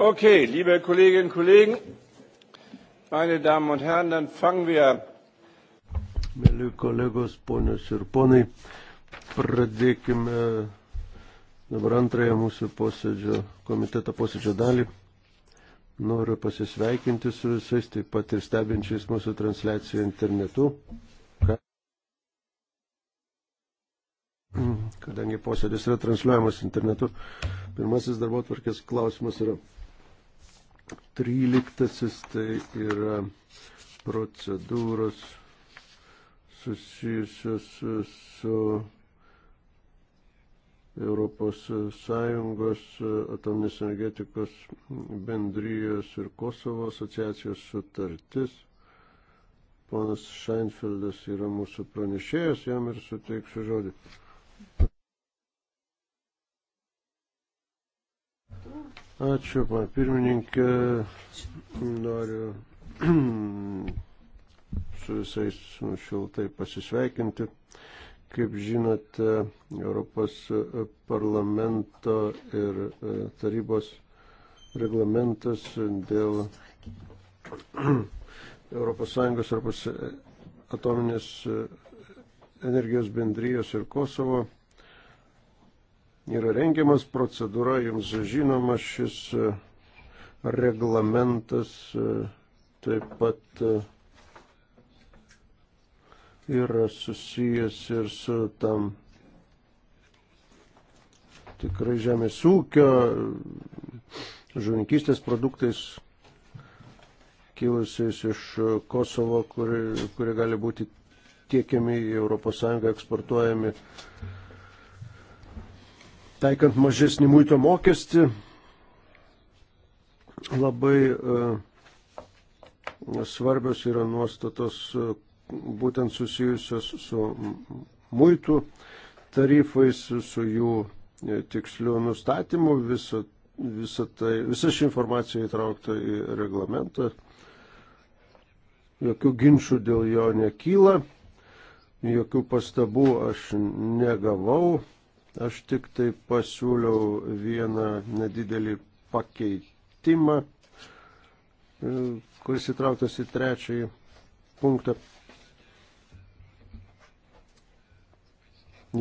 Okay, liebe Kolleginnen und Kollegen, meine Damen und Herren, dann fangen wir. Mėly kolegos, ponios ir ponai, pradėkime dabar antrąją mūsų posėdžio, komiteto posėdžio dalį. Noriu pasisveikinti su visais, taip pat ir stebinčiais mūsų transliaciją internetu. kadangi posėdis yra transliuojamas internetu, pirmasis darbo tvarkės klausimas yra 13 tai yra procedūros susijusios su Europos Sąjungos atominės energetikos bendrijos ir Kosovo asociacijos sutartis. Ponas Šeinfeldas yra mūsų pranešėjas, jam ir suteiksiu žodį. Ačiū, pana pirmininkė. Noriu su visais šiltai pasisveikinti. Kaip žinote, Europos parlamento ir e, tarybos reglamentas dėl ES Europos e, atominės e, energijos bendrijos ir Kosovo yra rengiamas, procedūra jums žinoma, šis e, reglamentas e, taip pat e, yra susijęs ir su tam tikrai žemės ūkio, žuvininkystės produktais kilusiais iš Kosovo, kurie kuri gali būti tiekiami į ES eksportuojami uh, taikant mažesnį muito mokestį, labai e, svarbios yra nuostatos e, būtent susijusios su muitų tarifais, su jų e, tiksliu nustatymu. Visa, visa, tai, visa ši informacija įtraukta į reglamentą. Jokių ginčių dėl jo nekyla, jokių pastabų aš negavau Aš tik tai pasiūliau vieną nedidelį pakeitimą, e, kuris įtrauktas į trečiąjį punktą.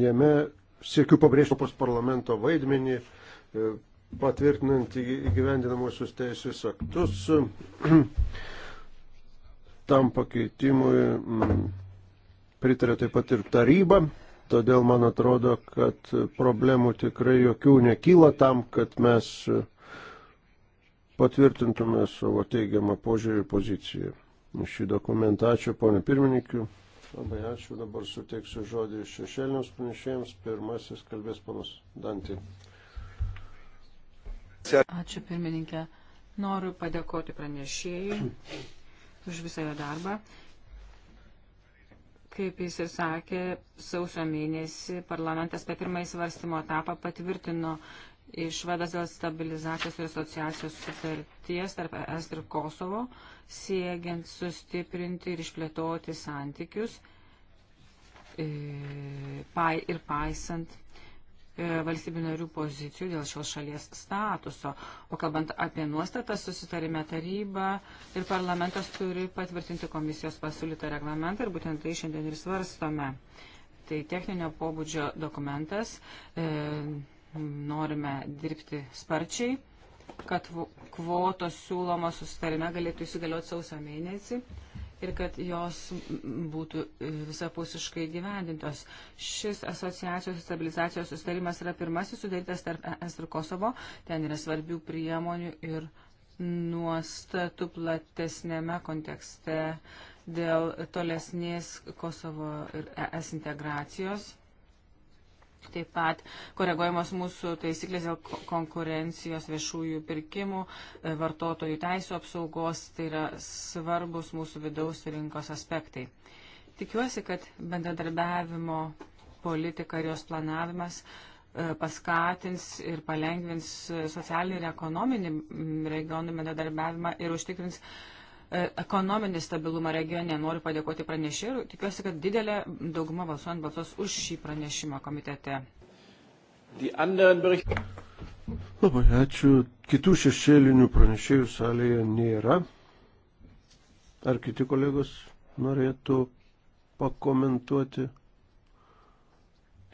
Jame siekiu pabrėžti Europos parlamento vaidmenį, e, patvirtinant įgyvendinamusius teisės aktus. Tam pakeitimui mm, pritarė taip pat ir taryba. Todėl man atrodo, kad problemų tikrai jokių nekyla tam, kad mes patvirtintume savo teigiamą požiūrį ir poziciją. Šį dokumentą ačiū, ponė pirmininkiu. Labai ačiū. Dabar suteiksiu žodį šešėliniams pranešėjams. Pirmasis kalbės panas Dantį. Ačiū pirmininkė. Noriu padėkoti pranešėjui už visą jo darbą Kaip jis ir sakė, sausio mėnesį parlamentas per pirmąjį svarstymo etapą patvirtino išvadas dėl stabilizacijos ir asociacijos sutarties tarp ES ir Kosovo, siekiant sustiprinti ir išplėtoti santykius e, ir paisant E, valstybių narių pozicijų dėl šios šalies statuso. O kalbant apie nuostatą, susitarime taryba ir parlamentas turi patvirtinti komisijos pasiūlytą reglamentą ir būtent tai šiandien ir svarstome. Tai techninio pobūdžio dokumentas. E, norime dirbti sparčiai, kad kvotos siūlomos susitarime galėtų įsigalioti sausio mėnesį ir kad jos būtų visapusiškai gyvendintos. Šis asociacijos stabilizacijos sustarimas yra pirmasis sudarytas tarp ES ir Kosovo. Ten yra svarbių priemonių ir nuostatų platesnėme kontekste dėl tolesnės Kosovo ir ES integracijos. Taip pat koreguojamos mūsų taisyklės dėl konkurencijos viešųjų pirkimų, e, vartotojų teisų apsaugos, tai yra svarbus mūsų vidaus rinkos aspektai. Tikiuosi, kad bendradarbiavimo politika ir jos planavimas e, paskatins ir palengvins socialinį ir ekonominį regionų bendradarbiavimą ir užtikrins uh, E, ekonominį stabilumą regione. Noriu padėkoti pranešėjui ir tikiuosi, kad didelė dauguma balsuojant balsuos už šį pranešimą komitete. Labai ačiū. Kitų šešėlinių pranešėjų salėje nėra. Ar kiti kolegos norėtų pakomentuoti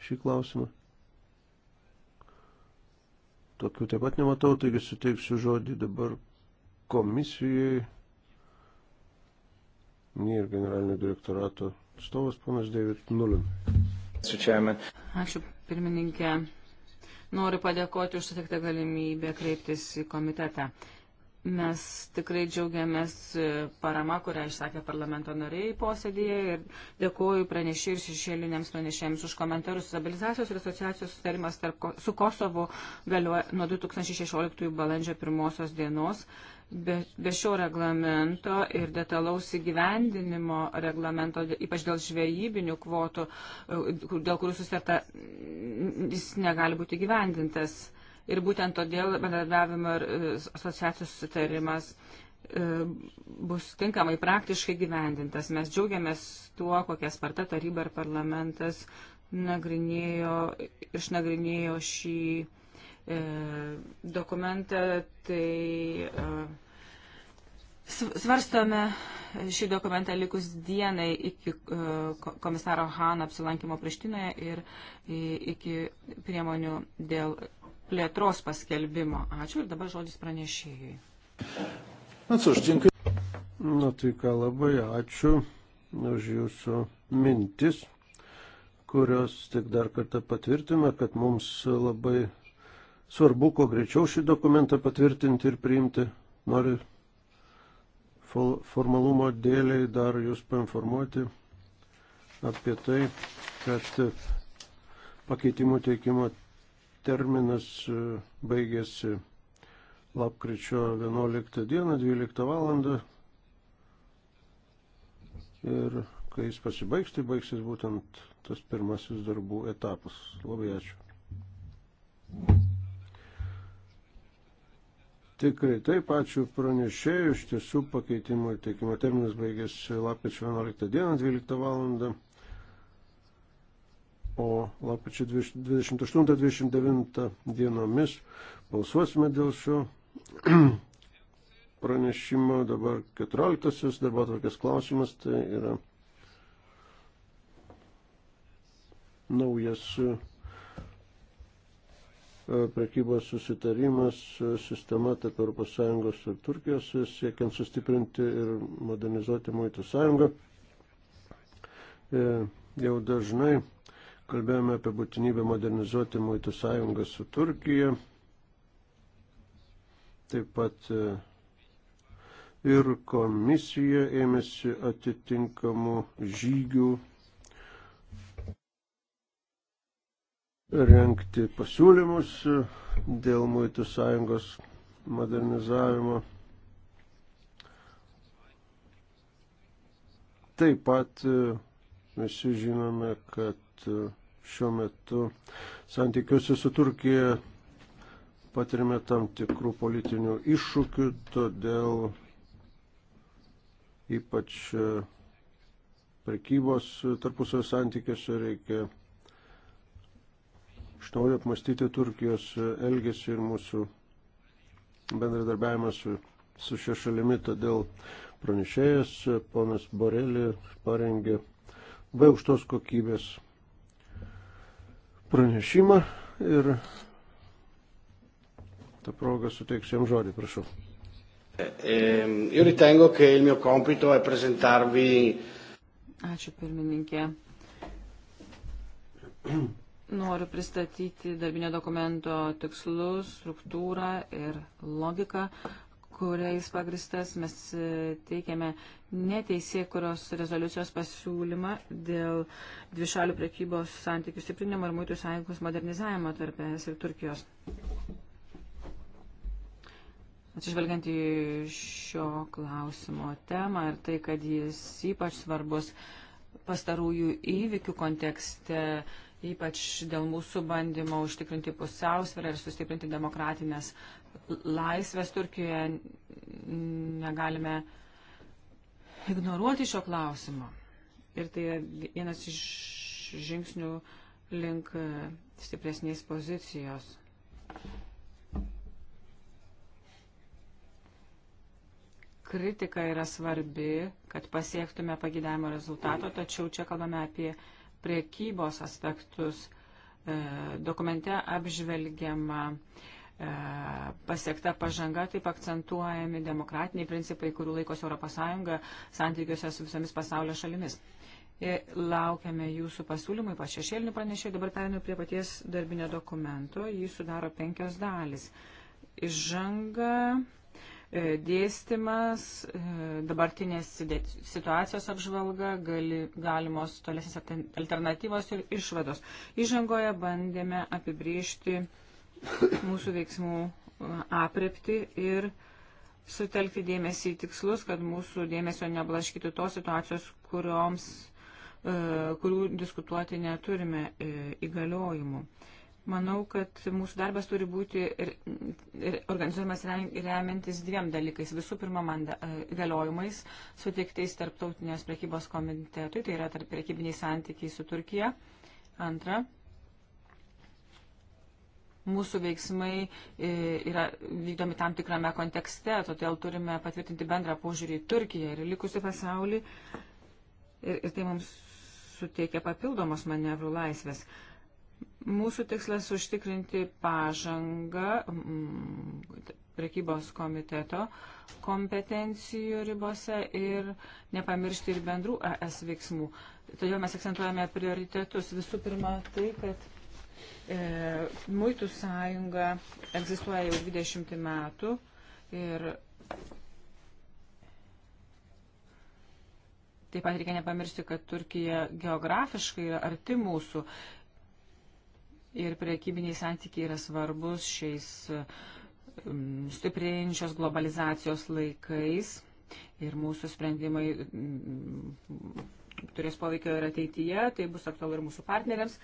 šį klausimą? Tokių taip pat nematau, taigi suteiksiu žodį dabar komisijai ir generalinio direktorato atstovas ponas David Nulin. Ačiū pirmininkė. Noriu padėkoti už sutiktą galimybę kreiptis į komitetą. Mes tikrai džiaugiamės e, parama, kurią išsakė parlamento nariai posėdėje ir dėkoju pranešėjai ir šešėliniams pranešėjams už komentarus. Stabilizacijos ir asociacijos sutarimas tarp, su Kosovu galioja nuo 2016 balandžio pirmosios dienos be, be šio reglamento ir detalaus įgyvendinimo reglamento, ypač dėl žvejybinių kvotų, e, dėl kurių susitarta, jis negali būti įgyvendintas. Ir būtent todėl bendradarbiavimo ir e, asociacijos susitarimas e, bus tinkamai praktiškai gyvendintas. Mes džiaugiamės tuo, kokia sparta taryba ir parlamentas nagrinėjo, išnagrinėjo šį E, dokumentą, tai e, svarstome šį dokumentą likus dienai iki e, komisaro Han apsilankimo Prištinoje ir iki priemonių dėl plėtros paskelbimo. Ačiū ir dabar žodis pranešėjai. Atsužtinkai. Na tai ką labai ačiū už jūsų mintis, kurios tik dar kartą patvirtina, kad mums labai Svarbu, kuo greičiau šį dokumentą patvirtinti ir priimti. Noriu formalumo dėliai dar jūs painformuoti apie tai, kad pakeitimų teikimo terminas e, baigėsi lapkričio 11 dieną, 12 valandą. Ir kai jis pasibaigs, tai baigsis būtent tas pirmasis darbų etapas. Labai ačiū. Tikrai taip, ačiū pranešėjui, iš tiesų pakeitimo ir teikimo terminas baigėsi lapkričio 11 dieną, 12 valandą, o lapkričio 28-29 dienomis balsuosime dėl šio pranešimo. Dabar 14 darbo atvarkės klausimas, tai yra naujas E, prekybos susitarimas, e, sistema tarp ES ir Turkijos, e, siekiant sustiprinti ir modernizuoti Muitų sąjungą. Jau dažnai kalbėjome apie būtinybę modernizuoti Muitų sąjungą su Turkija. Taip pat ir komisija ėmėsi atitinkamų žygių renkti pasiūlymus dėl Muitų sąjungos modernizavimo. Taip pat e, visi žinome, kad e, šiuo metu santykiuose su Turkija patirime tam tikrų politinių iššūkių, todėl ypač e, prekybos tarpusavio santykiuose reikia iš naujo apmastyti Turkijos e, elgesį ir mūsų bendradarbiavimą su, su šia šalimi. Todėl pranešėjas e, ponas Borelį parengė labai aukštos kokybės pranešimą ir tą progą suteiksiu jam žodį, prašau. E, io ritengo che il mio compito è presentarvi. Ačiū pirmininkė. Noriu pristatyti darbinio dokumento tikslus, struktūrą ir logiką, kuriais pagristas mes e, teikiame neteisėkuros rezoliucijos pasiūlymą dėl dvišalių prekybos santykių stiprinimo ir muitų sąjungos modernizavimo tarp ES ir Turkijos. Atsižvelgiant į šio klausimo temą ir tai, kad jis ypač svarbus pastarųjų įvykių kontekste, uh, ypač dėl mūsų bandymo užtikrinti pusiausvyrą ir sustiprinti demokratinės laisvės Turkijoje. Negalime ignoruoti šio klausimo. Ir tai vienas iš žingsnių link e, stipresnės pozicijos. Kritika yra svarbi, kad pasiektume pagidavimo rezultato, tačiau čia kalbame apie priekybos aspektus. E, dokumente apžvelgiama e, pasiekta pažanga, taip akcentuojami demokratiniai principai, kurių laikosi ES santykiuose su visomis pasaulio šalimis. Ir e, laukiame jūsų pasiūlymų, ypač šešėlinių pranešėjų. Dabar perinu prie paties darbinio dokumento. Jį sudaro penkios dalis. Įžanga. Iš E, dėstymas, e, dabartinės situacijos apžvalga, gali, galimos tolesnės alternatyvos ir išvados. Įžangoje bandėme apibriežti mūsų veiksmų e, aprepti ir sutelkti dėmesį į tikslus, kad mūsų dėmesio neblaškytų tos situacijos, kurioms kurių diskutuoti neturime įgaliojimų. Manau, kad mūsų darbas turi būti ir, ir organizuojamas remiantis dviem dalykais. Visų pirma, manda, e, galiojimais suteiktais tarptautinės prekybos komitetui, tai yra tarp prekybiniai santykiai su Turkija. Antra, mūsų veiksmai e, yra vykdomi tam tikrame kontekste, todėl turime patvirtinti bendrą požiūrį į Turkiją ir likusi pasaulį. Ir, ir tai mums suteikia papildomos manevrų laisvės. Uh, Mūsų tikslas užtikrinti pažangą prekybos komiteto kompetencijų ribose ir nepamiršti ir bendrų ES veiksmų. Todėl mes akcentuojame prioritetus. Visų pirma, tai, kad e, Muitų sąjunga egzistuoja jau 20 metų ir Taip pat reikia nepamiršti, kad Turkija geografiškai yra arti mūsų ir priekybiniai santykiai yra svarbus šiais um, stiprėjančios globalizacijos laikais ir mūsų sprendimai mm, turės poveikio ir ateityje, tai bus aktualu ir mūsų partneriams.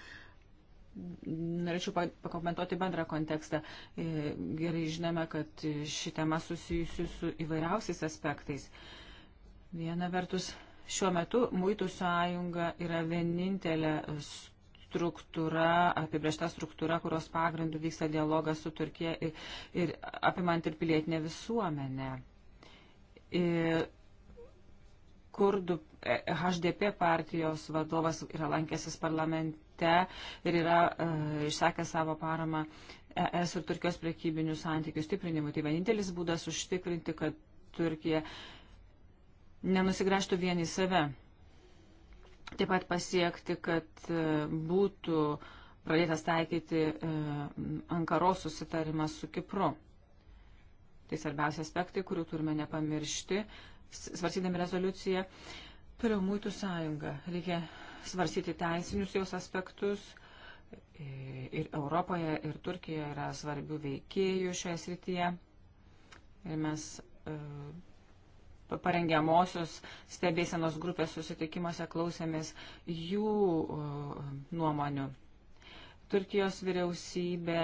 Norėčiau pakomentuoti bendrą kontekstą. E, gerai žinome, kad ši tema susijusi su įvairiausiais aspektais. Viena vertus, šiuo metu Muitų sąjunga yra vienintelė struktūra, apibriešta struktūra, kurios pagrindų vyksta dialogas su Turkija ir, ir apimant ir pilietinę visuomenę. Ir kurdų e, HDP partijos vadovas yra lankęsis parlamente ir yra uh, išsakęs savo paramą ES ir Turkijos priekybinių santykių stiprinimui. Tai vienintelis būdas užtikrinti, kad Turkija nenusigraštų vien į save. Taip pat pasiekti, kad e, būtų pradėtas taikyti e, Ankaros susitarimas su Kipru. Tai svarbiausia aspektai, kurių turime nepamiršti, svarsydami rezoliuciją. Toliau mūtų sąjunga. Reikia svarsyti teisinius jos aspektus. E, ir Europoje, ir Turkijoje yra svarbių veikėjų šioje srityje. Ir mes parengiamosios stebėsenos grupės susitikimuose klausėmės jų nuomonių. Turkijos vyriausybė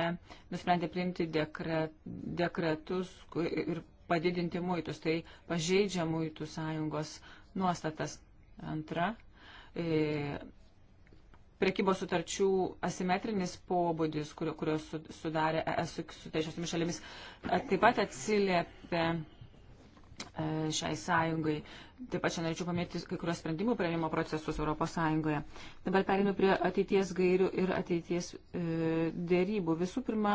nusprendė priimti dekret, dekretus ir padidinti muitus, tai pažeidžia muitų sąjungos nuostatas. Antra, e, prekybos sutarčių asimetrinis pobūdis, kur, kurios sudarė ES su, su trečiosiomis šalimis, taip pat atsiliepia E, šiai sąjungai. Taip pat čia norėčiau paminėti kai kurios sprendimų prieimimo procesus Europos Sąjungoje. Dabar perinu prie ateities gairių ir ateities e, dėrybų. Visų pirma,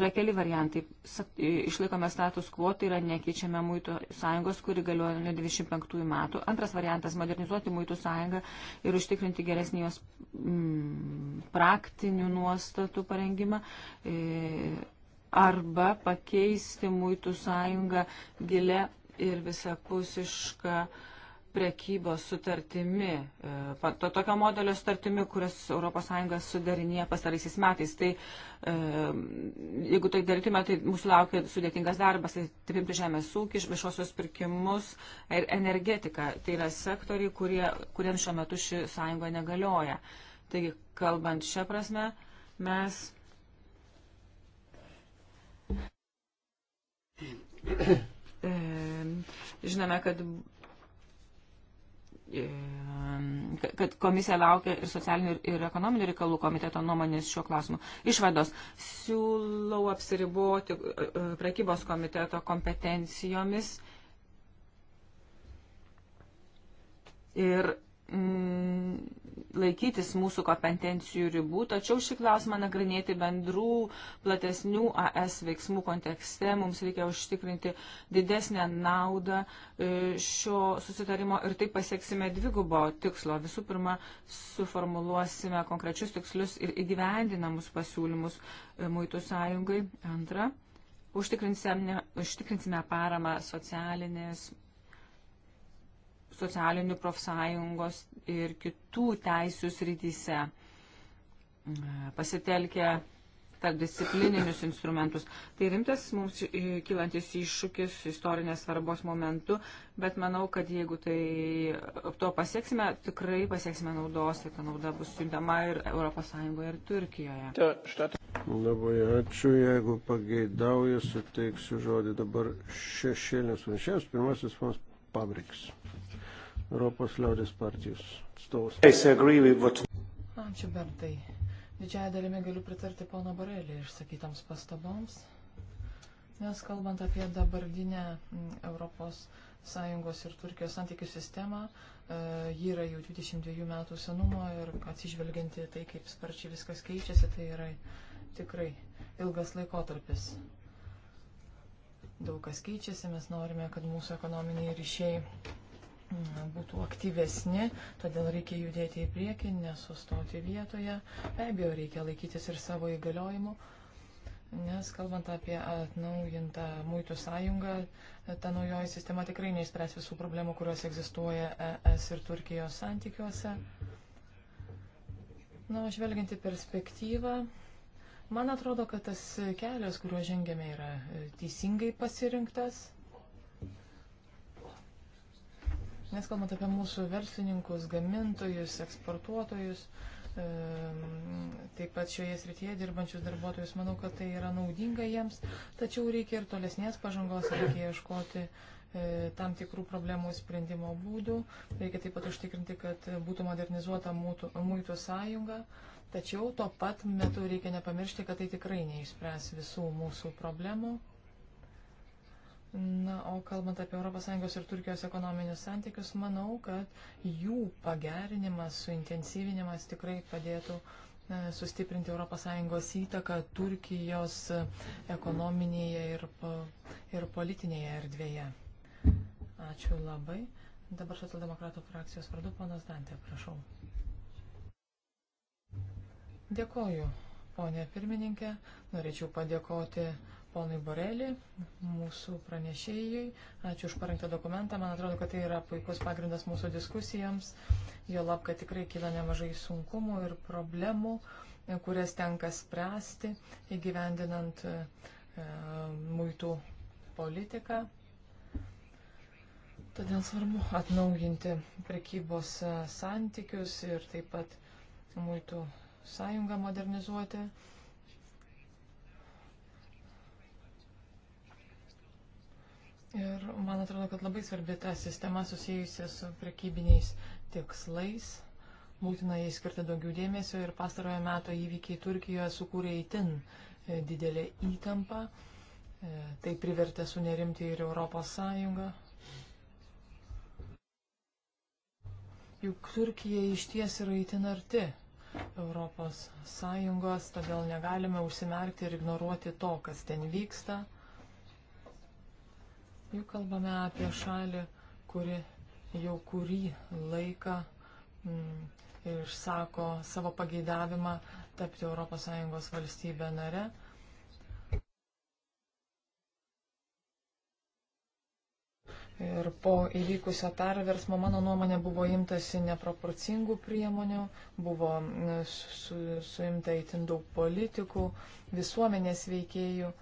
yra keli variantai. E, išlaikome status quo, tai yra nekeičiame muitų sąjungos, kuri galioja nuo 25 metų. Antras variantas - modernizuoti muitų sąjungą ir užtikrinti geresnį jos mm, praktinių nuostatų parengimą. E, arba pakeisti muitų sąjungą gilę ir visapusišką prekybos sutartimi, e, to tokio modelio sutartimi, kurias ES sudarinėja pastaraisiais metais. Tai e, jeigu tai darytume, tai mūsų laukia sudėtingas darbas, tai apimtų žemės ūkį, viešosios pirkimus ir energetiką. Tai yra sektoriai, kurie, kuriems šiuo metu ši sąjunga negalioja. Taigi, kalbant šią prasme, mes E, žinome, kad, e, kad komisija laukia ir socialinių ir ekonominių reikalų komiteto nuomonės šiuo klausimu. Išvados. Siūlau apsiriboti e, prekybos komiteto kompetencijomis ir mm, laikytis mūsų kompetencijų ribų, tačiau šį klausimą nagrinėti bendrų platesnių AS veiksmų kontekste mums reikia užtikrinti didesnę naudą e, šio susitarimo ir taip pasieksime dvigubo tikslo. Visų pirma, suformuluosime konkrečius tikslus ir įgyvendinamus pasiūlymus e, Muitų sąjungai. Antra. Užtikrinsime, užtikrinsime paramą socialinės socialinių profsąjungos ir kitų teisų srityse, e, pasitelkę tarp disciplininius instrumentus. Tai rimtas mums e, kilantis iššūkis istorinės svarbos momentu, bet manau, kad jeigu tai e, to pasieksime, tikrai pasieksime naudos ir tai ta nauda bus siuntama ir ES ir Turkijoje. Labai ačiū, jeigu pageidauju, suteiksiu žodį dabar šešėlės pranešėjams. Pirmasis mums pabriks. Europos liaudės partijos atstovas. Ačiū, Bertai. Didžiąją dalimi galiu pritarti pono Barelį išsakytams pastaboms, nes kalbant apie dabartinę mm, Europos Sąjungos ir Turkijos santykių sistemą. E, ji yra jau 22 metų senumo ir atsižvelgianti tai, kaip sparčiai viskas keičiasi, tai yra tikrai ilgas laikotarpis. Daug kas keičiasi, mes norime, kad mūsų ekonominiai ryšiai būtų aktyvesni, todėl reikia judėti į priekį, nesustoti vietoje. Be abejo, reikia laikytis ir savo įgaliojimų, nes kalbant apie atnaujintą muitų sąjungą, ta naujoji sistema tikrai neišspręs visų problemų, kurios egzistuoja ES ir Turkijos santykiuose. Na, žvelgiant į perspektyvą, man atrodo, kad tas kelias, kuriuo žengėme, yra teisingai pasirinktas. Nes kalbant apie mūsų verslininkus, gamintojus, eksportuotojus, taip pat šioje srityje dirbančius darbuotojus, manau, kad tai yra naudinga jiems, tačiau reikia ir tolesnės pažangos, reikia ieškoti e, tam tikrų problemų sprendimo būdų, reikia taip pat užtikrinti, kad būtų modernizuota mūtų, mūtų sąjunga, tačiau tuo pat metu reikia nepamiršti, kad tai tikrai neišspręs visų mūsų problemų. Na, o kalbant apie ES ir Turkijos ekonominius santykius, manau, kad jų pagerinimas, suintensyvinimas tikrai padėtų e, sustiprinti ES įtaką Turkijos e, ekonominėje ir, ir politinėje erdvėje. Ačiū labai. Dabar Socialdemokratų frakcijos vardu ponas Dantė, prašau. Dėkoju, ponė pirmininkė. Norėčiau padėkoti ponui Borelį, mūsų pranešėjui. Ačiū už parengtą dokumentą. Man atrodo, kad tai yra puikus pagrindas mūsų diskusijams. Jo lab, kad tikrai kyla nemažai sunkumų ir problemų, kurias tenka spręsti įgyvendinant e, muitų politiką. Todėl svarbu atnaujinti prekybos e, santykius ir taip pat muitų sąjungą modernizuoti. Ir man atrodo, kad labai svarbi ta sistema susijusi su prekybiniais tikslais. Būtina jai skirti daugiau dėmesio ir pastarojo meto įvykiai Turkijoje sukūrė įtin e, didelę įtampą. E, tai privertė sunerimti ir Europos Sąjungą. Juk Turkija iš ties yra įtin arti Europos Sąjungos, todėl negalime užsimerkti ir ignoruoti to, kas ten vyksta. Juk kalbame apie šalį, kuri jau kurį laiką mm, išsako savo pageidavimą tapti ES valstybę nare. Ir po įvykusio perversmo, mano nuomonė, buvo imtasi neproporcingų priemonių, buvo mm, su, suimta įtin daug politikų, visuomenės veikėjų.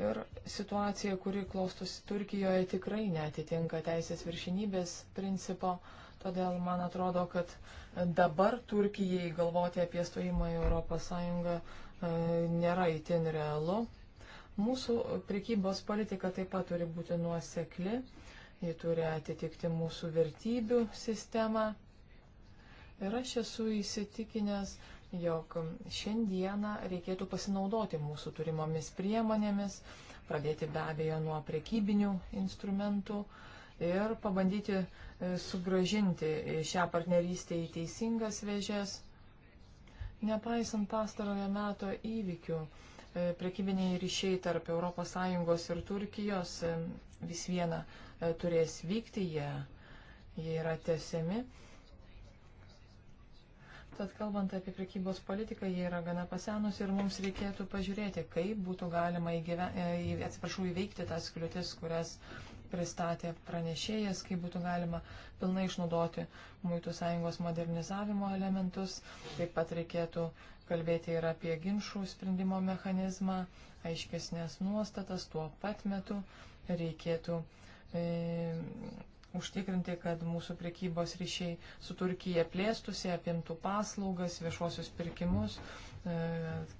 Ir situacija, kuri klostosi Turkijoje, tikrai netitinka teisės viršinybės principo. Todėl man atrodo, kad dabar Turkijai galvoti apie stojimą į ES e, nėra įtin realu. Mūsų prekybos politika taip pat turi būti nuosekli, ji turi atitikti mūsų vertybių sistemą. Ir aš esu įsitikinęs, jog šiandieną reikėtų pasinaudoti mūsų turimomis priemonėmis, pradėti be abejo nuo prekybinių instrumentų ir pabandyti e, sugražinti šią partnerystę į teisingas vėžės. Nepaisant pastarojo meto įvykių, e, prekybiniai ryšiai tarp ES ir Turkijos e, vis viena turės vykti, jie, jie yra tesiami. Tad kalbant apie prekybos politiką, jie yra gana pasenusi ir mums reikėtų pažiūrėti, kaip būtų galima įgyven... E, atsiprašau, įveikti tas kliūtis, kurias pristatė pranešėjas, kaip būtų galima pilnai išnaudoti Muitų sąjungos modernizavimo elementus. Taip pat reikėtų kalbėti ir apie ginčių sprendimo mechanizmą, aiškesnės nuostatas tuo pat metu reikėtų e, užtikrinti, kad mūsų prekybos ryšiai su Turkija plėstusi, apimtų paslaugas, viešuosius pirkimus, e,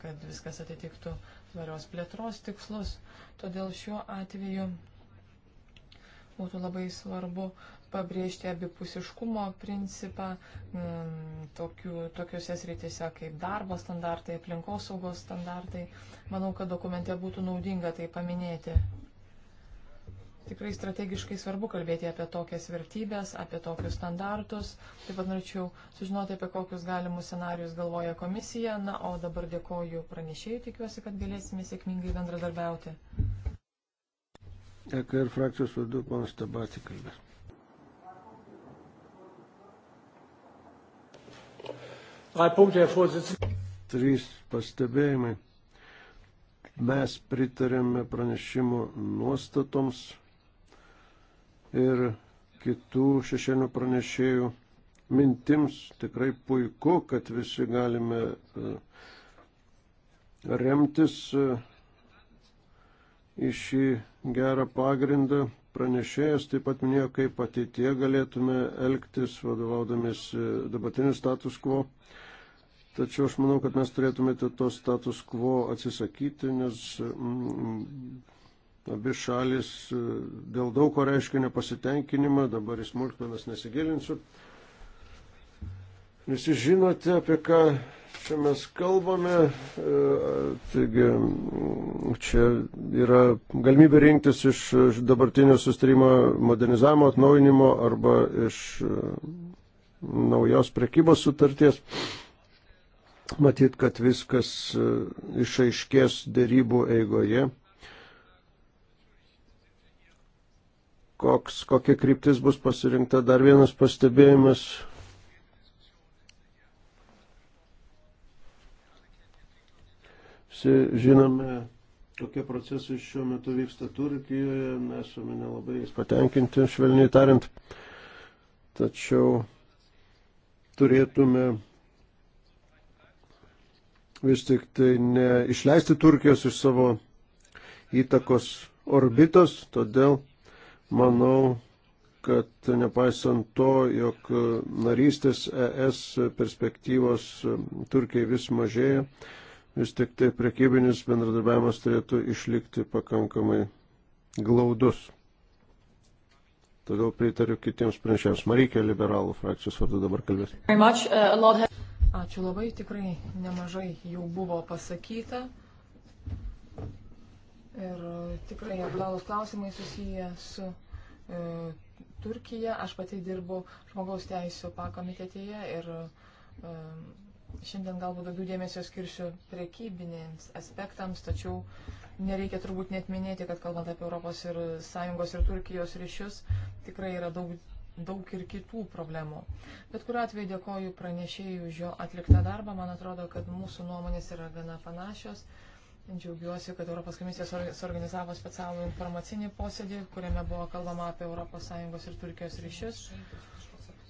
kad viskas atitiktų tvarios plėtros tikslus. Todėl šiuo atveju būtų labai svarbu pabrėžti abipusiškumo principą e, tokiu, tokiuose srityse kaip darbo standartai, aplinkosaugos standartai. Manau, kad dokumente būtų naudinga tai paminėti. Tikrai strategiškai svarbu kalbėti apie tokias vertybės, apie tokius standartus. Taip pat norėčiau sužinoti, apie kokius galimus scenarius galvoja komisija. Na, o dabar dėkoju pranešėjui, tikiuosi, kad galėsime sėkmingai bendradarbiauti. EKR frakcijos vadu ponas Tabatį kalbės. Trys pastebėjimai. Mes pritarėme pranešimo nuostatoms ir kitų šešėlių pranešėjų mintims. Tikrai puiku, kad visi galime e, remtis e, į šį gerą pagrindą. Pranešėjas taip pat minėjo, kaip ateitie galėtume elgtis, vadovaudomis e, dabartiniu status quo. Tačiau aš manau, kad mes turėtumėte to status quo atsisakyti, nes mm, Abi šalis e, dėl daug ko reiškia nepasitenkinimą, dabar į smulkmenas nesigilinsiu. Visi žinote, apie ką čia mes kalbame. E, taigi, čia yra galimybė rinktis iš dabartinio sustarimo modernizavimo, atnaujinimo arba iš e, naujos prekybos sutarties. Matyt, kad viskas išaiškės dėrybų eigoje. koks, kokia kryptis bus pasirinkta. Dar vienas pastebėjimas. Visi žinome, kokie procesai šiuo metu vyksta Turkijoje. Mes esame nelabai patenkinti, švelniai tariant. Tačiau turėtume vis tik tai neišleisti Turkijos iš savo įtakos orbitos, todėl Manau, kad nepaisant to, jog narystės ES perspektyvos Turkijai vis mažėja, vis tik tai prekybinis bendradarbiavimas turėtų išlikti pakankamai glaudus. Todėl pritariu kitiems pranešėjams. Marykė liberalų frakcijos vardu dabar kalbės. Uh, Ačiū labai, tikrai nemažai jau buvo pasakyta ir e, tikrai aktualūs klausimai susiję su e, Turkija. Aš pati dirbu žmogaus teisų pakomitetėje ir e, šiandien galbūt daugiau dėmesio skirsiu prekybinėms aspektams, tačiau nereikia turbūt net minėti, kad kalbant apie Europos ir Sąjungos ir Turkijos ryšius, tikrai yra daug, daug ir kitų problemų. Bet kuriuo atveju dėkoju pranešėjui už jo atliktą darbą. Man atrodo, kad mūsų nuomonės yra gana panašios. Džiaugiuosi, kad Europos komisija suorganizavo specialų informacinį posėdį, kuriame buvo kalbama apie ES ir Turkijos ryšius.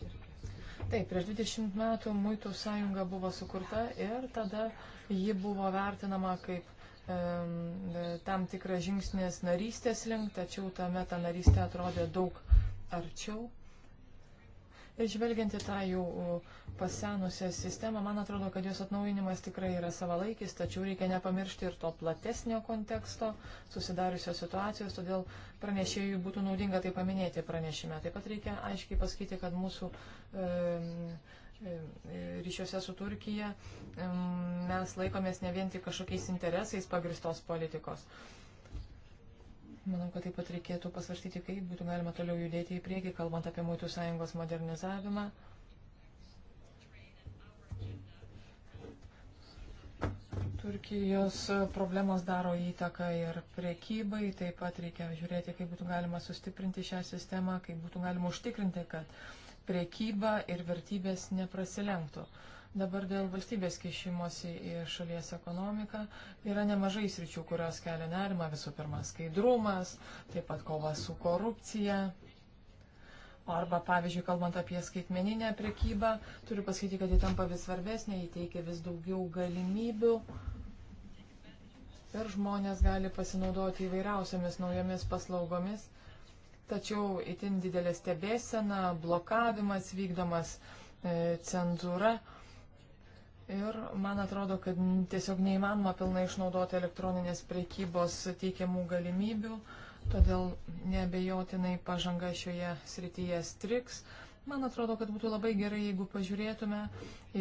Taip, prieš 20 metų Muitų sąjunga buvo sukurta ir tada ji buvo vertinama kaip e, tam tikras žingsnis narystės link, tačiau tame ta narystė atrodė daug arčiau Ir žvelgiant į tą jų pasenusią sistemą, man atrodo, kad jos atnaujinimas tikrai yra savalaikis, tačiau reikia nepamiršti ir to platesnio konteksto, susidariusios situacijos, todėl pranešėjui būtų naudinga tai paminėti pranešime. Taip pat reikia aiškiai pasakyti, kad mūsų e, e, ryšiuose su Turkija e, mes laikomės ne vien tik kažkokiais interesais pagristos politikos. E, Manau, kad taip pat reikėtų pasvarstyti, kaip būtų galima toliau judėti į priekį, kalbant apie Mūtų sąjungos modernizavimą. Turkijos problemos daro įtaką ir priekybai, taip pat reikia žiūrėti, kaip būtų galima sustiprinti šią sistemą, kaip būtų galima užtikrinti, kad priekyba ir vertybės neprasilenktų. Uh, Dabar dėl valstybės kišimosi į šalies ekonomiką yra nemažai sričių, kurios kelia nerima. Visų pirma, skaidrumas, taip pat kova su korupcija. Arba, pavyzdžiui, kalbant apie skaitmeninę prekybą, turiu pasakyti, kad ji tampa vis svarbesnė, ji teikia vis daugiau galimybių ir žmonės gali pasinaudoti įvairiausiamis naujomis paslaugomis. Tačiau itin didelė stebėsena, blokavimas vykdomas, e, cenzūra Ir man atrodo, kad tiesiog neįmanoma pilnai išnaudoti elektroninės priekybos teikiamų galimybių, todėl nebejotinai pažanga šioje srityje striks. Man atrodo, kad būtų labai gerai, jeigu pažiūrėtume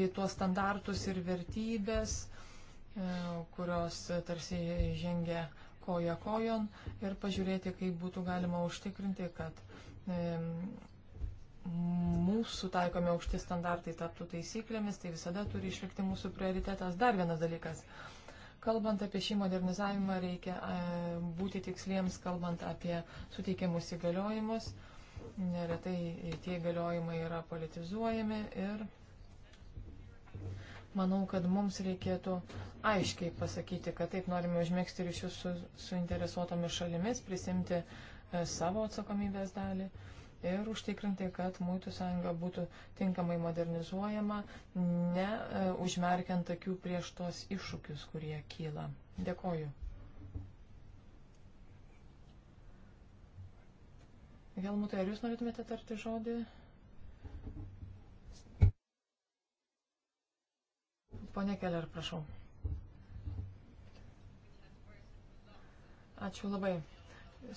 į tuos standartus ir vertybės, e, kurios tarsi žengia koja kojon ir pažiūrėti, kaip būtų galima užtikrinti, kad mūsų taikomi aukšti standartai taptų taisyklėmis, tai visada turi išlikti mūsų prioritetas. Dar vienas dalykas. Kalbant apie šį modernizavimą, reikia e, būti tiksliems, kalbant apie suteikiamus įgaliojimus. Neretai tie įgaliojimai yra politizuojami ir manau, kad mums reikėtų aiškiai pasakyti, kad taip norime užmėgsti ryšius su suinteresuotomis šalimis, prisimti e, savo atsakomybės dalį. Uh, ir užtikrinti, kad Muitų sąjunga būtų tinkamai modernizuojama, ne e, užmerkiant akių prieš tos iššūkius, kurie kyla. Dėkoju. Helmutai, ar jūs norėtumėte tarti žodį? Pone Keller, prašau. Ačiū labai.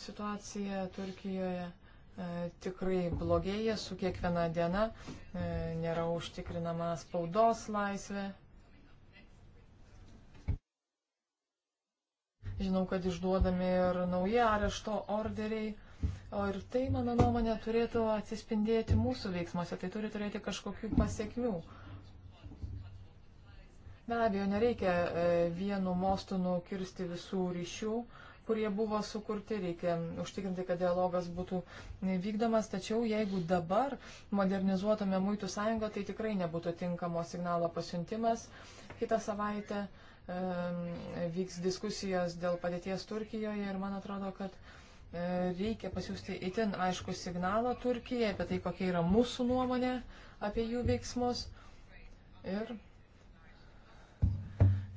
Situacija Turkijoje E, tikrai blogėja su kiekviena diena, e, nėra užtikrinama spaudos laisvė. Žinau, kad išduodami ir nauji arešto orderiai. O ir tai, mano nuomonė, turėtų atsispindėti mūsų veiksmuose, tai turi turėti kažkokių pasiekmių. Be abejo, nereikia e, vienu mostu nukirsti visų ryšių, kurie buvo sukurti, reikia užtikrinti, kad dialogas būtų vykdomas, tačiau jeigu dabar modernizuotume Muitų sąjungą, tai tikrai nebūtų tinkamo signalo pasiuntimas. Kita savaitė e, vyks diskusijos dėl padėties Turkijoje ir man atrodo, kad e, reikia pasiūsti itin aišku signalą Turkijai apie tai, kokia yra mūsų nuomonė apie jų veiksmus. Ir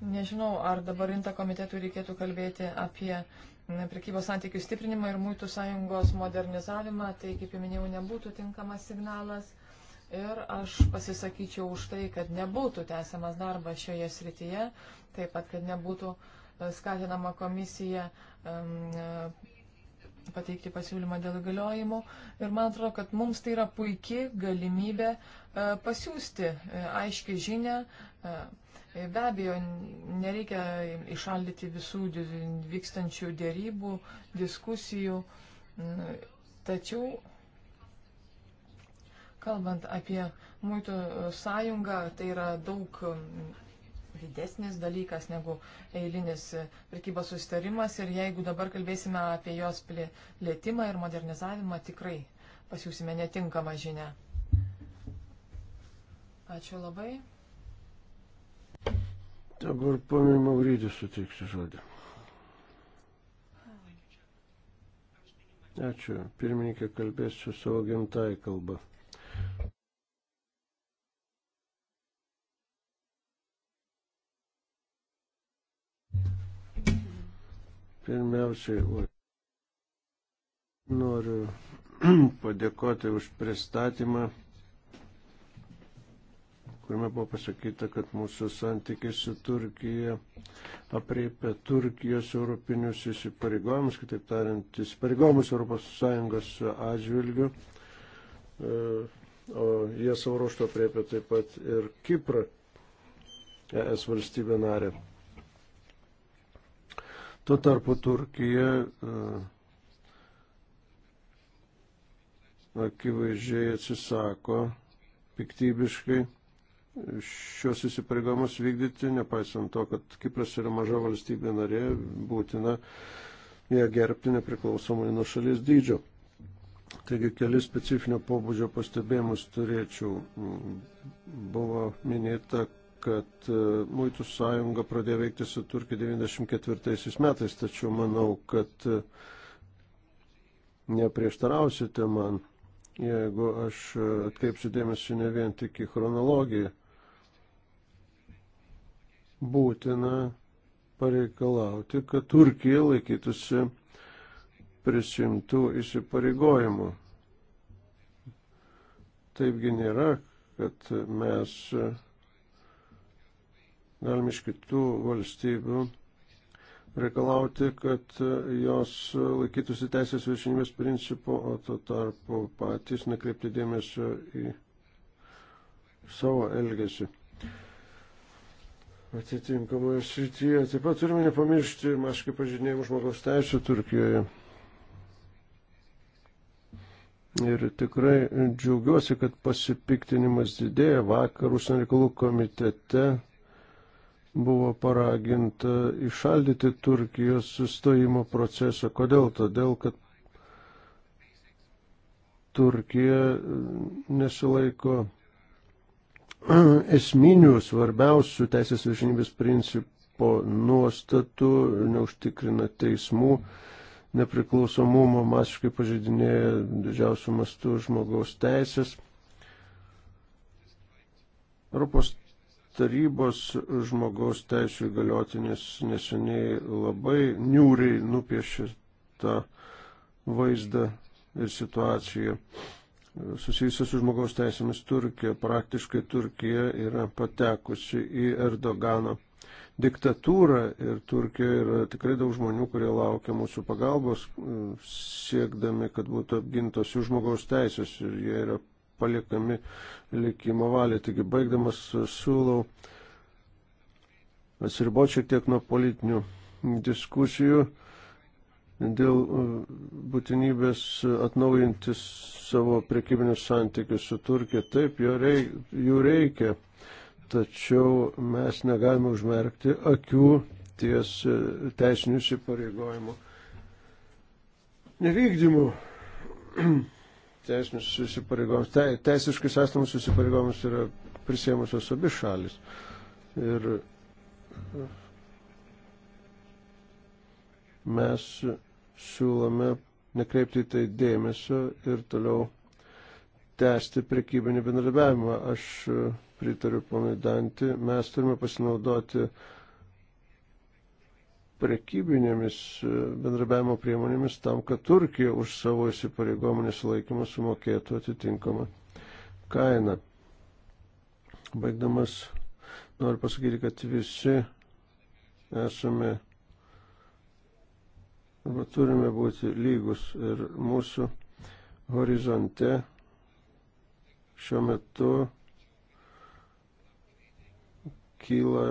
Nežinau, ar dabar rinta komitetų reikėtų kalbėti apie prekybos santykių stiprinimą ir mūtų sąjungos modernizavimą, tai, kaip jau minėjau, nebūtų tinkamas signalas. Ir aš pasisakyčiau už tai, kad nebūtų tęsiamas darbas šioje srityje, taip pat, kad nebūtų e, skatinama komisija um, pateikti pasiūlymą dėl įgaliojimų. Ir man atrodo, kad mums tai yra puikia galimybė uh, pasiūsti uh, aiškiai žinę. Uh, Be abejo, nereikia išaldyti visų vykstančių dėrybų, diskusijų, tačiau kalbant apie muitų sąjungą, tai yra daug didesnis dalykas negu eilinis prekybos sustarimas ir jeigu dabar kalbėsime apie jos plėtimą ir modernizavimą, tikrai pasiūsime netinkamą žinę. Ačiū labai. Dabar ponui Maurydį suteiksiu žodį. Ačiū. Pirmininkė, kalbėsiu savo gimtai kalbą. Pirmiausiai noriu padėkoti už pristatymą kuriame buvo pasakyta, kad mūsų santykiai su Turkija apreipia Turkijos europinius įsipareigojimus, kitaip tariant, įsipareigojimus ES atžvilgių, e, o jie savo ruoštų apreipia taip pat ir Kiprą, ES valstybė narė. Tuo tarpu Turkija e, akivaizdžiai atsisako piktybiškai šios įsipareigojimus vykdyti, nepaisant to, kad Kipras yra maža valstybė narė, būtina ją gerbti nepriklausomai nuo šalies dydžio. Taigi keli specifinio pobūdžio pastebėjimus turėčiau. Buvo minėta, kad e, Muitų sąjunga pradėjo veikti su Turkija 94 metais, tačiau manau, kad e, neprieštarausite man, jeigu aš e, atkreipsiu dėmesį ne vien tik į chronologiją būtina pareikalauti, kad Turkija laikytųsi prisimtų įsipareigojimų. Taipgi nėra, kad mes galime iš kitų valstybių reikalauti, kad jos laikytųsi teisės viršinybės principų, o tuo tarpu patys nekreipti dėmesio į savo elgesį atitinkamoje srityje. Taip pat turime nepamiršti, aš kaip pažinėjau, žmogaus teisų Turkijoje. Ir tikrai džiaugiuosi, kad pasipiktinimas didėja. Vakar užsienio reikalų komitete buvo paraginta išaldyti Turkijos sustojimo procesą. Kodėl? Todėl, kad Turkija nesilaiko esminių svarbiausių teisės viršinybės principo nuostatų, neužtikrina teismų nepriklausomumo, masiškai pažeidinėja didžiausių mastų žmogaus teisės. Europos tarybos žmogaus teisų įgaliotinės neseniai labai niūriai nupiešė tą vaizdą ir situaciją susijusios su žmogaus teisėmis Turkija. Praktiškai Turkija yra patekusi į Erdogano diktatūrą ir Turkijoje yra tikrai daug žmonių, kurie laukia mūsų pagalbos, e, siekdami, kad būtų apgintos jų žmogaus teisės ir jie yra paliekami likimo valiai. Taigi baigdamas e, siūlau atsiriboti šiek tiek nuo politinių diskusijų dėl e, būtinybės atnaujinti savo prekybinius santykius su Turkija. Taip, reik, jų reikia, tačiau mes negalime užmerkti akių ties e, teisinių įsipareigojimų nevykdymų. Teisinius įsipareigojimus, te, teisiškai sąstamus įsipareigojimus yra prisėmusios abi šalis. Ir e, mes siūlome nekreipti į tai dėmesio ir toliau tęsti prekybinį bendradarbiavimą. Aš e, pritariu ponui Dantį, mes turime pasinaudoti prekybinėmis e, bendrabiavimo priemonėmis tam, kad Turkija už savo įsipareigomą nesilaikymą sumokėtų atitinkamą kainą. Baigdamas noriu pasakyti, kad visi esame arba turime būti lygus ir mūsų horizonte šiuo metu kyla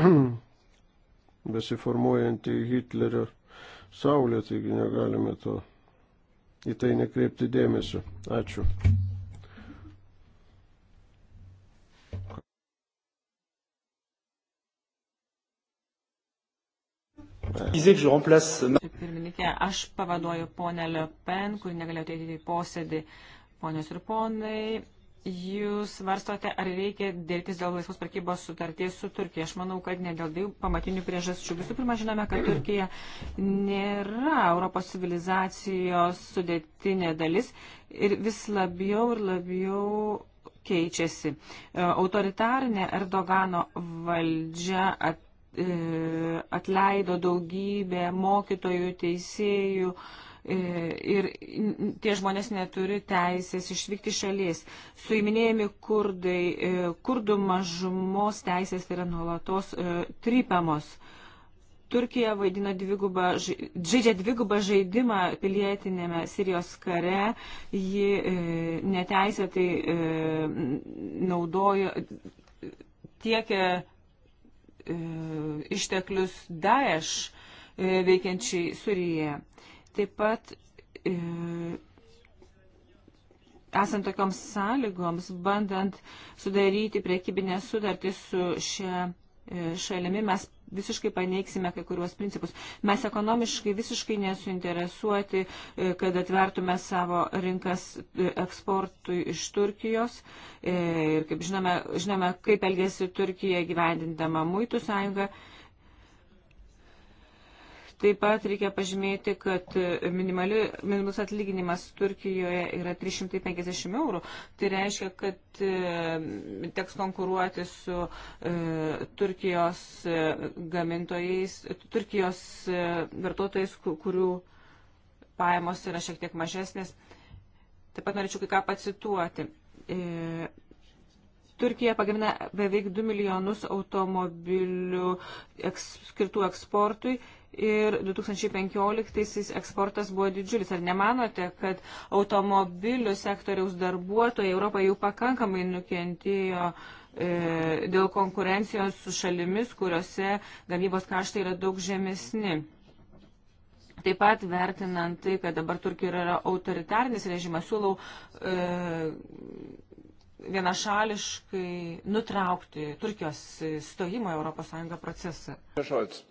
besiformuojanti Hitlerio saulė, taigi negalime to į tai nekreipti dėmesio. Ačiū. Pirmininkė, aš pavaduoju ponę Le Pen, kuri negalėjo ateiti į posėdį. Ponios ir ponai, jūs varstote, ar reikia dėrtis dėl laisvos prekybos sutarties su Turkija. Aš manau, kad ne dėl dviejų pamatinių priežasčių. Visų pirma, žinome, kad Turkija nėra Europos civilizacijos sudėtinė dalis ir vis labiau ir labiau keičiasi. E, autoritarinė Erdogano valdžia at E, atleido daugybė mokytojų, teisėjų e, ir tie žmonės neturi teisės išvykti šalies. Suiminėjami kurdai, e, kurdų mažumos teisės yra nuolatos trypiamos. Turkija vaidina dvigubą, žaidžia dvigubą žaidimą pilietinėme Sirijos kare, ji e, neteisėtai e, naudoja, tiekia E, išteklius Daesh e, veikiančiai Surijoje. Taip pat e, esant tokioms sąlygoms, bandant sudaryti priekybinę sudartį su šia šalimi, mes visiškai paneiksime kai kuriuos principus. Mes ekonomiškai visiškai nesuinteresuoti, e, kad atvertume savo rinkas e, eksportui iš Turkijos. E, ir kaip žinome, žinome kaip elgėsi Turkija gyvendindama muitų sąjungą. Taip pat reikia pažymėti, kad minimalus atlyginimas Turkijoje yra 350 eurų. Tai reiškia, kad e, teks konkuruoti su e, Turkijos e, gamintojais, Turkijos e, vartotojais, kurių pajamos yra šiek tiek mažesnės. Taip pat norėčiau kai ką pacituoti. E, Turkija pagamina beveik 2 milijonus automobilių eks, skirtų eksportui ir 2015-aisiais eksportas buvo didžiulis. Ar nemanote, kad automobilių sektoriaus darbuotojai Europoje jau pakankamai nukentėjo e, dėl konkurencijos su šalimis, kuriuose gamybos kaštai yra daug žemesni? Taip pat vertinant tai, kad dabar Turkijoje yra autoritarnis režimas, siūlau e, vienašališkai nutraukti Turkijos stojimo Europos Sąjungą procesą. Šolts.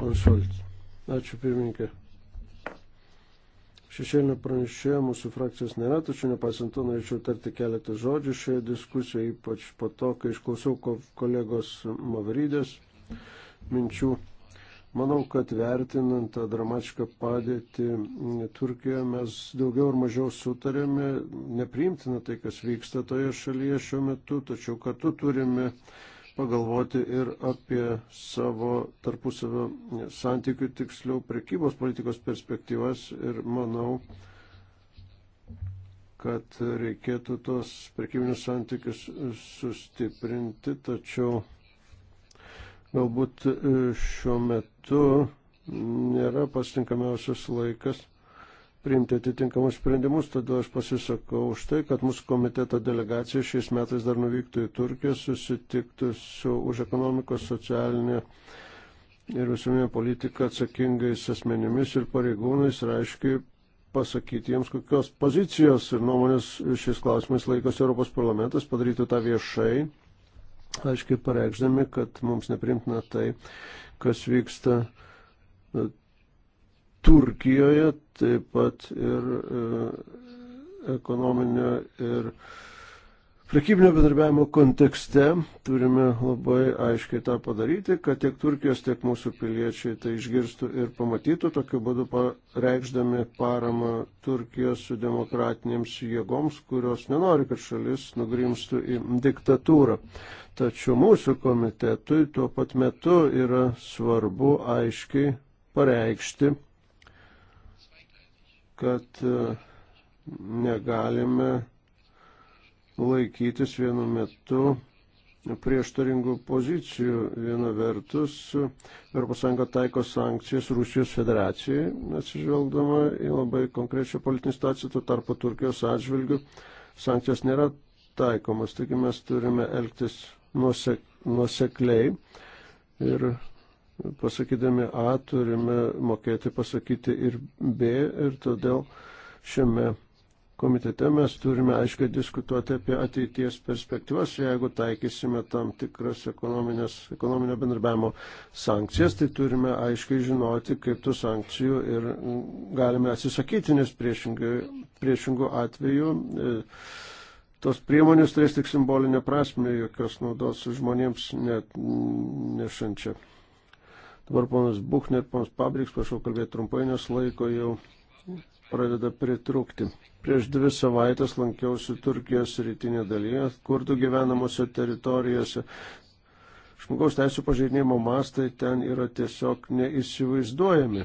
Mansoltis. Ačiū pirmininkė. Šešėlinio pranešėjo mūsų frakcijos nėra, tačiau nepasint to norėčiau tarti keletą žodžių šioje diskusijoje, ypač po to, kai išklausiau kolegos Mavrydės minčių. Manau, kad vertinant tą dramatišką padėtį Turkijoje mes daugiau ir mažiau sutarėme, nepriimtina tai, kas vyksta toje šalyje šiuo metu, tačiau kartu turime uh, pagalvoti ir apie savo tarpusavio santykių, tiksliau, prekybos politikos perspektyvas ir manau, kad reikėtų tos prekybinius santykius sustiprinti, tačiau galbūt e, šiuo metu nėra pasitinkamiausias laikas priimti atitinkamus sprendimus, todėl aš pasisakau už tai, kad mūsų komiteto delegacija šiais metais dar nuvyktų į Turkiją, susitiktų su už ekonomikos, socialinę ir visuomenę politiką atsakingais asmenimis ir pareigūnais ir aiškiai pasakyti jiems, kokios pozicijos ir nuomonės šiais klausimais laikosi Europos parlamentas, padarytų tą viešai, aiškiai pareikšdami, kad mums neprimtina tai, kas vyksta Turkijoje, taip pat ir e, ekonominio ir prekybinio bedarbiavimo kontekste turime labai aiškiai tą padaryti, kad tiek Turkijos, tiek mūsų piliečiai tai išgirstų ir pamatytų, tokiu būdu pareikšdami paramą Turkijos su demokratinėms jėgoms, kurios nenori, kad šalis nugrimstų į diktatūrą. Tačiau mūsų komitetui tuo pat metu yra svarbu aiškiai pareikšti kad e, negalime laikytis vienu metu prieštaringų pozicijų. Viena vertus, ES taiko sankcijas Rusijos federacijai, atsižvelgdama į labai konkrečią politinį situaciją, tuo tarpu Turkijos atžvilgių sankcijos nėra taikomas, taigi mes turime elgtis nuosekliai ir pasakydami A turime mokėti pasakyti ir B ir todėl šiame komitete mes turime aiškiai diskutuoti apie ateities perspektyvas. Jeigu taikysime tam tikras ekonominio bendrabiavimo sankcijas, tai turime aiškiai žinoti, kaip tų sankcijų ir galime atsisakyti, nes priešingų atveju. E, tos priemonės turės tik simbolinę prasme, jokios naudos žmonėms net nešančia. Dabar ponas Buchner, ponas Pabriks, prašau kalbėti trumpai, nes laiko jau pradeda pritrūkti. Prieš dvi savaitės lankiausi Turkijos rytinė dalyje, kurdų gyvenamuose teritorijose. Žmogaus teisų pažeidinimo mastai ten yra tiesiog neįsivaizduojami.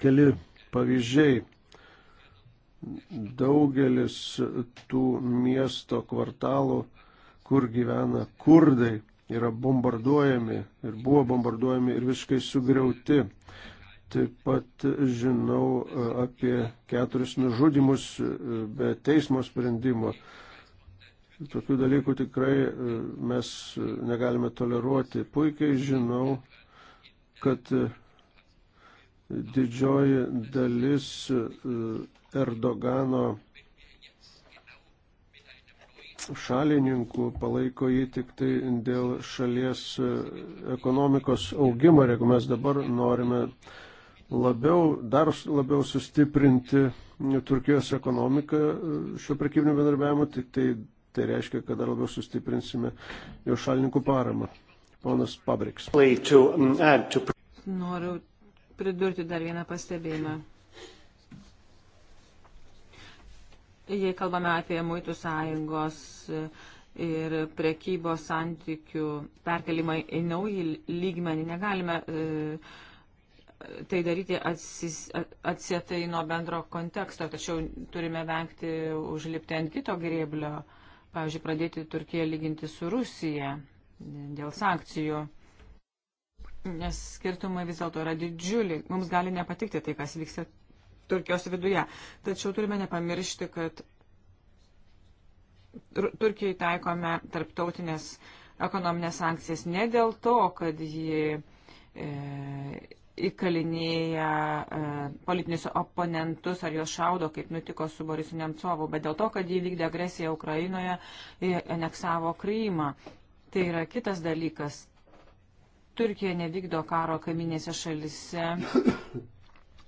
Keli pavyzdžiai. Daugelis tų miesto kvartalų, kur gyvena kurdai, yra bombarduojami ir buvo bombarduojami ir visiškai sugriauti. Taip pat žinau e, apie keturis nužudimus e, be teismo sprendimo. Tokių dalykų tikrai e, mes negalime toleruoti. Puikiai žinau, kad didžioji dalis Erdogano šalininkų palaiko jį tik tai dėl šalies e, ekonomikos augimo. Ir jeigu mes dabar norime labiau, dar labiau sustiprinti Turkijos ekonomiką e, šio prekybinio bendarbiavimo, tik tai tai reiškia, kad dar labiau sustiprinsime jo šalininkų paramą. Ponas Pabriks. Noriu pridurti dar vieną pastebėjimą. jei kalbame apie muitų sąjungos ir prekybos santykių perkelimą į naują lygmenį, negalime e, tai daryti atsis, atsietai nuo bendro konteksto, tačiau turime vengti užlipti ant kito grėblio, pavyzdžiui, pradėti Turkiją lyginti su Rusija dėl sankcijų nes skirtumai vis dėlto yra didžiuliai. Mums gali nepatikti tai, kas vyksta Turkijos viduje. Tačiau turime nepamiršti, kad Turkijai taikome tarptautinės ekonominės sankcijas ne dėl to, kad ji e, įkalinėja e, politinius oponentus ar juos šaudo, kaip nutiko su Borisu Nemcovu, bet dėl to, kad jį vykdė agresiją Ukrainoje ir aneksavo Krymą. Tai yra kitas dalykas. Turkija nevykdo karo kaiminėse šalise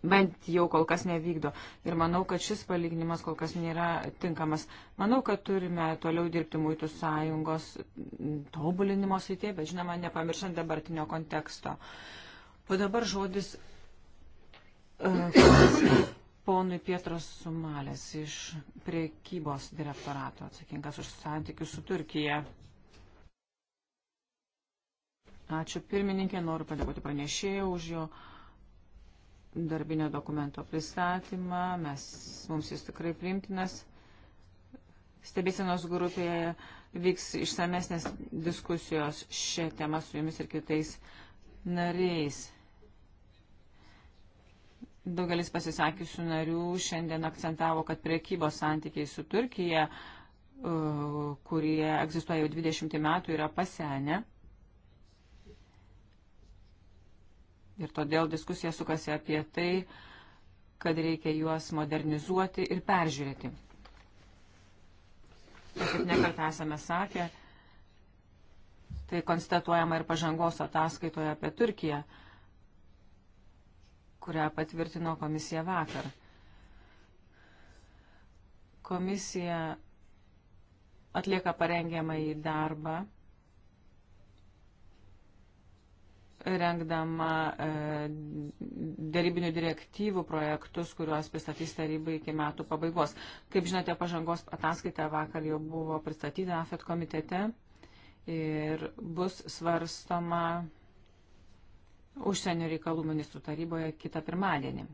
bent jau kol kas nevykdo. Ir manau, kad šis palyginimas kol kas nėra tinkamas. Manau, kad turime toliau dirbti Muitų sąjungos tobulinimo srityje, bet žinoma, nepamiršant dabartinio konteksto. O dabar žodis uh, ponui Pietras Sumalės iš priekybos direktorato atsakingas už santykius su Turkija. Ačiū pirmininkė, noriu padėkoti pranešėjai už jo uh, darbinio dokumento pristatymą, mes, mums jis tikrai priimtinas. Stebėsienos grupėje vyks išsamesnės diskusijos šią temą su jumis ir kitais nariais. Daugelis pasisakysių narių šiandien akcentavo, kad priekybos santykiai su Turkija, e, kurie egzistuoja jau 20 metų, yra pasenę. Ir todėl diskusija sukasi apie tai, kad reikia juos modernizuoti ir peržiūrėti. Ir kaip nekartą esame sakę, tai konstatuojama ir pažangos ataskaitoje apie Turkiją, kurią patvirtino komisija vakar. Komisija atlieka parengiamą į darbą rengdama e, dėrybinių direktyvų projektus, kuriuos pristatys tarybai iki metų pabaigos. Kaip žinote, pažangos ataskaita vakar jau buvo pristatyta AFET komitete ir bus svarstoma užsienio reikalų ministrų taryboje kitą pirmadienį.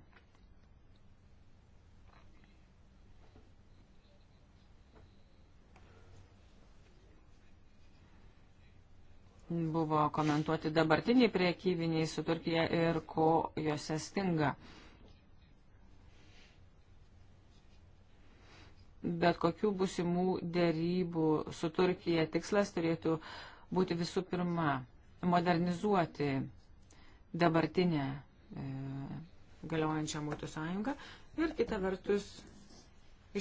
buvo komentuoti dabartiniai priekybiniai su Turkija ir ko juose stinga. Bet kokių busimų dėrybų su Turkija tikslas turėtų būti visų pirma modernizuoti dabartinę e, galiojančią mūtų sąjungą ir kita vertus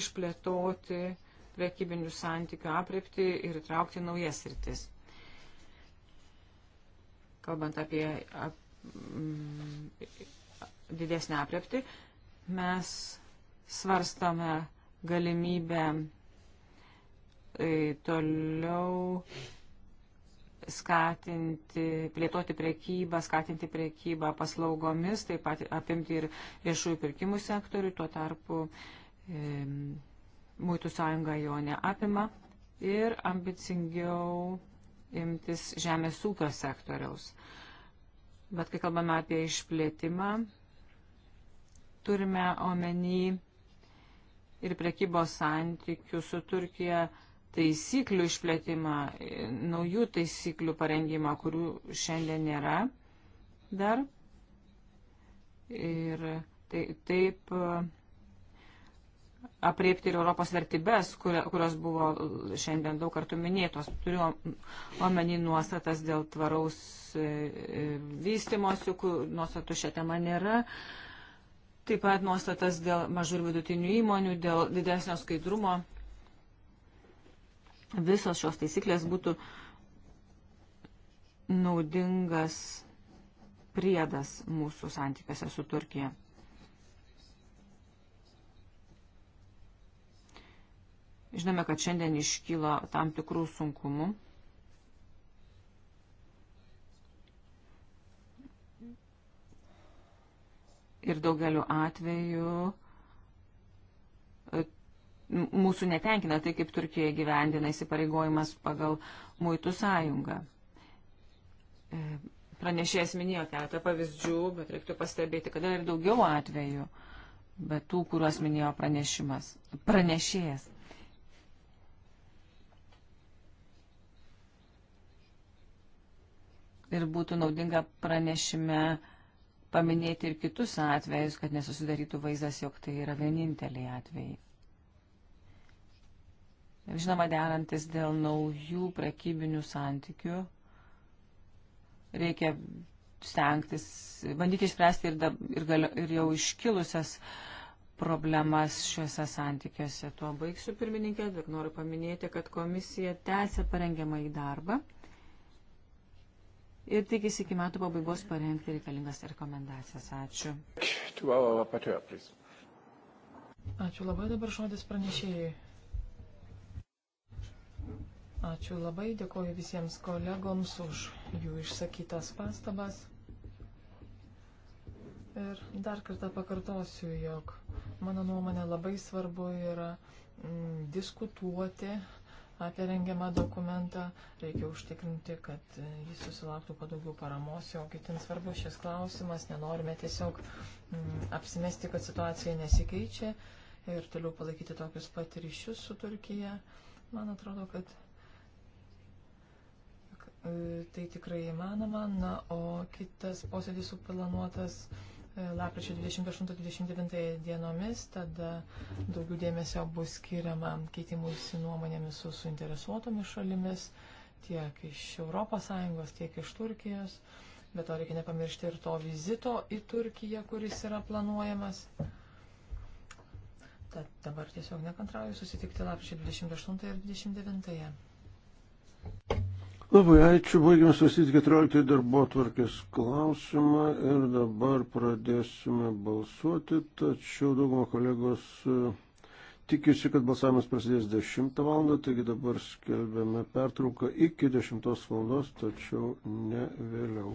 išplėtoti priekybinių santykių aprepti ir traukti naujas rytis kalbant apie ap, m, mm, didesnį apriepti, mes svarstame galimybę e, toliau skatinti, plėtoti priekybą, skatinti priekybą paslaugomis, taip pat apimti ir viešųjų pirkimų sektorių, tuo tarpu e, Mūtų sąjunga jo neapima ir ambicingiau imtis žemės ūkio sektoriaus. Bet kai kalbame apie išplėtimą, turime omeny ir prekybos santykių su Turkija taisyklių išplėtimą, naujų taisyklių parengimą, kurių šiandien nėra dar. Ir tai, taip. taip apriepti ir Europos vertybės, kurios buvo šiandien daug kartų minėtos. Turiu omeny nuostatas dėl tvaraus e, e, vystimosi, nuostatų šią temą nėra. Taip pat nuostatas dėl mažų ir vidutinių įmonių, dėl didesnio skaidrumo. Visos šios taisyklės būtų naudingas priedas mūsų santykiuose su Turkija. Žinome, kad šiandien iškyla tam tikrų sunkumų. Ir daugeliu atveju e, mūsų netenkina tai, kaip Turkija gyvendina įsipareigojimas pagal muitų sąjungą. E, pranešėjas minėjo keletą pavyzdžių, bet reiktų pastebėti, kad yra ir daugiau atvejų, bet tų, kuriuos minėjo pranešimas, pranešėjas. ir būtų naudinga pranešime paminėti ir kitus atvejus, kad nesusidarytų vaizdas, jog tai yra vieninteliai atvejai. Žinoma, derantis dėl naujų prekybinių santykių, reikia stengtis, bandyti išspręsti ir, dab, ir, gal, ir jau iškilusias problemas šiuose santykiuose. Tuo baigsiu pirmininkė ir noriu paminėti, kad komisija tęsia parengiamą į darbą ir tikisi iki metų pabaigos parengti reikalingas rekomendacijas. Ačiū. Ačiū labai dabar žodis pranešėjai. Ačiū labai, dėkoju visiems kolegoms už jų išsakytas pastabas. Ir dar kartą pakartosiu, jog mano nuomonė labai svarbu yra m, mm, diskutuoti apie rengiamą dokumentą. Reikia užtikrinti, kad jis susilauktų padaugiau paramos, jau kitin svarbus šis klausimas. Nenorime tiesiog m, mm, apsimesti, kad situacija nesikeičia ir toliau palaikyti tokius pat ryšius su Turkija. Man atrodo, kad e, tai tikrai įmanoma. Na, o kitas posėdis suplanuotas E, lapkričio 28-29 dienomis, tada daugiau dėmesio bus skiriama keitimuisi nuomonėmis su suinteresuotomis šalimis, tiek iš ES, tiek iš Turkijos. Bet to reikia nepamiršti ir to vizito į Turkiją, kuris yra planuojamas. Tad dabar tiesiog nekantrauju susitikti lapkričio 28 ir 29. Labai ačiū, baigiam svarstyti 14 darbo tvarkės klausimą ir dabar pradėsime balsuoti, tačiau dauguma kolegos e, tikisi, kad balsavimas prasidės 10 val. taigi dabar skelbiame pertrauką iki 10 val. tačiau ne vėliau.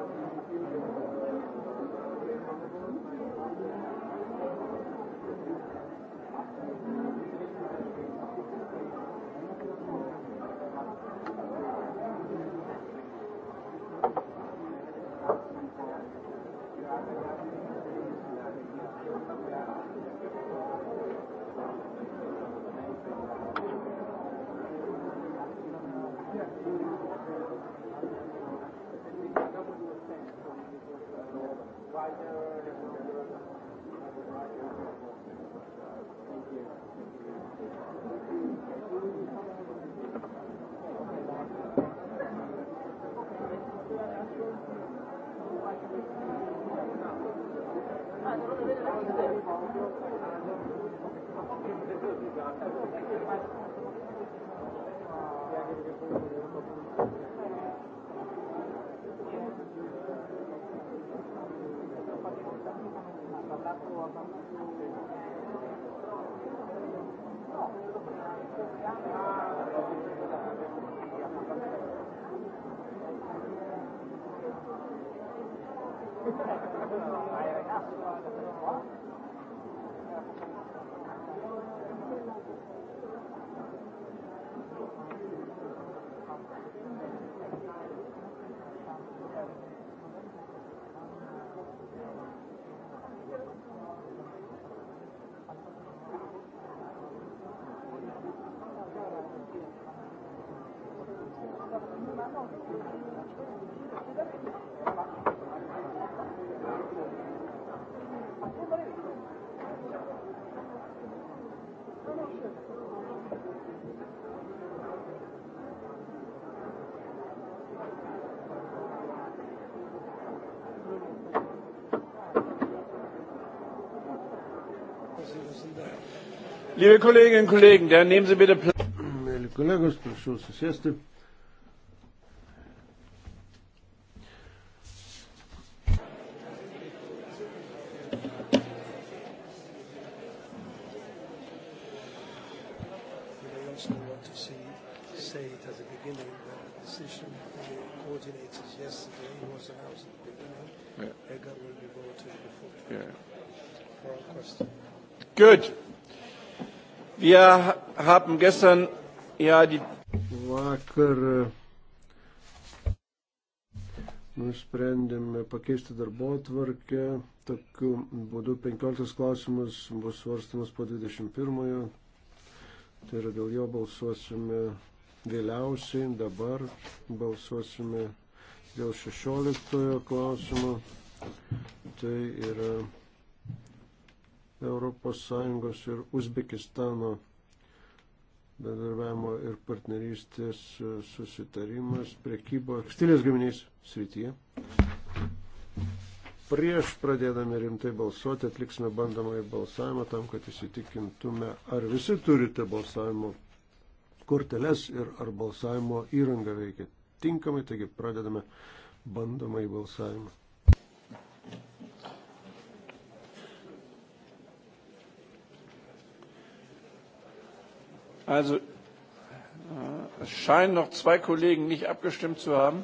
Liebe Kolleginnen und Kollegen, dann nehmen Sie bitte Platz. Mėly kolegos, prašau susėsti. Wir haben gestern ja die. Vakar nusprendėme pakeisti darbo tvarkę. Tokiu būdu 15 klausimas bus svarstamas po 21. Tai yra dėl jo balsuosime vėliausiai, dabar balsuosime dėl 16 klausimo. Tai yra ES ir Uzbekistano bendarbiavimo ir partnerystės susitarimas priekybos tekstilės gaminiais srityje. Prieš pradėdami rimtai balsuoti atliksime bandomąjį balsavimą tam, kad įsitikintume, ar visi turite balsavimo korteles ir ar balsavimo įranga veikia tinkamai, taigi pradedame bandomąjį balsavimą. Also äh, es scheinen noch zwei Kollegen nicht abgestimmt zu haben.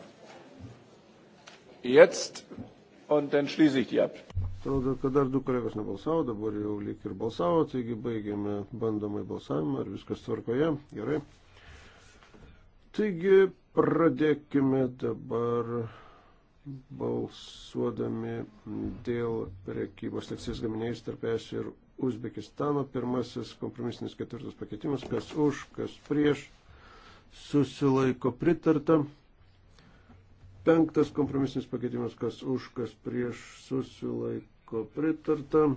Jetzt und dann schließe ich die ab. Atrodo, kad dar du kolegos nebalsavo, dabar jau lyg ir balsavo, taigi baigėme bandomai balsavimą, ar viskas tvarkoje, gerai. Taigi pradėkime dabar balsuodami dėl prekybos teksės gaminiais tarp es ir Uzbekistano. Pirmasis kompromisinis ketvirtas pakeitimas, kas už, kas prieš, susilaiko pritarta. Penktas kompromisinis pakeitimas, kas už, kas prieš, susilaiko pritarta.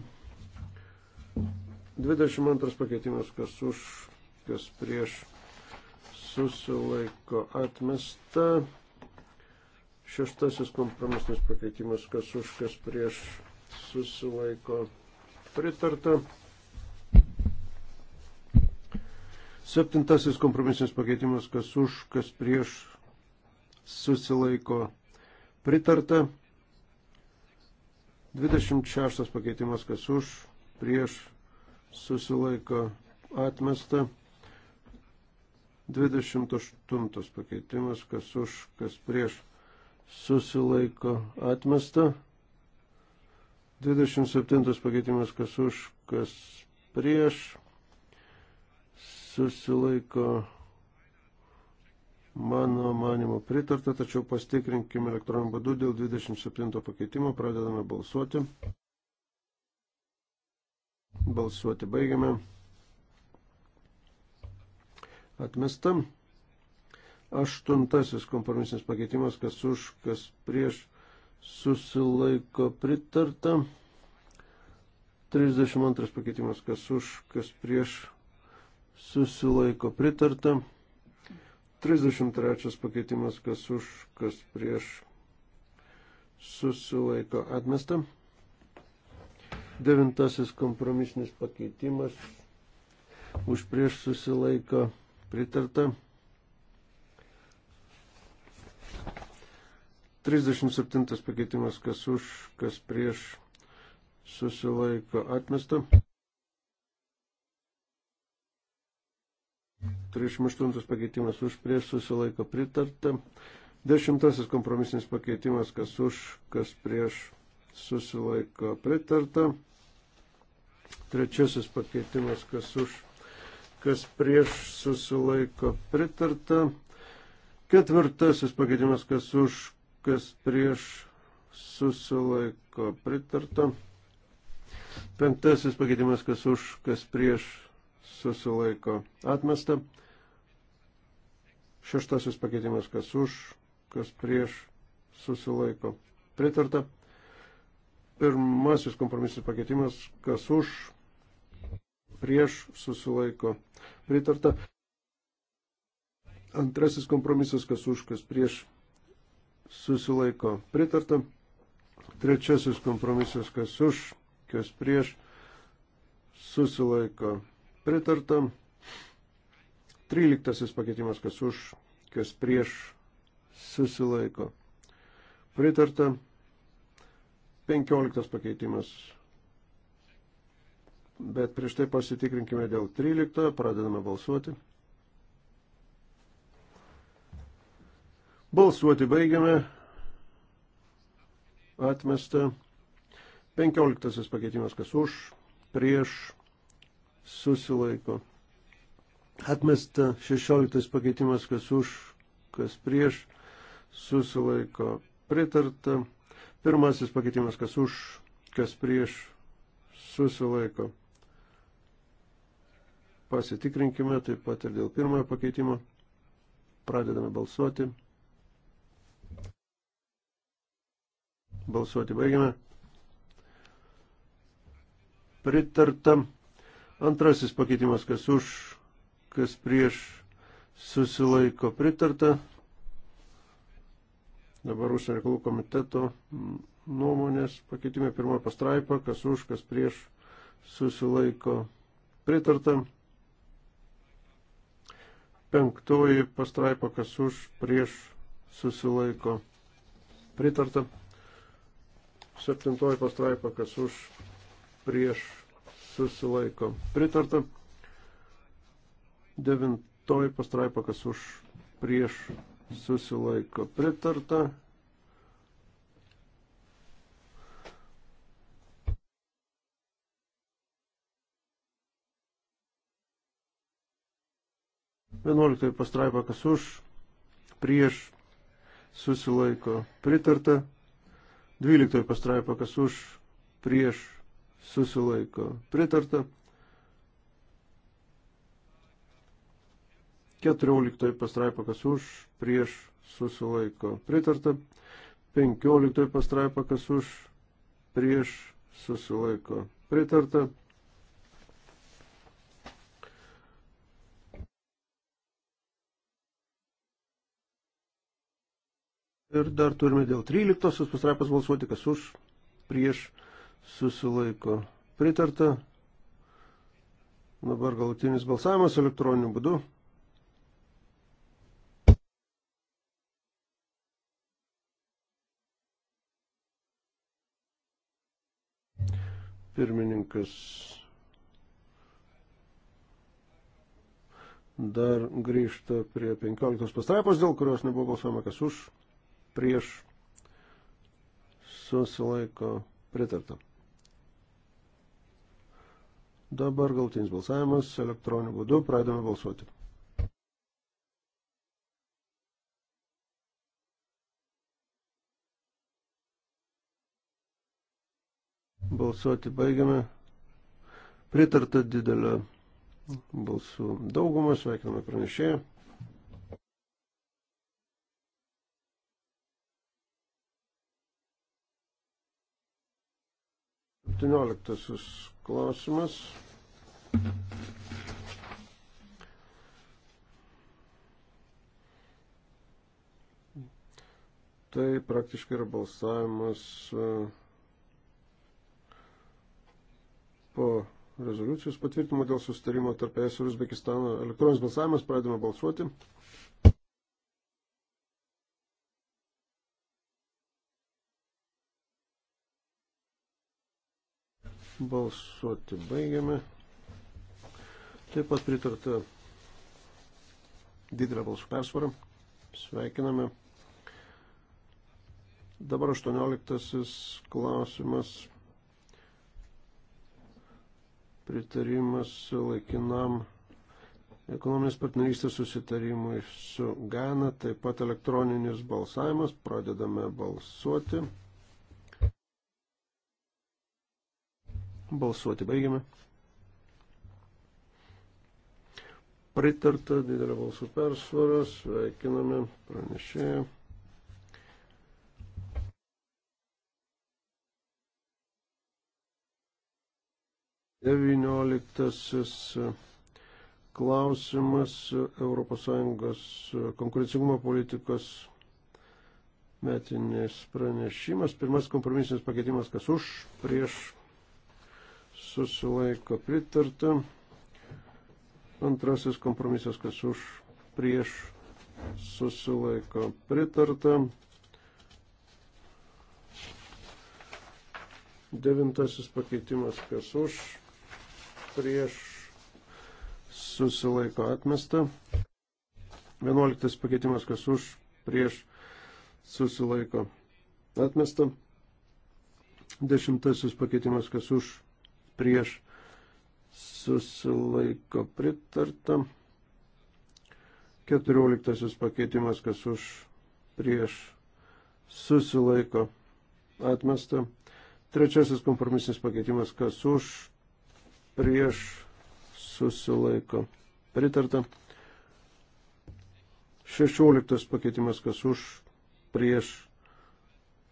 22 pakeitimas, kas už, kas prieš, susilaiko atmesta. Šeštasis kompromisinis pakeitimas, kas už, kas prieš, susilaiko atmesta pritarta. Septintasis kompromisinis pakeitimas, kas už, kas prieš, susilaiko pritarta. 26 pakeitimas, kas už, prieš, susilaiko atmesta. 28 pakeitimas, kas už, kas prieš, susilaiko atmesta. 27 pakeitimas, kas už, kas prieš, susilaiko mano manimo pritarta, tačiau pastikrinkime elektroniniu būdu dėl 27 pakeitimo, pradedame balsuoti. Balsuoti baigiame. Atmestam. Aštuntasis kompromisinis pakeitimas, kas už, kas prieš, susilaiko pritarta. 32 pakeitimas, kas už, kas prieš, susilaiko pritarta. 33 pakeitimas, kas už, kas prieš, susilaiko atmesta. Devintasis kompromisinis pakeitimas, už prieš susilaiko pritarta. 37 pakeitimas, kas už, kas prieš susilaiko atmesta. 38 pakeitimas už, prieš susilaiko pritarta. 10 kompromisinis pakeitimas, kas už, kas prieš susilaiko pritarta. Trečiasis pakeitimas, kas už, kas prieš susilaiko pritarta. Ketvirtasis pakeitimas, kas už, kas prieš susilaiko pritarta. Penktasis pakeitimas, kas už, kas prieš susilaiko atmesta. Šeštasis pakeitimas, kas už, kas prieš susilaiko pritarta. Pirmasis kompromisinis pakeitimas, kas už, prieš susilaiko pritarta. Antrasis kompromisas, kas už, kas prieš susilaiko pritarta. Trečiasis kompromisas, kas už, kas prieš, susilaiko pritarta. Tryliktasis pakeitimas, kas už, kas prieš, susilaiko pritarta. Penkioliktas pakeitimas. Bet prieš tai pasitikrinkime dėl 13, pradedame balsuoti. Balsuoti baigiame. Atmesta. 15 pakeitimas, kas už, prieš, susilaiko. Atmesta 16 pakeitimas, kas už, kas prieš, susilaiko. Pritarta. Pirmasis pakeitimas, kas už, kas prieš, susilaiko. Pasitikrinkime taip pat ir dėl pirmojo pakeitimo. Pradedame balsuoti. Balsuoti baigiame. Pritarta. Antrasis pakeitimas, kas už, kas prieš susilaiko pritarta. Dabar užsienio reikalų komiteto nuomonės pakeitimai pirmoji pastraipa, kas už, kas prieš susilaiko pritarta. Penktoji pastraipa, kas už, prieš susilaiko pritarta. Septintoji pastraipa, kas už prieš susilaiko. Pritarta. Devintoji pastraipa, kas už prieš susilaiko. Pritarta. Vienuoliktoji pastraipa, kas už prieš susilaiko. Pritarta. 12 pastraipą, kas už, prieš, susilaiko, pritarta. 14 pastraipą, kas už, prieš, susilaiko, pritarta. 15 pastraipą, kas už, prieš, susilaiko, pritarta. Ir dar turime dėl 13 pasraipos balsuoti, kas už, prieš, susilaiko. Pritarta. Dabar galutinis balsavimas elektroniniu būdu. Pirmininkas dar grįžta prie 15 pastraipos, dėl kurios nebuvo balsuojama kas už, prieš susilaiko pritarta. Dabar galtinis balsavimas elektroniniu būdu, pradame balsuoti. Balsuoti baigiame. Pritarta didelė balsų daugumą, sveikiname pranešėją. 17 klausimas. Tai praktiškai yra balsavimas e, po rezoliucijos patvirtimo dėl sustarimo tarp ES ir Uzbekistano. Elektroninis balsavimas, pradėjome balsuoti. Balsuoti baigiame. Taip pat pritarta didelė balsų persvara. Sveikiname. Dabar 18 klausimas. Pritarimas laikinam ekonominės partnerystės susitarimui su Gana. Taip pat elektroninis balsavimas. Pradedame balsuoti. Balsuoti baigiame. Pritarta didelio balsų persvarą, sveikiname pranešėją. Devynioliktasis klausimas ES konkurencingumo politikos metinis pranešimas. Pirmas kompromisinis pakeitimas, kas už, prieš susilaiko pritarta. Antrasis kompromisas, kas už prieš susilaiko pritarta. Devintasis pakeitimas, kas už prieš susilaiko atmesta. Vienuoliktas pakeitimas, kas už prieš susilaiko atmesta. Dešimtasis pakeitimas, kas už prieš susilaiko pritarta. 14 pakeitimas, kas už prieš susilaiko atmesta. Trečiasis kompromisinis pakeitimas, kas už prieš susilaiko pritarta. 16 pakeitimas, kas už prieš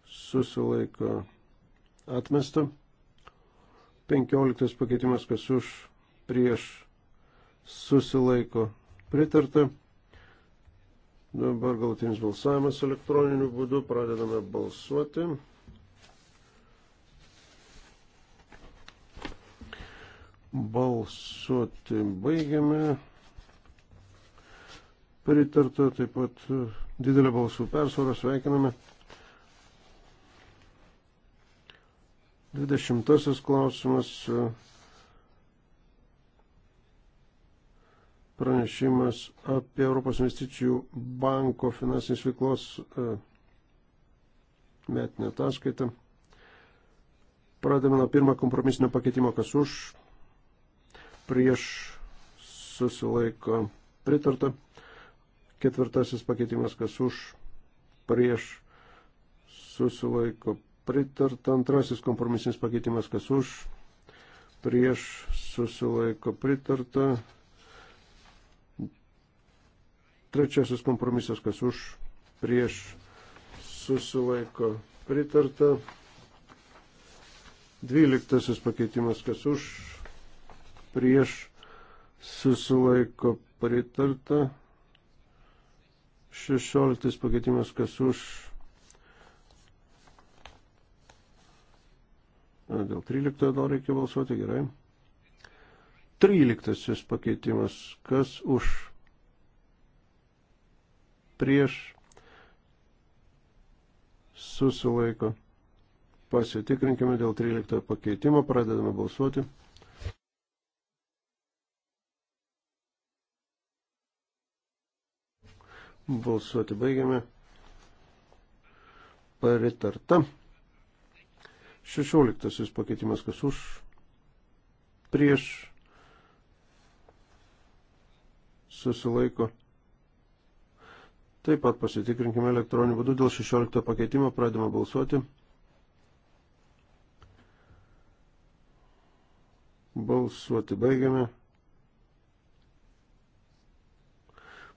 susilaiko atmesta. 15 pakeitimas, kas už, prieš, susilaiko, pritarta. Dabar galutinis balsavimas elektroniniu būdu. Pradedame balsuoti. Balsuoti baigiame. Pritarta taip pat didelė balsų persvara. Sveikiname. Dvidešimtasis klausimas. Pranešimas apie Europos investicijų banko finansinės veiklos e, metinę ataskaitą. Pradėme nuo pirmą kompromisinio pakeitimo, kas už, prieš susilaiko pritarta. Ketvirtasis pakeitimas, kas už, prieš susilaiko pritarta. Antrasis kompromisinis pakeitimas, kas už, prieš susilaiko pritarta. Trečiasis kompromisas, kas už, prieš susilaiko pritarta. Dvyliktasis pakeitimas, kas už, prieš susilaiko pritarta. Šešioliktas pakeitimas, kas už, Dėl 13 dar reikia balsuoti, gerai. 13 pakeitimas. Kas už? Prieš susilaiko. Pasitikrinkime dėl 13 pakeitimo, pradedame balsuoti. Balsuoti baigiame. Paritarta. Šešioliktasis pakeitimas, kas už, prieš, susilaiko. Taip pat pasitikrinkime elektroniniu būdu dėl 16 pakeitimo, pradėma balsuoti. Balsuoti baigiame.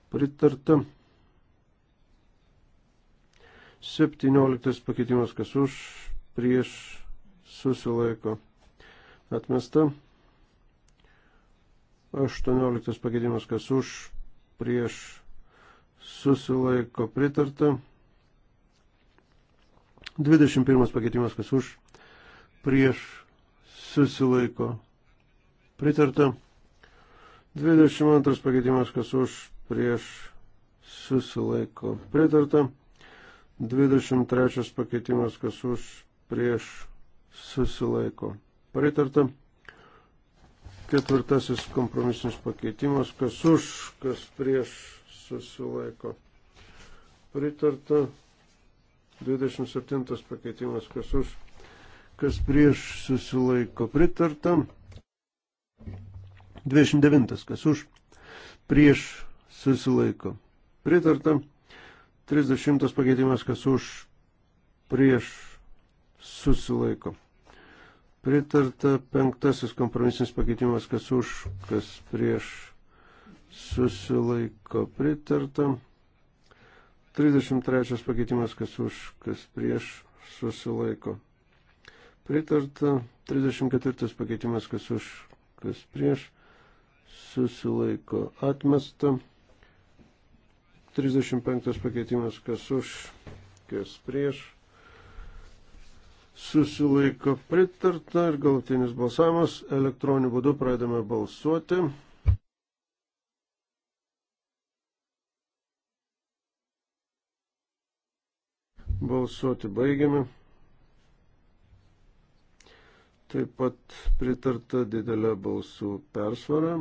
Pritarta. 17 pakeitimas kas už, prieš susilaiko atmesta. 18 pagėdimas, kas už, prieš susilaiko pritarta. 21 pakeitimas, kas už, prieš susilaiko pritarta. 22 pakeitimas, kas už, prieš susilaiko pritarta. 23 pakeitimas, kas už, prieš susilaiko. Pritarta. Ketvirtasis kompromisinis pakeitimas, kas už, kas prieš susilaiko. Pritarta. 27 pakeitimas, kas už, kas prieš susilaiko. Pritarta. 29, kas už, prieš susilaiko. Pritarta. 30 pakeitimas, kas už, prieš susilaiko. Pritarta penktasis kompromisinis pakeitimas, kas už, kas prieš susilaiko. Pritarta. 33 pakeitimas, kas už, kas prieš susilaiko. Pritarta. 34 pakeitimas, kas už, kas prieš susilaiko. Atmesta. 35 pakeitimas, kas už, kas prieš susilaiko pritarta ir galtinis balsavimas elektroniniu būdu pradedame balsuoti. Balsuoti baigiame. Taip pat pritarta didelė balsų persvara.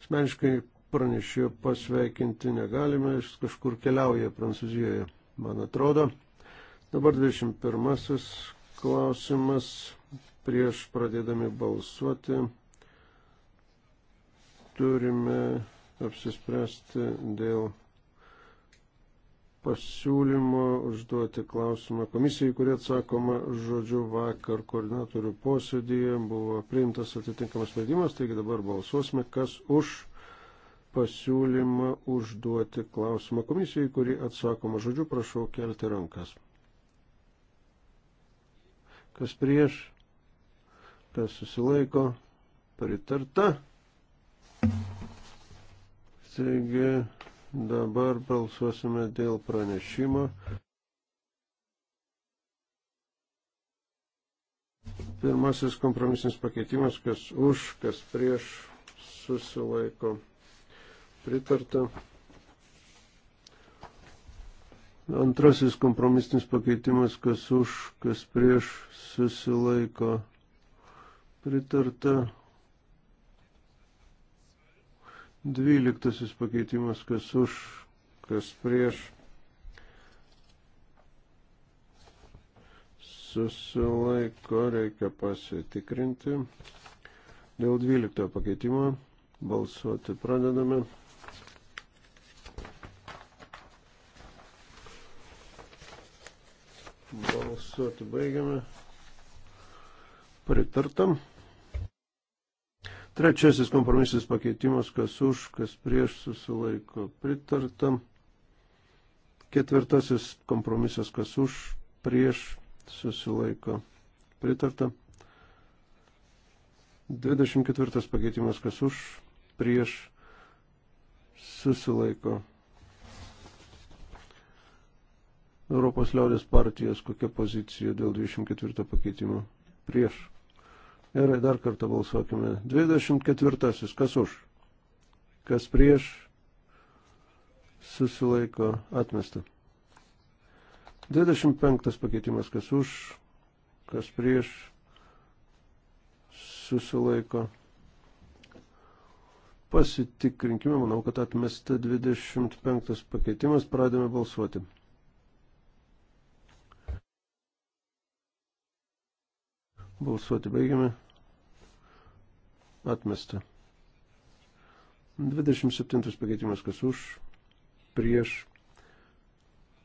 Asmeniškai pranešėjo pasveikinti negalime, jis kažkur keliauja Prancūzijoje, man atrodo. Dabar 21 klausimas prieš pradėdami balsuoti. Turime apsispręsti dėl pasiūlymo užduoti klausimą komisijai, kurie atsakoma žodžiu vakar koordinatorių posėdėje buvo priimtas atitinkamas sprendimas, taigi dabar balsuosime, kas už pasiūlymą užduoti klausimą komisijai, kuri atsakoma žodžiu, prašau kelti rankas kas prieš, kas susilaiko, pritarta. Taigi dabar balsuosime dėl pranešimo. Pirmasis kompromisinis pakeitimas, kas už, kas prieš, susilaiko, pritarta. Antrasis kompromisinis pakeitimas, kas už, kas prieš, susilaiko pritarta. Dvyliktasis pakeitimas, kas už, kas prieš, susilaiko, reikia pasitikrinti. Dėl dvyliktojo pakeitimo balsuoti pradedame. Balsuoti baigiame. Pritartam. Trečiasis kompromisis pakeitimas, kas už, kas prieš susilaiko. Pritartam. Ketvirtasis kompromisas, kas už, prieš susilaiko. Pritartam. 24 pakeitimas, kas už, prieš susilaiko. Europos liaudės partijos, kokia pozicija dėl 24 pakeitimo prieš. Gerai, dar kartą balsuokime. 24. Kas už? Kas prieš? Susilaiko atmesta. 25 pakeitimas. Kas už? Kas prieš? Susilaiko. Pasitikrinkime, manau, kad atmesta 25 pakeitimas. Pradėme balsuoti. Balsuoti baigiame. Atmesta. 27 pakeitimas kas už, prieš,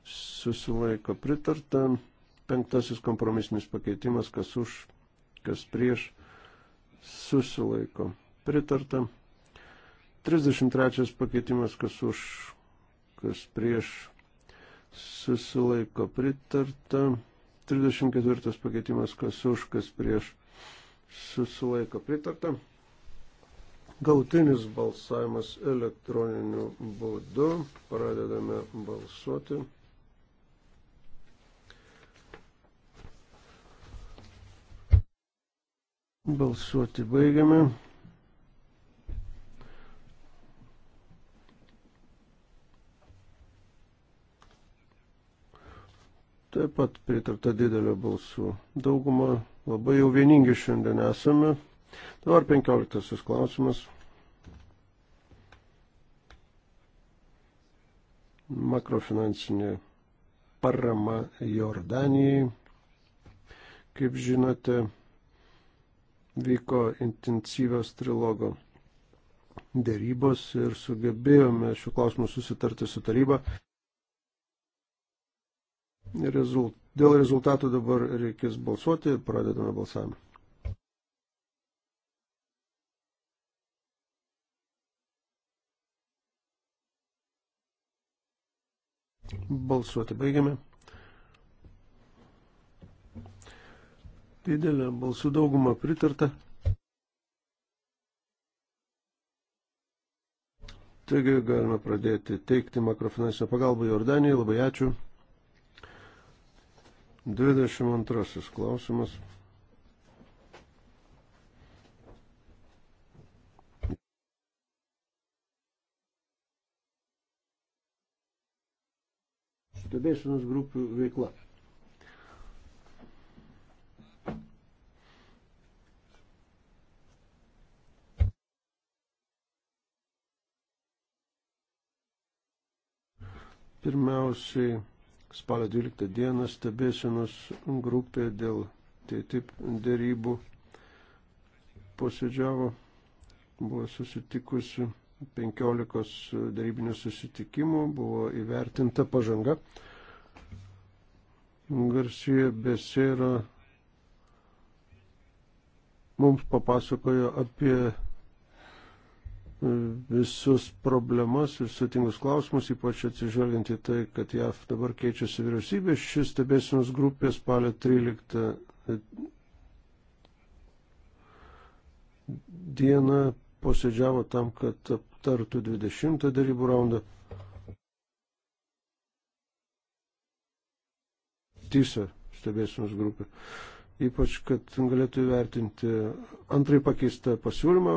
susilaiko pritarta. Penktasis kompromisinis pakeitimas kas už, kas prieš, susilaiko pritarta. 33 pakeitimas kas už, kas prieš, susilaiko pritarta. 34 pakeitimas, kas už, kas prieš susilaiko pritarta. Gautinis balsavimas elektroniniu būdu. Pradedame balsuoti. Balsuoti baigiame. Taip pat pritarta didelio balsų. Dauguma labai jau vieningi šiandien esame. Dabar penkioliktasis klausimas. Makrofinansinė parama Jordanijai. Kaip žinote, vyko intensyvios trilogo dėrybos ir sugebėjome šių klausimų susitarti su taryba. Rezult... Dėl rezultatų dabar reikės balsuoti ir pradedame balsavimą. Balsuoti baigiame. Didelė balsų dauguma pritarta. Taigi galime pradėti teikti makrofinansinę pagalbą Jordanijai. Labai ačiū. 22 klausimas. Stebėsinos grupių veikla. Pirmiausiai spalio 12 dieną stebėsinos grupė dėl TTIP dėrybų posėdžiavo, buvo susitikusi 15 dėrybinių susitikimų, buvo įvertinta pažanga. Garsija Besėra mums papasakojo apie visus problemas ir sutingus klausimus, ypač atsižvelgiant į tai, kad JAV dabar keičiasi vyriausybė. Šis stebėsimas grupė spalio 13 dieną posėdžiavo tam, kad aptartų 20 darybų raundą. Tysa stebėsimas grupė ypač, kad galėtų įvertinti antrai pakeistą pasiūlymą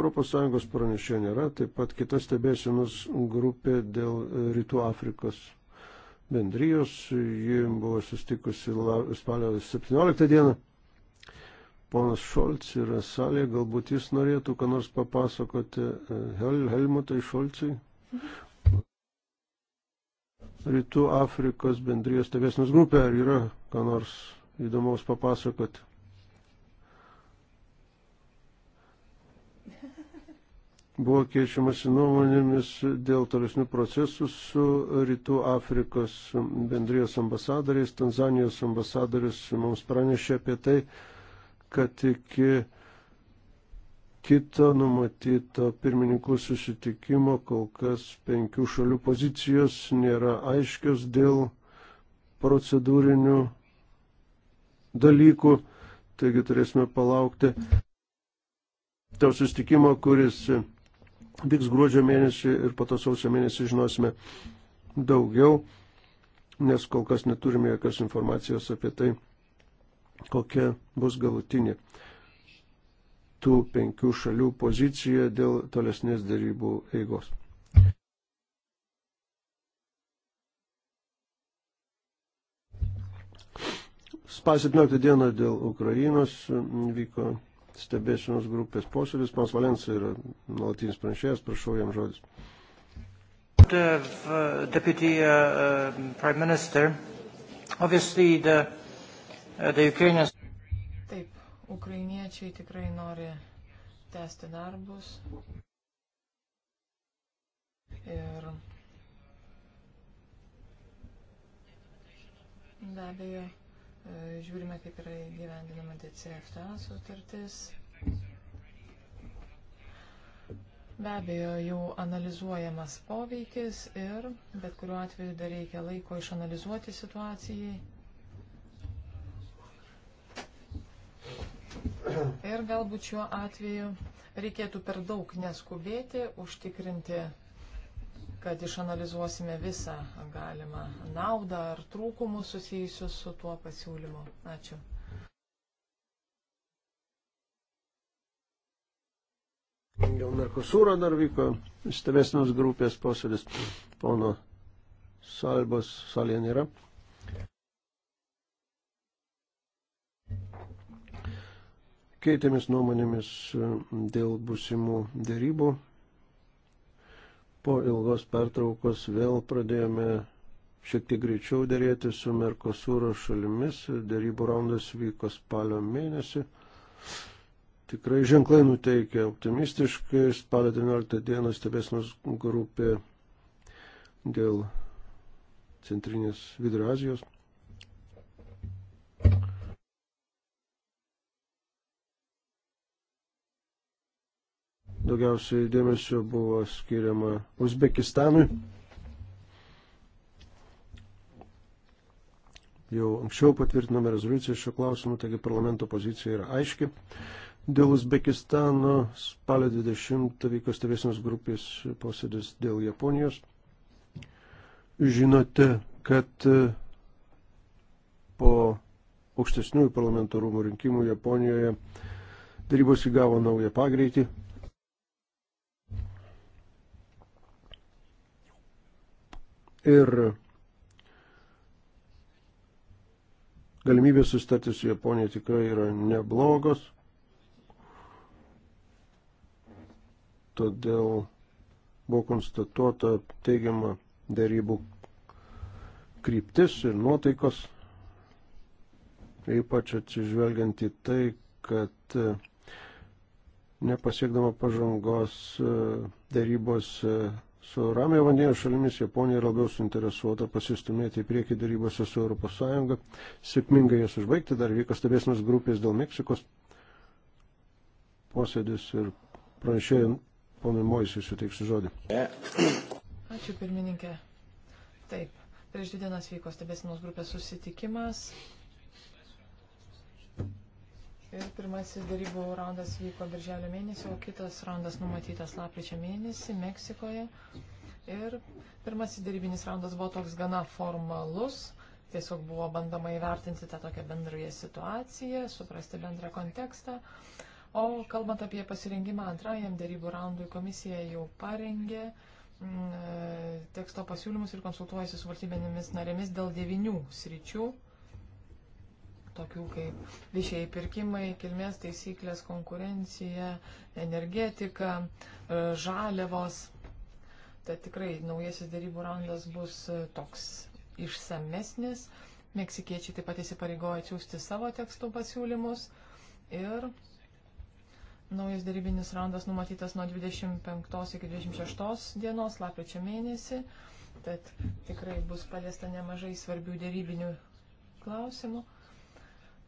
ES pranešė nėra, taip pat kita stebėsienos grupė dėl e, Rytų Afrikos bendrijos, ji buvo sustikusi spalio 17 dieną. Ponas Šolc yra salė, galbūt jis norėtų, ką nors papasakoti e, Hel Helmutai Šolcai. Rytų Afrikos bendrijos stebėsnos grupė, ar yra ką nors įdomaus papasakoti? buvo keičiamasi nuomonėmis dėl tolesnių procesų su Rytų Afrikos bendrijos ambasadoriais. Tanzanijos ambasadoris mums pranešė apie tai, kad iki kito numatyto pirmininkų susitikimo kol kas penkių šalių pozicijos nėra aiškios dėl procedūrinių dalykų, taigi turėsime palaukti to susitikimo, kuris vyks gruodžio mėnesį ir po to sausio mėnesį žinosime daugiau, nes kol kas neturime jokios informacijos apie tai, kokia bus galutinė tų penkių šalių pozicija dėl tolesnės darybų eigos. Spalio 17 dieną dėl Ukrainos vyko stebėsinos grupės posėdis. Pans Valensa yra nuolatinis pranešėjas, prašau jam žodis. Uh, Deputy uh, um, Prime Minister, obviously the, uh, the Ukrainians... Taip, ukrainiečiai tikrai nori tęsti darbus. Ir be abejo, E, žiūrime, kaip yra įgyvendinama DCFTA sutartis. Be abejo, jau analizuojamas poveikis ir bet kuriuo atveju dar reikia laiko išanalizuoti situacijai. Ir galbūt šiuo atveju reikėtų per daug neskubėti, užtikrinti kad išanalizuosime visą galimą naudą ar trūkumus susijusius su tuo pasiūlymu. Ačiū. Gal Merkosūro dar vyko stebėsnos grupės posėdis. Pono Salbos salėje nėra. Keitėmis nuomonėmis dėl busimų dėrybų Po ilgos pertraukos vėl pradėjome šiek tiek greičiau dėrėti su Merkosūro šalimis. Dėrybų raundas vyko spalio mėnesį. Tikrai ženklai nuteikia optimistiškai. Spalio 19 dieną stebėsinos grupė dėl Centrinės Vidurio Azijos Daugiausiai dėmesio buvo skiriama Uzbekistanui. Jau anksčiau patvirtinome rezoliuciją šio klausimu, taigi parlamento pozicija yra aiški. Dėl Uzbekistano spalio 20 vyko stebėsinos grupės posėdis dėl Japonijos. Žinote, kad e, po aukštesniųjų parlamento rūmų rinkimų Japonijoje darybos įgavo naują pagreitį. ir galimybės susitarti su Japonija tikrai yra neblogos. Todėl buvo konstatuota teigiama darybų kryptis ir nuotaikos, ypač atsižvelgiant į tai, kad nepasiekdama pažangos darybos su Ramio vandenio šalimis Japonija yra labiau suinteresuota pasistumėti į priekį darybose su ES, sėkmingai jas užbaigti, dar vyko stebėsimas grupės dėl Meksikos posėdis ir pranešėjai ponui Moisui suteiksiu žodį. Ačiū pirmininkė. Taip, prieš dvi dienas vyko stebėsimas grupės susitikimas Ir pirmasis darybų raundas vyko birželio mėnesį, o kitas raundas numatytas lapkričio mėnesį Meksikoje. Ir pirmasis darybinis raundas buvo toks gana formalus. Tiesiog buvo bandama įvertinti tą tokią bendrąją situaciją, suprasti bendrą kontekstą. O kalbant apie pasirengimą antrajam darybų raundui, komisija jau parengė mm, e, teksto pasiūlymus ir konsultuojasi su valstybinėmis narėmis dėl devinių sričių, tokių kaip viešieji pirkimai, kilmės taisyklės, konkurencija, energetika, e, žaliavos. Tai tikrai naujasis darybų raundas bus e, toks išsamesnis. Meksikiečiai taip pat įsipareigoja atsiųsti savo tekstų pasiūlymus. Ir naujas darybinis raundas numatytas nuo 25 iki 26 dienos, lapkričio mėnesį. Tad tikrai bus paliesta nemažai svarbių darybinių klausimų.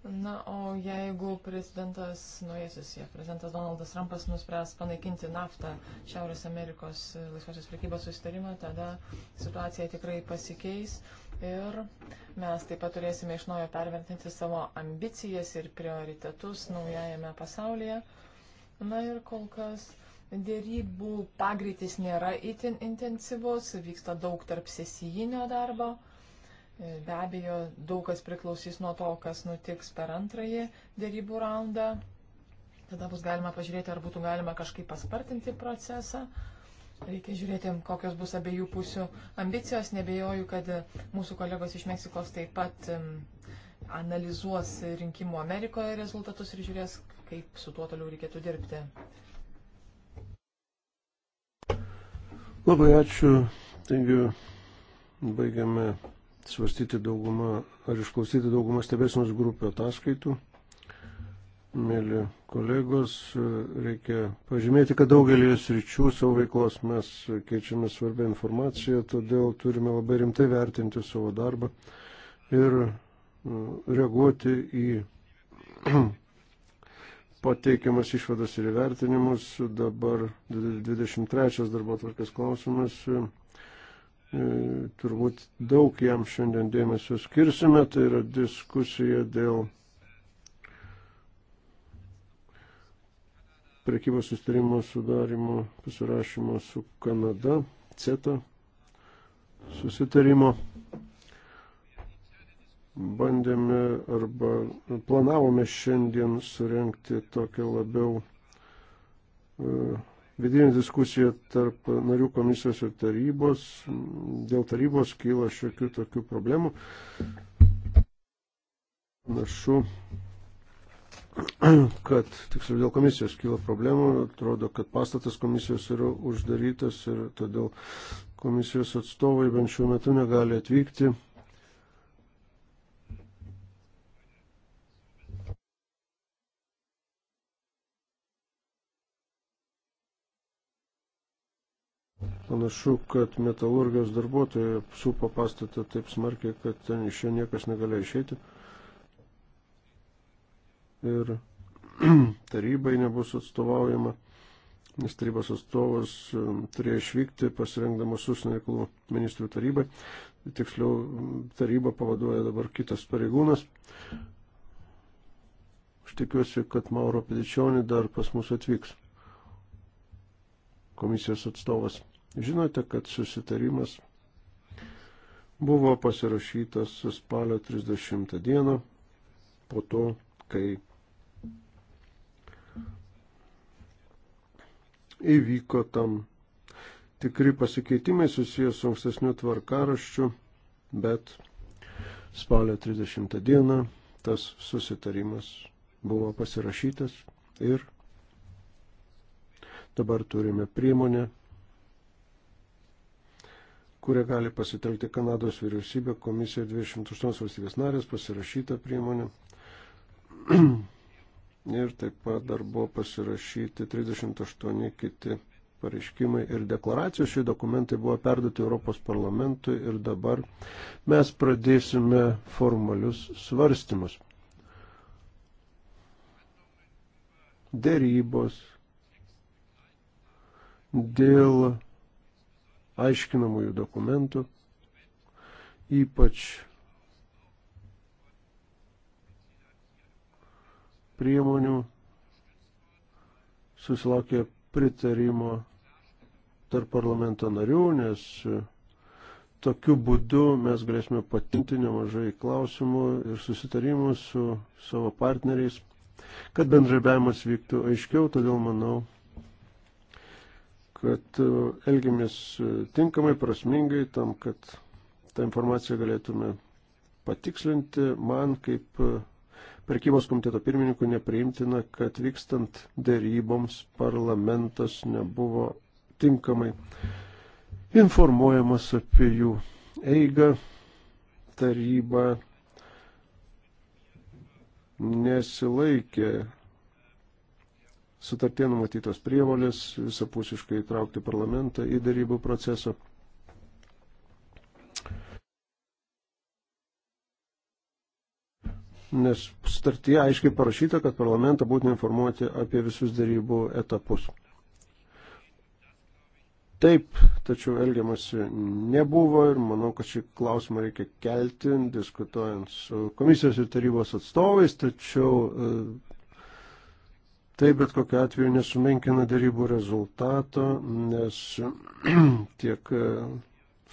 Na, o jeigu prezidentas, nuėjusis jav prezidentas Donaldas Trumpas nuspręs panaikinti naftą Šiaurės Amerikos laisvosios prekybos susitarimą, tada situacija tikrai pasikeis ir mes taip pat turėsime iš naujo pervertinti savo ambicijas ir prioritetus naujajame pasaulyje. Na ir kol kas dėrybų pagreitis nėra itin intensyvus, vyksta daug tarp sesijinio darbo. E, be abejo, daug kas priklausys nuo to, kas nutiks per antrąjį dėrybų raundą. Tada bus galima pažiūrėti, ar būtų galima kažkaip paspartinti procesą. Reikia žiūrėti, kokios bus abiejų pusių ambicijos. Nebejoju, kad mūsų kolegos iš Meksikos taip pat analizuos rinkimų Amerikoje rezultatus ir žiūrės, kaip su tuo toliau reikėtų dirbti. Labai ačiū. Taigi, baigiame svarstyti daugumą ar išklausyti daugumą stebėsinos grupių ataskaitų. Mėly kolegos, reikia pažymėti, kad daugelį sričių savo veiklos mes keičiame svarbę informaciją, todėl turime labai rimtai vertinti savo darbą ir nu, reaguoti į pateikiamas išvadas ir įvertinimus. Dabar 23 darbo tvarkės klausimas. E, turbūt daug jam šiandien dėmesio skirsime, tai yra diskusija dėl prekybos sustarimo sudarimo, pasirašymo su Kanada, CETA susitarimo. Bandėme arba planavome šiandien surenkti tokią labiau uh, vidinė diskusija tarp narių komisijos ir tarybos. Dėl tarybos kyla šiokių tokių problemų. Panašu, kad, tiksliau, dėl komisijos kyla problemų. Atrodo, kad pastatas komisijos yra uždarytas ir todėl komisijos atstovai bent šiuo metu negali atvykti Panašu, kad metalurgijos darbuotojai supo pastatą taip smarkiai, kad ten iš jo niekas negalėjo išeiti. Ir tarybai nebus atstovaujama, nes tarybos atstovas um, turėjo išvykti pasirengdamas užsienio reikalų ministrų tarybai. Tiksliau, tarybą pavaduoja dabar kitas pareigūnas. Aš tikiuosi, kad Mauro Pedičionį dar pas mus atvyks komisijos atstovas. Žinote, kad susitarimas buvo pasirašytas spalio 30 dieną po to, kai įvyko tam tikri pasikeitimai susijęs su ankstesniu tvarkaraščiu, bet spalio 30 dieną tas susitarimas buvo pasirašytas ir dabar turime priemonę kurie gali pasitelkti Kanados vyriausybė, komisija 28 valstybės narės pasirašyta priemonė. ir taip pat dar buvo pasirašyti 38 kiti pareiškimai ir deklaracijos. Šie dokumentai buvo perduoti Europos parlamentui ir dabar mes pradėsime formalius svarstymus. Dėrybos dėl aiškinamųjų dokumentų, ypač priemonių susilaukė pritarimo tarp parlamento narių, nes tokiu būdu mes galėsime patinti nemažai klausimų ir susitarimų su savo partneriais, kad bendrabiavimas vyktų aiškiau, todėl manau, kad e, elgiamės e, tinkamai, prasmingai, tam, kad tą informaciją galėtume patikslinti. Man kaip e, prekybos komiteto pirmininkų nepriimtina, kad vykstant dėryboms parlamentas nebuvo tinkamai informuojamas apie jų eigą, tarybą nesilaikė sutartie numatytos prievolės visapusiškai įtraukti parlamentą į darybų procesą. Nes sutartyje aiškiai parašyta, kad parlamentą būtina informuoti apie visus darybų etapus. Taip, tačiau elgiamasi nebuvo ir manau, kad šį klausimą reikia kelti, diskutuojant su komisijos ir tarybos atstovais, tačiau e, Tai bet kokiu atveju nesumenkina darybų rezultato, nes tiek e,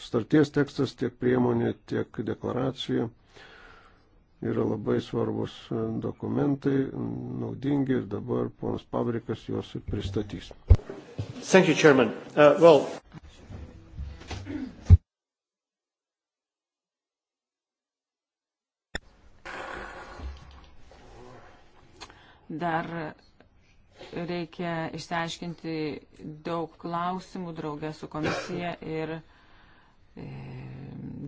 starties tekstas, tiek priemonė, tiek deklaracija yra labai svarbus e, dokumentai, naudingi ir dabar ponas Pavrikas juos ir pristatys. Thank you, Chairman. Uh, well... Dar reikia išsiaiškinti daug klausimų draugę su komisija ir e,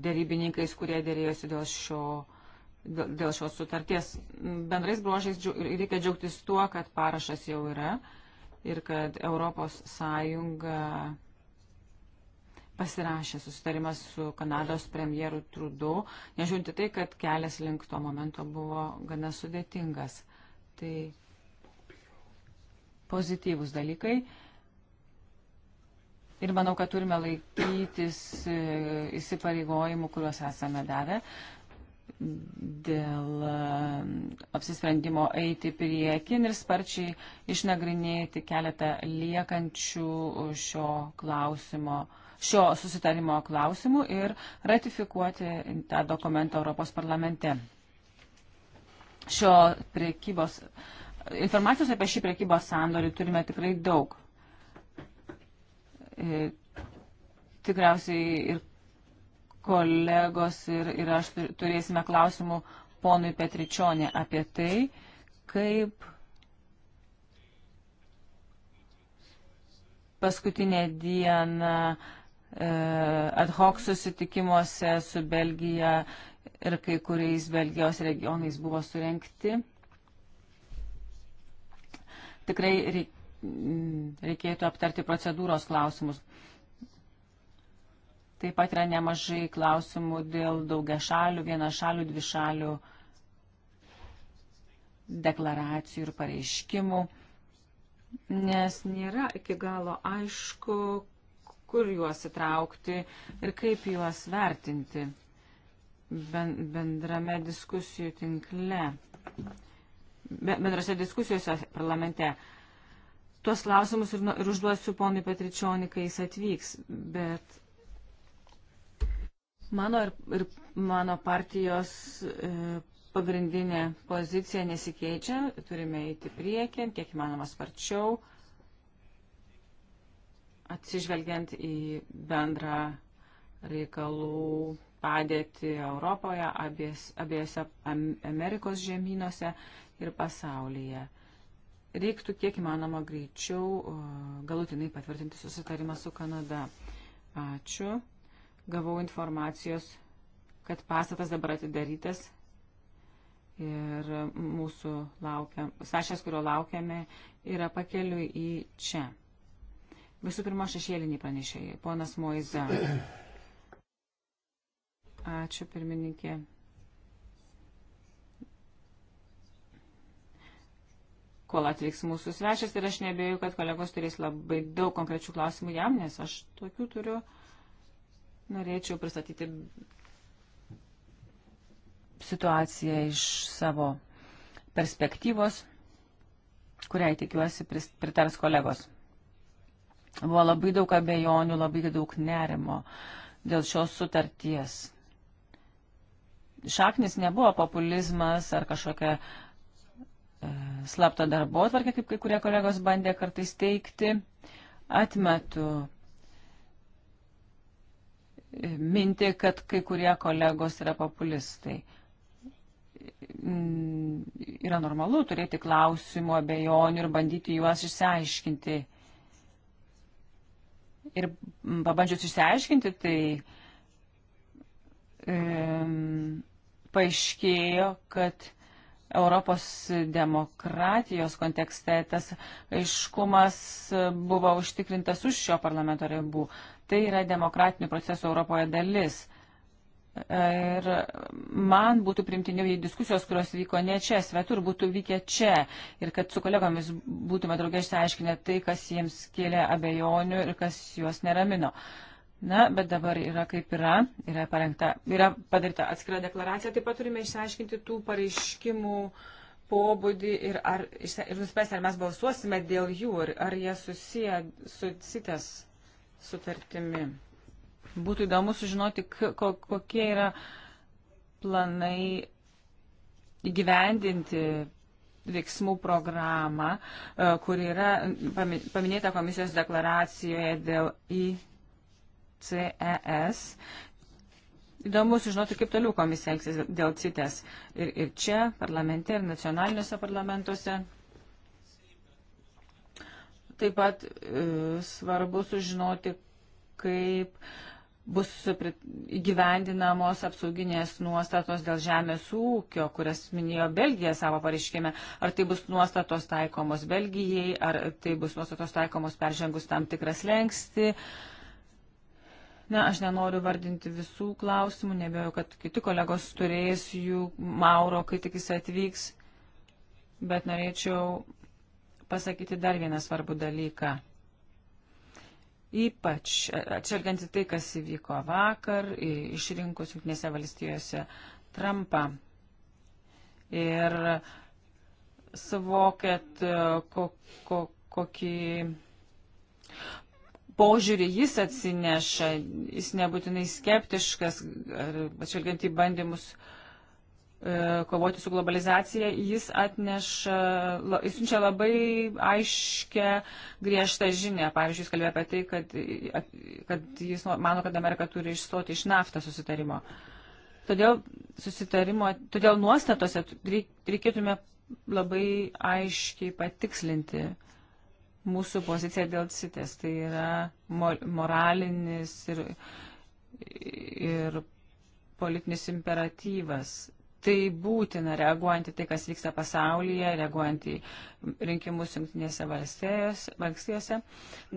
dėrybininkais, kurie dėrėjosi dėl, šio, dėl šios sutarties. Bendrais bruožais reikia džiaugtis tuo, kad parašas jau yra ir kad Europos Sąjunga pasirašė susitarimą su Kanados premjeru Trudu, nežiūrinti tai, kad kelias link to momento buvo gana sudėtingas. Tai pozityvūs dalykai. Ir manau, kad turime laikytis e, įsipareigojimų, kuriuos esame davę dėl e, apsisprendimo eiti priekin ir sparčiai išnagrinėti keletą liekančių šio klausimo, šio susitarimo klausimų ir ratifikuoti tą dokumentą Europos parlamente. Šio priekybos Informacijos apie šį prekybos sandorį turime tikrai daug. E, tikriausiai ir kolegos ir, ir aš turėsime klausimų ponui Petričionė apie tai, kaip paskutinę dieną e, ad hoc susitikimuose su Belgija ir kai kuriais Belgijos regionais buvo surenkti tikrai reikėtų aptarti procedūros klausimus. Taip pat yra nemažai klausimų dėl daugia šalių, viena šalių, dvi šalių deklaracijų ir pareiškimų, nes nėra iki galo aišku, kur juos įtraukti ir kaip juos vertinti bendrame diskusijų tinkle bendrose diskusijose parlamente. Tuos klausimus ir, nu, ir užduosiu ponui Petričionį, kai jis atvyks, bet mano ir, ir mano partijos e, pagrindinė pozicija nesikeičia, turime eiti priekin, kiek įmanoma sparčiau, atsižvelgiant į bendrą reikalų padėtį Europoje, abies, abiejose Amerikos žemynuose ir pasaulyje. Reiktų kiek įmanoma greičiau galutinai patvirtinti susitarimą su Kanada. Ačiū. Gavau informacijos, kad pastatas dabar atidarytas ir mūsų laukiam, Sašės, kurio laukiame, yra pakeliui į čia. Visų pirma, šešėlinį pranešėjai, ponas Moiza. Ačiū, pirmininkė. kol atvyks mūsų svečias ir aš nebejoju, kad kolegos turės labai daug konkrečių klausimų jam, nes aš tokių turiu. Norėčiau pristatyti situaciją iš savo perspektyvos, kuriai tikiuosi pritars kolegos. Buvo labai daug abejonių, labai daug nerimo dėl šios sutarties. Šaknis nebuvo populizmas ar kažkokia uh, slaptą darbo atvarkę, kaip kai kurie kolegos bandė kartais teikti, atmetu minti, kad kai kurie kolegos yra populistai. Mm, yra normalu turėti klausimų, abejonių ir bandyti juos išsiaiškinti. Ir pabandžius išsiaiškinti, tai um, paaiškėjo, kad uh, Europos demokratijos kontekste tas aiškumas buvo užtikrintas už šio parlamento ribų. Tai yra demokratinių procesų Europoje dalis. Ir man būtų primtiniau, jei diskusijos, kurios vyko ne čia, svetur būtų vykę čia ir kad su kolegomis būtume draugė išsiaiškinę tai, kas jiems kėlė abejonių ir kas juos neramino. Uh, Na, bet dabar yra kaip yra, yra, parengta, yra padaryta atskira deklaracija, taip pat turime išsiaiškinti tų pareiškimų pobūdį ir, ar, ir nuspręsti, ar mes balsuosime dėl jų, ir ar jie susiję su CITES sutartimi. Būtų įdomu sužinoti, kokie yra planai įgyvendinti veiksmų programą, e, kur yra paminėta komisijos deklaracijoje dėl į CES. Įdomu sužinoti, kaip toliau komisija elgsis dėl CITES ir, ir čia, parlamente, ir nacionaliniuose parlamentuose. Taip pat e, svarbu sužinoti, kaip bus įgyvendinamos apsauginės nuostatos dėl žemės ūkio, kurias minėjo Belgija savo pareiškime. Ar tai bus nuostatos taikomos Belgijai, ar tai bus nuostatos taikomos peržengus tam tikras lengsti. E, Na, aš nenoriu vardinti visų klausimų, nebėjau, kad kiti kolegos turės jų Mauro, kai tik jis atvyks, bet norėčiau pasakyti dar vieną svarbų dalyką. Ypač atšvelgiant į tai, kas įvyko vakar, išrinkus Junktinėse valstijose Trumpą. Ir suvokėt, kokį. Ko, ko, požiūrį jis atsineša, jis nebūtinai skeptiškas, atšvelgiant į bandymus e, kovoti su globalizacija, jis atneša, jis siunčia labai aiškę, griežtą žinę. Pavyzdžiui, jis kalbėjo apie tai, kad, kad jis mano, kad Amerika turi išstoti iš naftą susitarimo. Todėl susitarimo, todėl nuostatose reikėtume labai aiškiai patikslinti mūsų pozicija dėl CITES. Tai yra moralinis ir, ir politinis imperatyvas. Tai būtina reaguojant į tai, kas vyksta pasaulyje, reaguojant į rinkimus jungtinėse valstijose.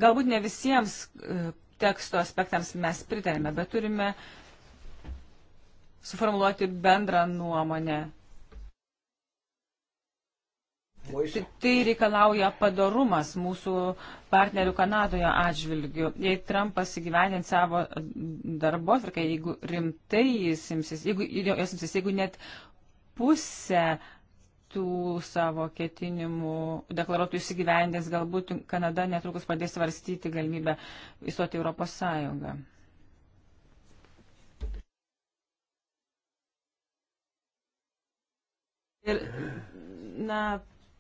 Galbūt ne visiems e, teksto aspektams mes pritarėme, bet turime suformuoluoti bendrą nuomonę Tai, tai reikalauja padarumas mūsų partnerių Kanadoje atžvilgių. Jei Trumpas įgyvenint savo darbos, ir kai jeigu rimtai jis imsis, jeigu, jis imsis, jeigu net pusę tų savo ketinimų deklaruotų įsigyvendęs, galbūt Kanada netrukus pradės svarstyti galimybę įstoti Europos Sąjungą. Ir, na,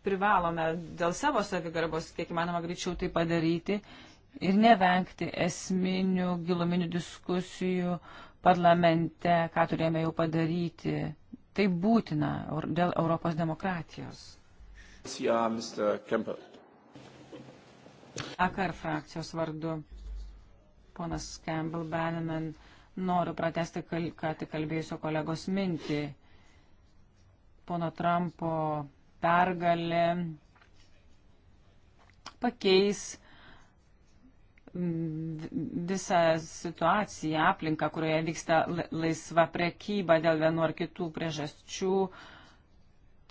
privalome dėl savo savigarbos, kiek įmanoma greičiau tai padaryti ir nevengti esminių giluminių diskusijų parlamente, ką turėjome jau padaryti. Tai būtina dėl Europos demokratijos. Ja, Akar frakcijos vardu ponas Campbell Bannerman noriu pratesti, ką tik kalbėjusio kolegos mintį. Pono Trumpo pergalė pakeis mm, visą situaciją, aplinką, kurioje vyksta laisva prekyba dėl vienu ar kitų priežasčių,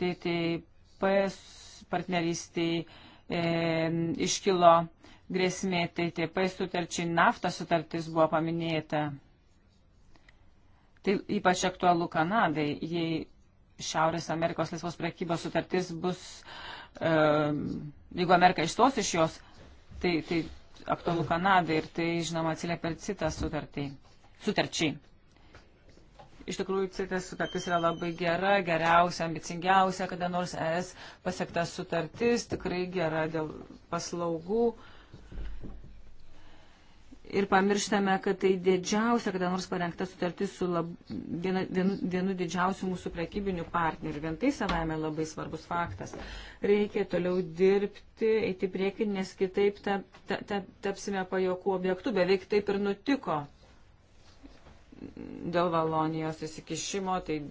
TTIP partnerystiai e, iškilo grėsmė, TTIP sutarčiai, nafta sutartis buvo paminėta. Tai ypač aktualu Kanadai, jei Šiaurės Amerikos laisvos prekybos sutartis bus, e, jeigu Amerika išstos iš jos, tai, tai aktualu Kanadai ir tai, žinoma, atsiliepia ir CITA sutartai, sutarčiai. Iš tikrųjų, CITA sutartis yra labai gera, geriausia, ambicingiausia, kada nors ES pasiektas sutartis, tikrai gera dėl paslaugų. E, ir pamirštame, kad tai didžiausia, kada nors parengta sutartis su lab, viena, vienu, vienu didžiausių mūsų prekybinių partnerių. Vien tai savame labai svarbus faktas. Reikia toliau dirbti, eiti priekin, nes kitaip ta, ta, ta, tapsime pajokų objektų. Beveik taip ir nutiko dėl Valonijos įsikišimo, tai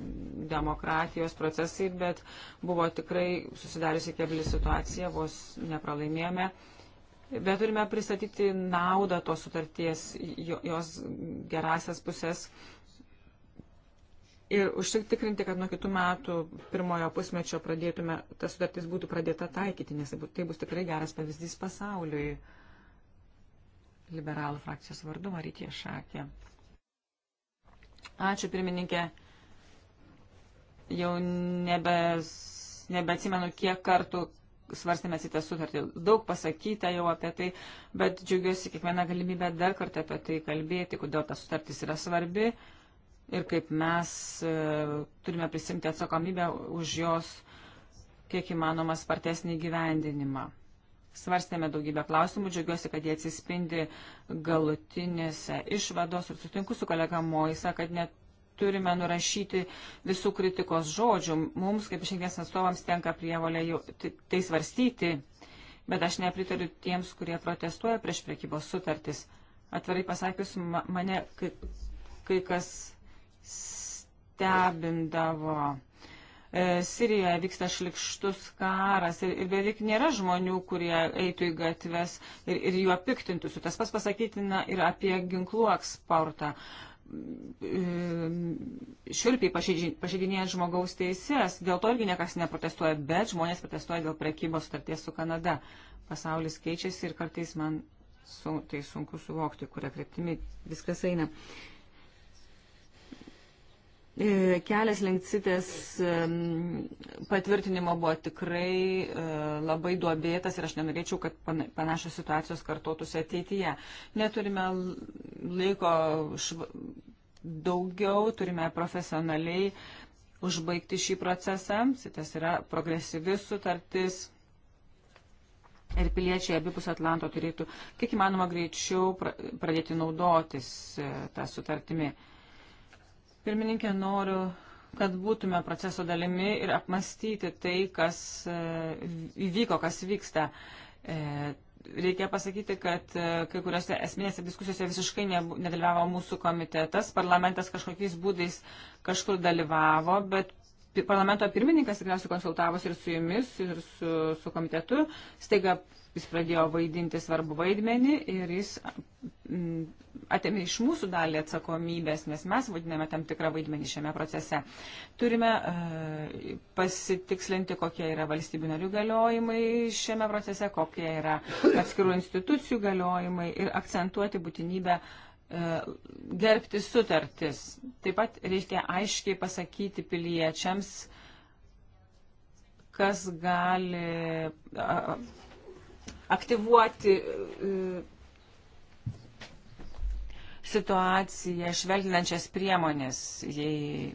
demokratijos procesai, bet buvo tikrai susidariusi kebli situacija, vos nepralaimėjome. Bet turime pristatyti naudą tos sutarties, jos gerasias pusės ir užtikrinti, kad nuo kitų metų pirmojo pusmečio pradėtume, ta sutartis būtų pradėta taikyti, nes tai, tai bus tikrai geras pavyzdys pasauliui. Liberalų frakcijos vardu Marytė Šakė. Ačiū pirmininkė. Jau nebes, nebeatsimenu, kiek kartų svarstėme šitą sutartį. Daug pasakyta jau apie tai, bet džiaugiuosi kiekvieną galimybę dar kartą apie tai kalbėti, kodėl ta sutartis yra svarbi ir kaip mes e, turime prisimti atsakomybę už jos kiek įmanoma spartesnį gyvendinimą. Svarstėme daugybę klausimų, džiaugiuosi, kad jie atsispindi galutinėse išvados ir sutinku su kolega Moisa, kad net turime nurašyti visų kritikos žodžių. Mums, kaip šiandienas atstovams, tenka prievalė jau tai svarstyti, bet aš nepritariu tiems, kurie protestuoja prieš prekybos sutartis. Atvarai pasakius, ma mane kai, kai kas stebindavo. E, Sirijoje vyksta šlikštus karas ir, ir beveik nėra žmonių, kurie eitų į gatves ir, ir juo piktintųsi. Tas pas pasakytina ir apie ginklų eksportą. E, širpiai pažeidinėja žmogaus teises. Dėl to irgi niekas neprotestuoja, bet žmonės protestuoja dėl prekybos sutarties su Kanada. Pasaulis keičiasi ir kartais man su, tai sunku suvokti, kuria kryptimi viskas eina. Uh, E, kelias lenkcitės patvirtinimo buvo tikrai e, labai duobėtas ir aš nenorėčiau, kad panašios situacijos kartotųsi ateityje. Neturime laiko daugiau, turime profesionaliai užbaigti šį procesą. Sitas yra progresyvis sutartis. Ir piliečiai abipus Atlanto turėtų kiek įmanoma greičiau pradėti naudotis e, tą sutartimi. Uh, Pirmininkė, noriu, kad būtume proceso dalimi ir apmastyti tai, kas e, įvyko, kas vyksta. E, reikia pasakyti, kad e, kai kuriuose esminėse diskusijose visiškai nedalyvavo mūsų komitetas, parlamentas kažkokiais būdais kažkur dalyvavo, bet parlamento pirmininkas tikriausiai konsultavosi ir su jumis, ir su, su komitetu. Staiga jis pradėjo vaidinti svarbu vaidmenį ir jis mm, atėmė iš mūsų dalį atsakomybės, nes mes vadiname tam tikrą vaidmenį šiame procese. Turime uh, pasitikslinti, kokie yra valstybių narių galiojimai šiame procese, kokie yra atskirų institucijų galiojimai ir akcentuoti būtinybę uh, E, gerbti sutartis. Taip pat reikia aiškiai pasakyti piliečiams, kas gali aktyvuoti e, situaciją, švelninančias priemonės, jei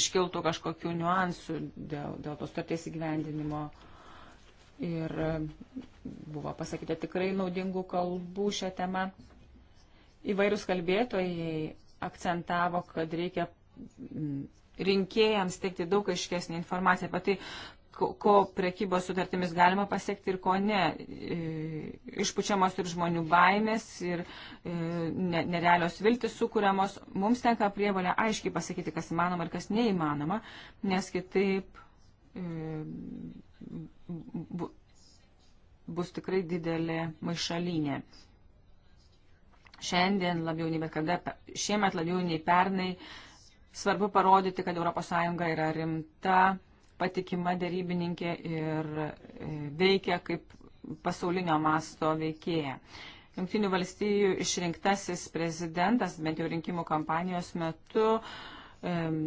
iškiltų kažkokių niuansų dėl, dėl tos stoties įgyvendinimo. Ir e, buvo pasakyta tikrai naudingų kalbų šią temą. Įvairūs kalbėtojai akcentavo, kad reikia mm, rinkėjams teikti daug aiškesnį informaciją apie tai, ko prekybos sutartimis galima pasiekti ir ko ne. E, išpučiamos ir žmonių baimės, ir e, nerealios viltis sukūriamos. Mums tenka prievalę aiškiai pasakyti, kas įmanoma ir kas neįmanoma, nes kitaip e, bus tikrai didelė maišalinė. Šiandien labiau nei bet kada, šiemet labiau nei pernai, svarbu parodyti, kad ES yra rimta, patikima dėrybininkė ir e, veikia kaip pasaulinio masto veikėja. Junktinių valstybių išrinktasis prezidentas, bent jau rinkimų kampanijos metu, um,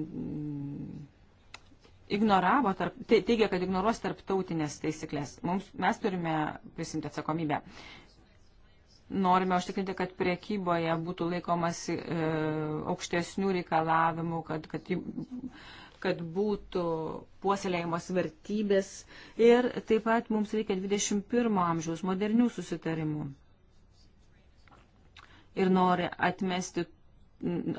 ignoravo, tarp, teigia, kad ignoruos tarptautinės taisyklės. Mums, mes turime prisimti atsakomybę norime užtikrinti, kad priekyboje būtų laikomas e, aukštesnių reikalavimų, kad, kad, kad būtų puoselėjimos vertybės ir taip pat mums reikia 21 amžiaus modernių susitarimų. Ir nori atmesti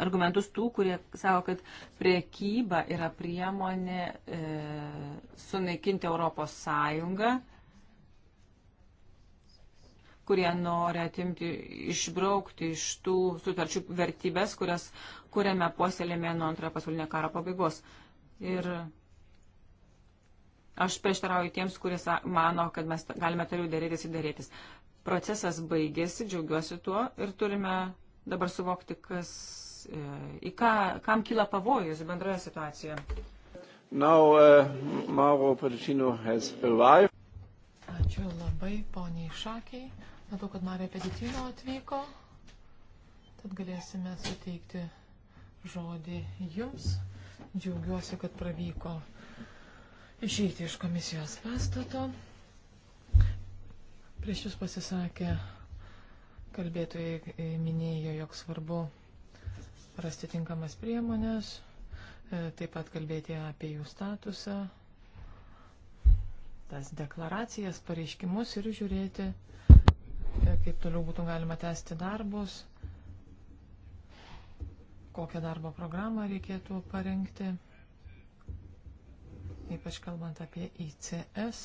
argumentus tų, kurie savo, kad priekyba yra priemonė e, sunaikinti Europos Sąjungą kurie nori atimti, išbraukti iš tų sutarčių vertybės, kurias kuriame puoselėme nuo antrojo pasaulinio karo pabaigos. Ir aš prieštarauju tiems, kuris mano, kad mes galime toliau dėrėtis ir dėrėtis. Procesas baigėsi, džiaugiuosi tuo ir turime dabar suvokti, kas, e, į ką, kam kyla pavojus bendroje situacijoje. Now uh, Mauro Pedicino has arrived. Ačiū labai, poniai Šakiai. Matau, kad Marija Pedicino atvyko. Tad galėsime suteikti žodį jums. Džiaugiuosi, kad pravyko išeiti iš komisijos pastato. Prieš jūs pasisakė kalbėtojai, minėjo, jog svarbu rasti tinkamas priemonės, e, taip pat kalbėti apie jų statusą, tas deklaracijas, pareiškimus ir žiūrėti, e, kaip toliau būtų galima tęsti darbus, kokią darbo programą reikėtų parengti, ypač kalbant apie ICS.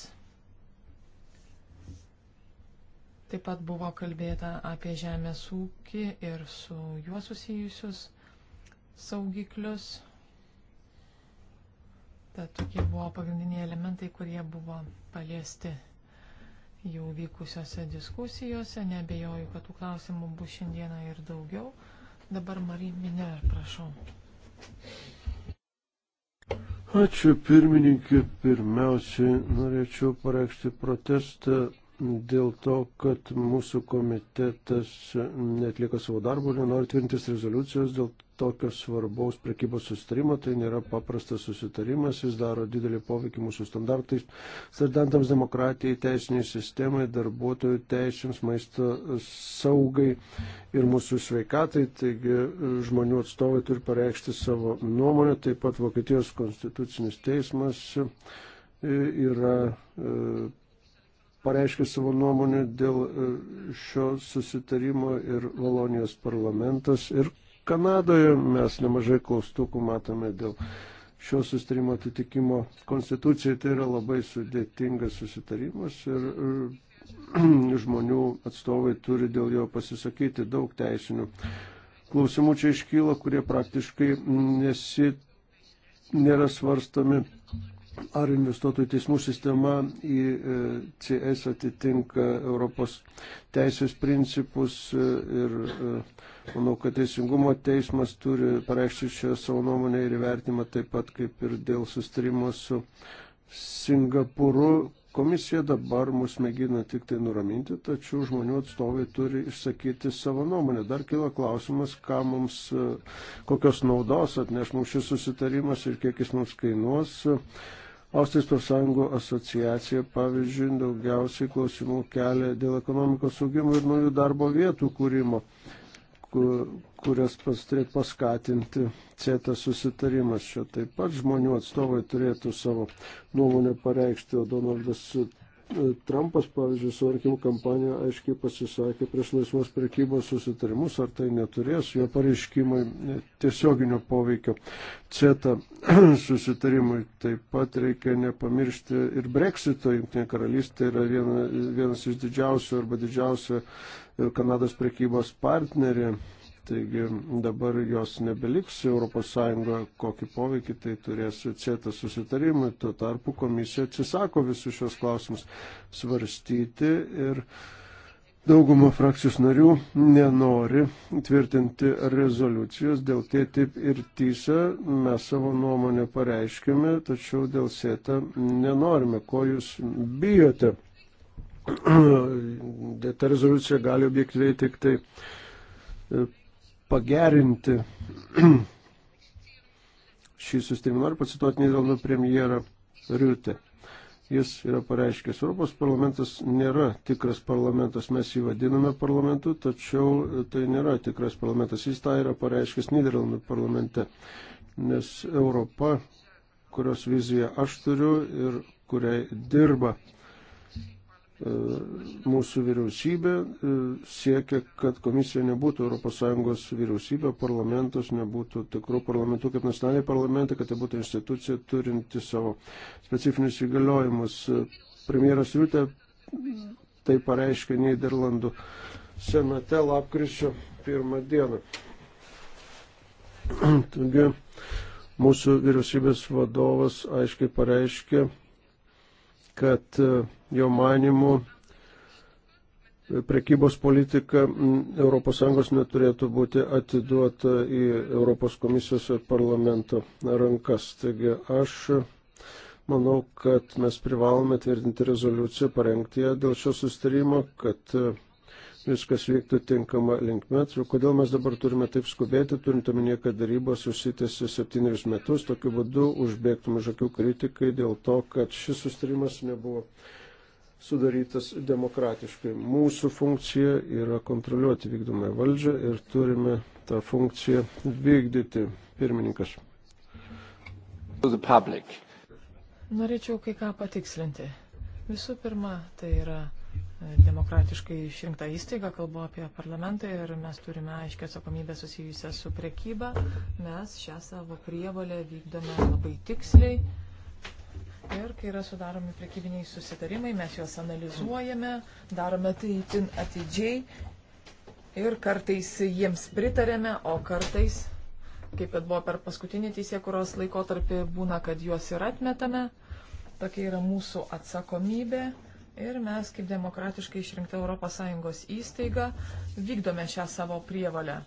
Taip pat buvo kalbėta apie žemės ūkį ir su juo susijusius saugiklius. Tad tokie buvo pagrindiniai elementai, kurie buvo paliesti jau vykusiose diskusijose. Nebejoju, kad tų klausimų bus šiandieną ir daugiau. Dabar Marija Miner, prašau. Ačiū pirmininkė. Pirmiausiai norėčiau pareikšti protestą dėl to, kad mūsų komitetas netlieka savo darbo ir nenori tvirtintis rezoliucijos dėl tokio svarbaus prekybos sustarimo. Tai nėra paprastas susitarimas, jis daro didelį poveikį mūsų standartais, standartams demokratijai, teisiniai sistemai, darbuotojų teisėms, maisto saugai ir mūsų sveikatai. Taigi žmonių atstovai turi pareikšti savo nuomonę, taip pat Vokietijos konstitucinis teismas yra e, pareiškė savo nuomonę dėl e, šio susitarimo ir Valonijos parlamentas. Ir Kanadoje mes nemažai klaustukų matome dėl šio susitarimo atitikimo konstitucijai. Tai yra labai sudėtingas susitarimas ir e, žmonių atstovai turi dėl jo pasisakyti daug teisinių. Klausimų čia iškyla, kurie praktiškai nesi, nėra svarstami ar investuotojų teismų sistema į e, CS atitinka Europos teisės principus e, ir e, manau, kad teisingumo teismas turi pareikšti čia savo nuomonę ir įvertimą taip pat kaip ir dėl sustarimo su Singapūru. Komisija dabar mus mėgina tik tai nuraminti, tačiau žmonių atstovai turi išsakyti savo nuomonę. Dar kilo klausimas, ką mums, kokios naudos atneš mums šis susitarimas ir kiek jis mums kainuos. Uh, Austrijos profsąjungų asociacija, pavyzdžiui, daugiausiai klausimų kelia dėl ekonomikos augimo ir naujų darbo vietų kūrimo, kurias pastrėk paskatinti CETA susitarimas. Čia taip pat žmonių atstovai turėtų savo nuomonę pareikšti, o Donaldas Trumpas, pavyzdžiui, su arkim kampanija aiškiai pasisakė prieš laisvos prekybos susitarimus, ar tai neturės jo pareiškimai tiesioginio poveikio CETA susitarimui. Taip pat reikia nepamiršti ir Brexito, jungtinė karalystė yra viena, vienas iš didžiausių arba didžiausia Kanados prekybos partnerė taigi dabar jos nebeliks Europos Sąjungoje, kokį poveikį tai turės CETA susitarimui. Tuo tarpu komisija atsisako visus šios klausimus svarstyti ir dauguma frakcijos narių nenori tvirtinti rezoliucijos dėl TTIP ir TISA. Mes savo nuomonę pareiškime, tačiau dėl CETA nenorime. Ko jūs bijote? ta rezoliucija gali objektyviai tik tai pagerinti šį sustarimą. Noriu pacituoti Niderlandų premjerą Riutę. Jis yra pareiškęs, Europos parlamentas nėra tikras parlamentas, mes jį vadiname parlamentu, tačiau tai nėra tikras parlamentas. Jis tą yra pareiškęs Niderlandų parlamente, nes Europa, kurios viziją aš turiu ir kuriai dirba E, mūsų vyriausybė e, siekia, kad komisija nebūtų ES vyriausybė, parlamentas nebūtų tikrų parlamentų kaip nacionaliniai parlamentai, kad tai būtų institucija turinti savo specifinius įgaliojimus. Premjeras Rūtė tai pareiškė Niderlandų senate lapkričio pirmą dieną. Taigi mūsų vyriausybės vadovas aiškiai pareiškė, kad uh, jo manimu prekybos politika ES neturėtų būti atiduota į Europos komisijos ir parlamento rankas. Taigi aš manau, kad mes privalome tvirtinti rezoliuciją, parengti ją dėl šio sustarimo, kad viskas vyktų tinkama linkme. Kodėl mes dabar turime taip skubėti, turint omenyje, kad darybos susitėsi septynerius metus, tokiu būdu užbėgtume žakių kritikai dėl to, kad šis sustarimas nebuvo sudarytas demokratiškai. Mūsų funkcija yra kontroliuoti vykdomąją valdžią ir turime tą funkciją vykdyti. Pirmininkas. Norėčiau kai ką patikslinti. Visų pirma, tai yra e, demokratiškai išrinkta įstaiga, kalbu apie parlamentą ir mes turime aiškę atsakomybę susijusią su prekyba. Mes šią savo prievalę vykdome labai tiksliai Ir kai yra sudaromi prekybiniai susitarimai, mes juos analizuojame, darome tai itin atidžiai ir kartais jiems pritarėme, o kartais, kaip kad buvo per paskutinį teisėkuros laikotarpį, būna, kad juos ir atmetame. Tokia yra mūsų atsakomybė. Ir mes, kaip demokratiškai išrinkta ES įstaiga, vykdome šią savo prievalę.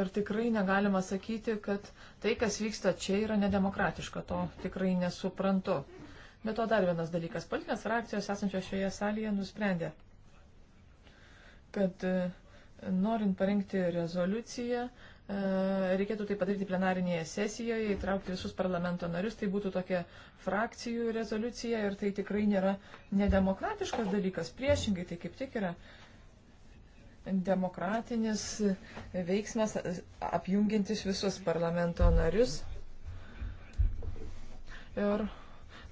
Ir tikrai negalima sakyti, kad tai, kas vyksta čia, yra nedemokratiška. To tikrai nesuprantu. Bet to dar vienas dalykas. Politinės frakcijos esančios šioje salėje nusprendė, kad e, norint parengti rezoliuciją, e, reikėtų tai padaryti plenarinėje sesijoje, įtraukti visus parlamento narius, tai būtų tokia frakcijų rezoliucija ir tai tikrai nėra nedemokratiškas dalykas, priešingai tai kaip tik yra demokratinis veiksmas apjungintis visus parlamento narius. Ir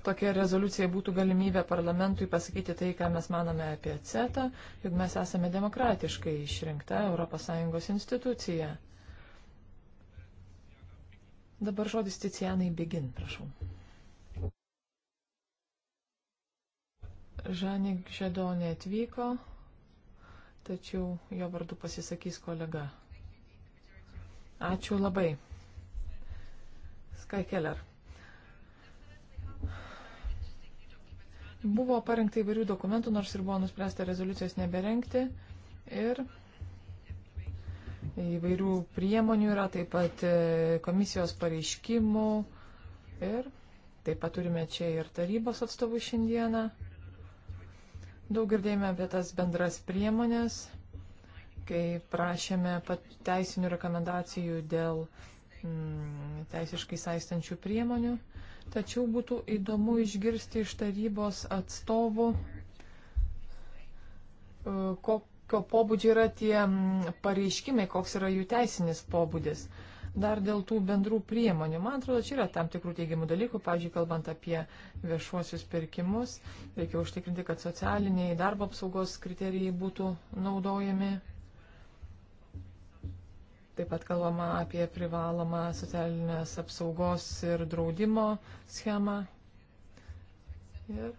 tokia rezoliucija būtų galimybė parlamentui pasakyti tai, ką mes manome apie CETA, juk mes esame demokratiškai išrinkta ES institucija. Dabar žodis Ticijanai Begin, prašau. Žanik Žedonė atvyko tačiau jo vardu pasisakys kolega. Ačiū labai. Sky Keller. Buvo parengta įvairių dokumentų, nors ir buvo nuspręsta rezoliucijos neberengti. Ir įvairių priemonių yra, taip pat e, komisijos pareiškimų. Ir taip pat turime čia ir tarybos atstovų šiandieną. Daug girdėjome apie tas bendras priemonės, kai prašėme teisinių rekomendacijų dėl mm, teisiškai saistančių priemonių. Tačiau būtų įdomu išgirsti iš tarybos atstovų, e, kokio pobūdžio yra tie mm, pareiškimai, koks yra jų teisinis pobūdis dar dėl tų bendrų priemonių. Man atrodo, čia yra tam tikrų teigiamų dalykų. Pavyzdžiui, kalbant apie viešuosius pirkimus, reikia užtikrinti, kad socialiniai darbo apsaugos kriterijai būtų naudojami. Taip pat kalbama apie privalomą socialinės apsaugos ir draudimo schemą. Ir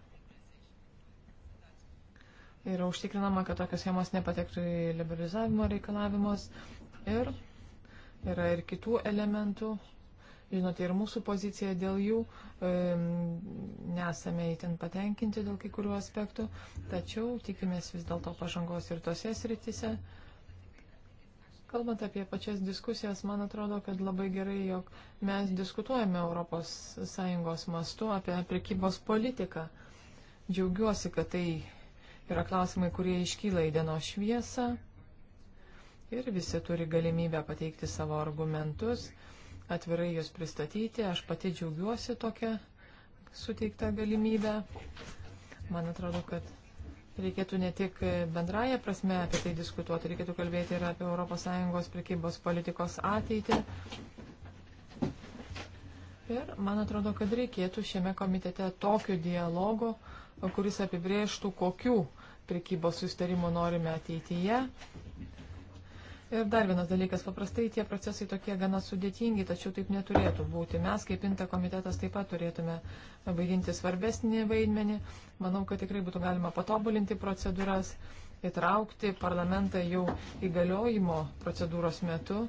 yra užtikrinama, kad tokios schemos nepatektų į liberalizavimo reikalavimus. Ir yra ir kitų elementų. Žinote, ir mūsų pozicija dėl jų e, nesame įtin patenkinti dėl kai kurių aspektų, tačiau tikimės vis dėlto pažangos ir tose sritise. Kalbant apie pačias diskusijas, man atrodo, kad labai gerai, jog mes diskutuojame ES mastu apie prekybos politiką. Džiaugiuosi, kad tai yra klausimai, kurie iškyla į dienos šviesą ir visi turi galimybę pateikti savo argumentus, atvirai juos pristatyti. Aš pati džiaugiuosi tokią suteiktą galimybę. Man atrodo, kad reikėtų ne tik bendraja prasme apie tai diskutuoti, reikėtų kalbėti ir apie ES prekybos politikos ateitį. Ir man atrodo, kad reikėtų šiame komitete tokio dialogo, kuris apibrėžtų, kokių prekybos sustarimų norime ateityje Ir dar vienas dalykas, paprastai tie procesai tokie gana sudėtingi, tačiau taip neturėtų būti. Mes kaip Inta komitetas taip pat turėtume vaidinti svarbesnį vaidmenį. Manau, kad tikrai būtų galima patobulinti procedūras, įtraukti parlamentą jau įgaliojimo procedūros metu.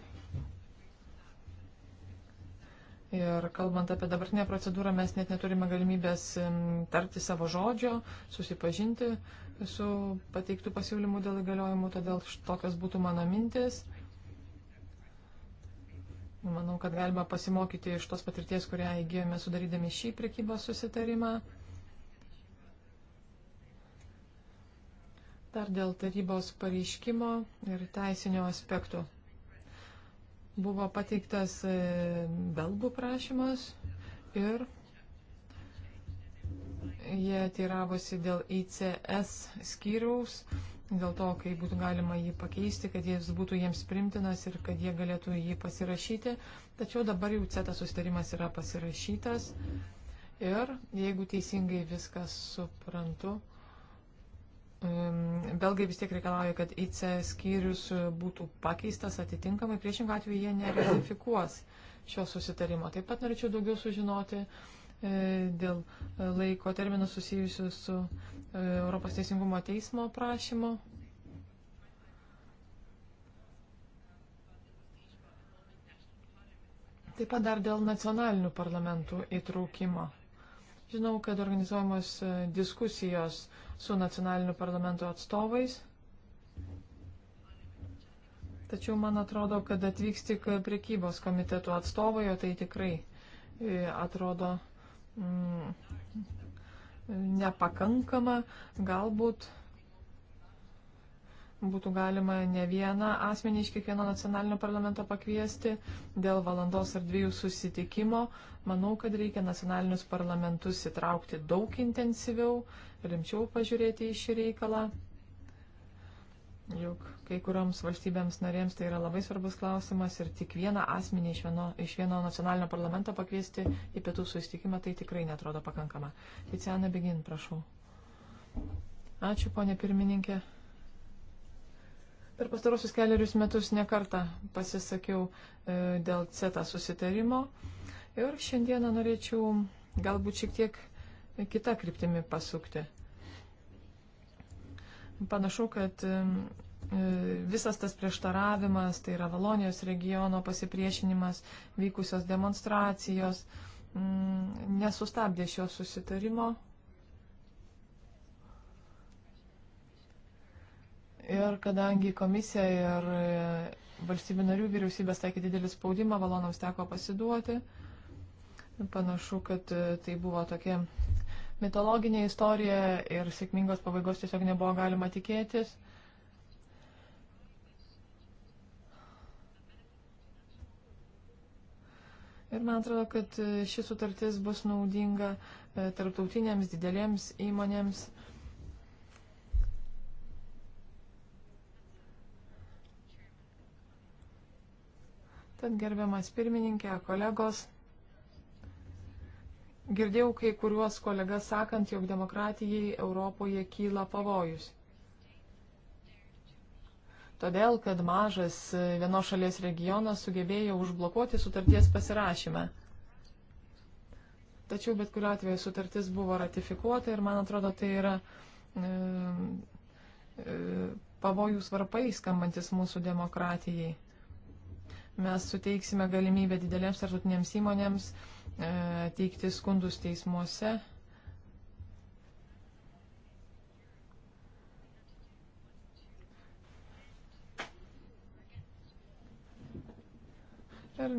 Ir kalbant apie dabartinę procedūrą, mes net neturime galimybės mm, tarti savo žodžio, susipažinti visų pateiktų pasiūlymų dėl įgaliojimų, todėl tokios būtų mano mintis. Manau, kad galima pasimokyti iš tos patirties, kurią įgyjome sudarydami šį prekybos susitarimą. Dar dėl tarybos pareiškimo ir teisinio aspektų. Buvo pateiktas e, belgų prašymas ir Jie teiravosi dėl ICS skyriaus, dėl to, kaip būtų galima jį pakeisti, kad jis būtų jiems primtinas ir kad jie galėtų jį pasirašyti. Tačiau dabar jau CETA susitarimas yra pasirašytas. Ir jeigu teisingai viskas suprantu, belgai vis tiek reikalauja, kad IC skyrius būtų pakeistas atitinkamai, priešingą atveju jie neratifikuos šio susitarimo. Taip pat norėčiau daugiau sužinoti E, dėl e, laiko terminų susijusių su e, Europos Teisingumo teismo prašymu. Taip pat dar dėl nacionalinių parlamentų įtraukimo. Žinau, kad organizuojamos diskusijos su nacionaliniu parlamento atstovais. Tačiau man atrodo, kad atvyks tik priekybos komitetų atstovai, o tai tikrai atrodo Mm, nepakankama, galbūt būtų galima ne vieną asmenį iš kiekvieno nacionalinio parlamento pakviesti dėl valandos ar dviejų susitikimo. Manau, kad reikia nacionalinius parlamentus įtraukti daug intensyviau, rimčiau pažiūrėti į šį reikalą. Juk kai kurioms valstybėms narėms tai yra labai svarbus klausimas ir tik vieną asmenį iš vieno, iš vieno nacionalinio parlamento pakviesti į pietų susitikimą tai tikrai netrodo pakankama. Ticiana Begin, prašau. Ačiū, ponė pirmininkė. Per pastarosius keliarius metus nekartą pasisakiau e, dėl CETA susitarimo ir šiandieną norėčiau galbūt šiek tiek kitą kryptimį pasukti. Panašu, kad e, visas tas prieštaravimas, tai yra Valonijos regiono pasipriešinimas, vykusios demonstracijos, mm, nesustabdė šio susitarimo. Ir kadangi komisija ir e, valstybių narių vyriausybės taikė didelį spaudimą, valonams teko pasiduoti. Panašu, kad e, tai buvo tokia mitologinė istorija ir sėkmingos pabaigos tiesiog nebuvo galima tikėtis. Ir man atrodo, kad ši sutartis bus naudinga e, tarptautinėms didelėms įmonėms. Tad gerbiamas pirmininkė, kolegos, Girdėjau kai kuriuos kolegas sakant, jog demokratijai Europoje kyla pavojus. Todėl, kad mažas vienos šalies regionas sugebėjo užblokuoti sutarties pasirašymą. Tačiau bet kuriuo atveju sutartis buvo ratifikuota ir man atrodo tai yra e, e, pavojus varpai skambantis mūsų demokratijai. Mes suteiksime galimybę didelėms tarptautinėms įmonėms e, E, teikti skundus teismuose. Ir,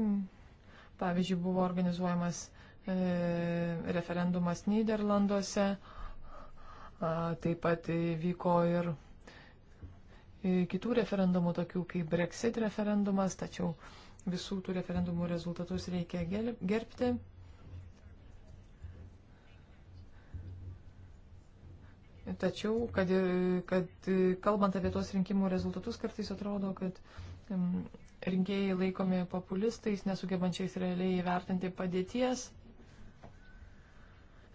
pavyzdžiui, buvo organizuojamas e, referendumas Niderlanduose, a, taip pat vyko ir e, kitų referendumų, tokių kaip Brexit referendumas, tačiau e, Visų tų referendumų rezultatus reikia gerbti. Tačiau, kad, kad kalbant apie tos rinkimų rezultatus, kartais atrodo, kad rinkėjai laikomi populistais, nesugebančiais realiai įvertinti padėties.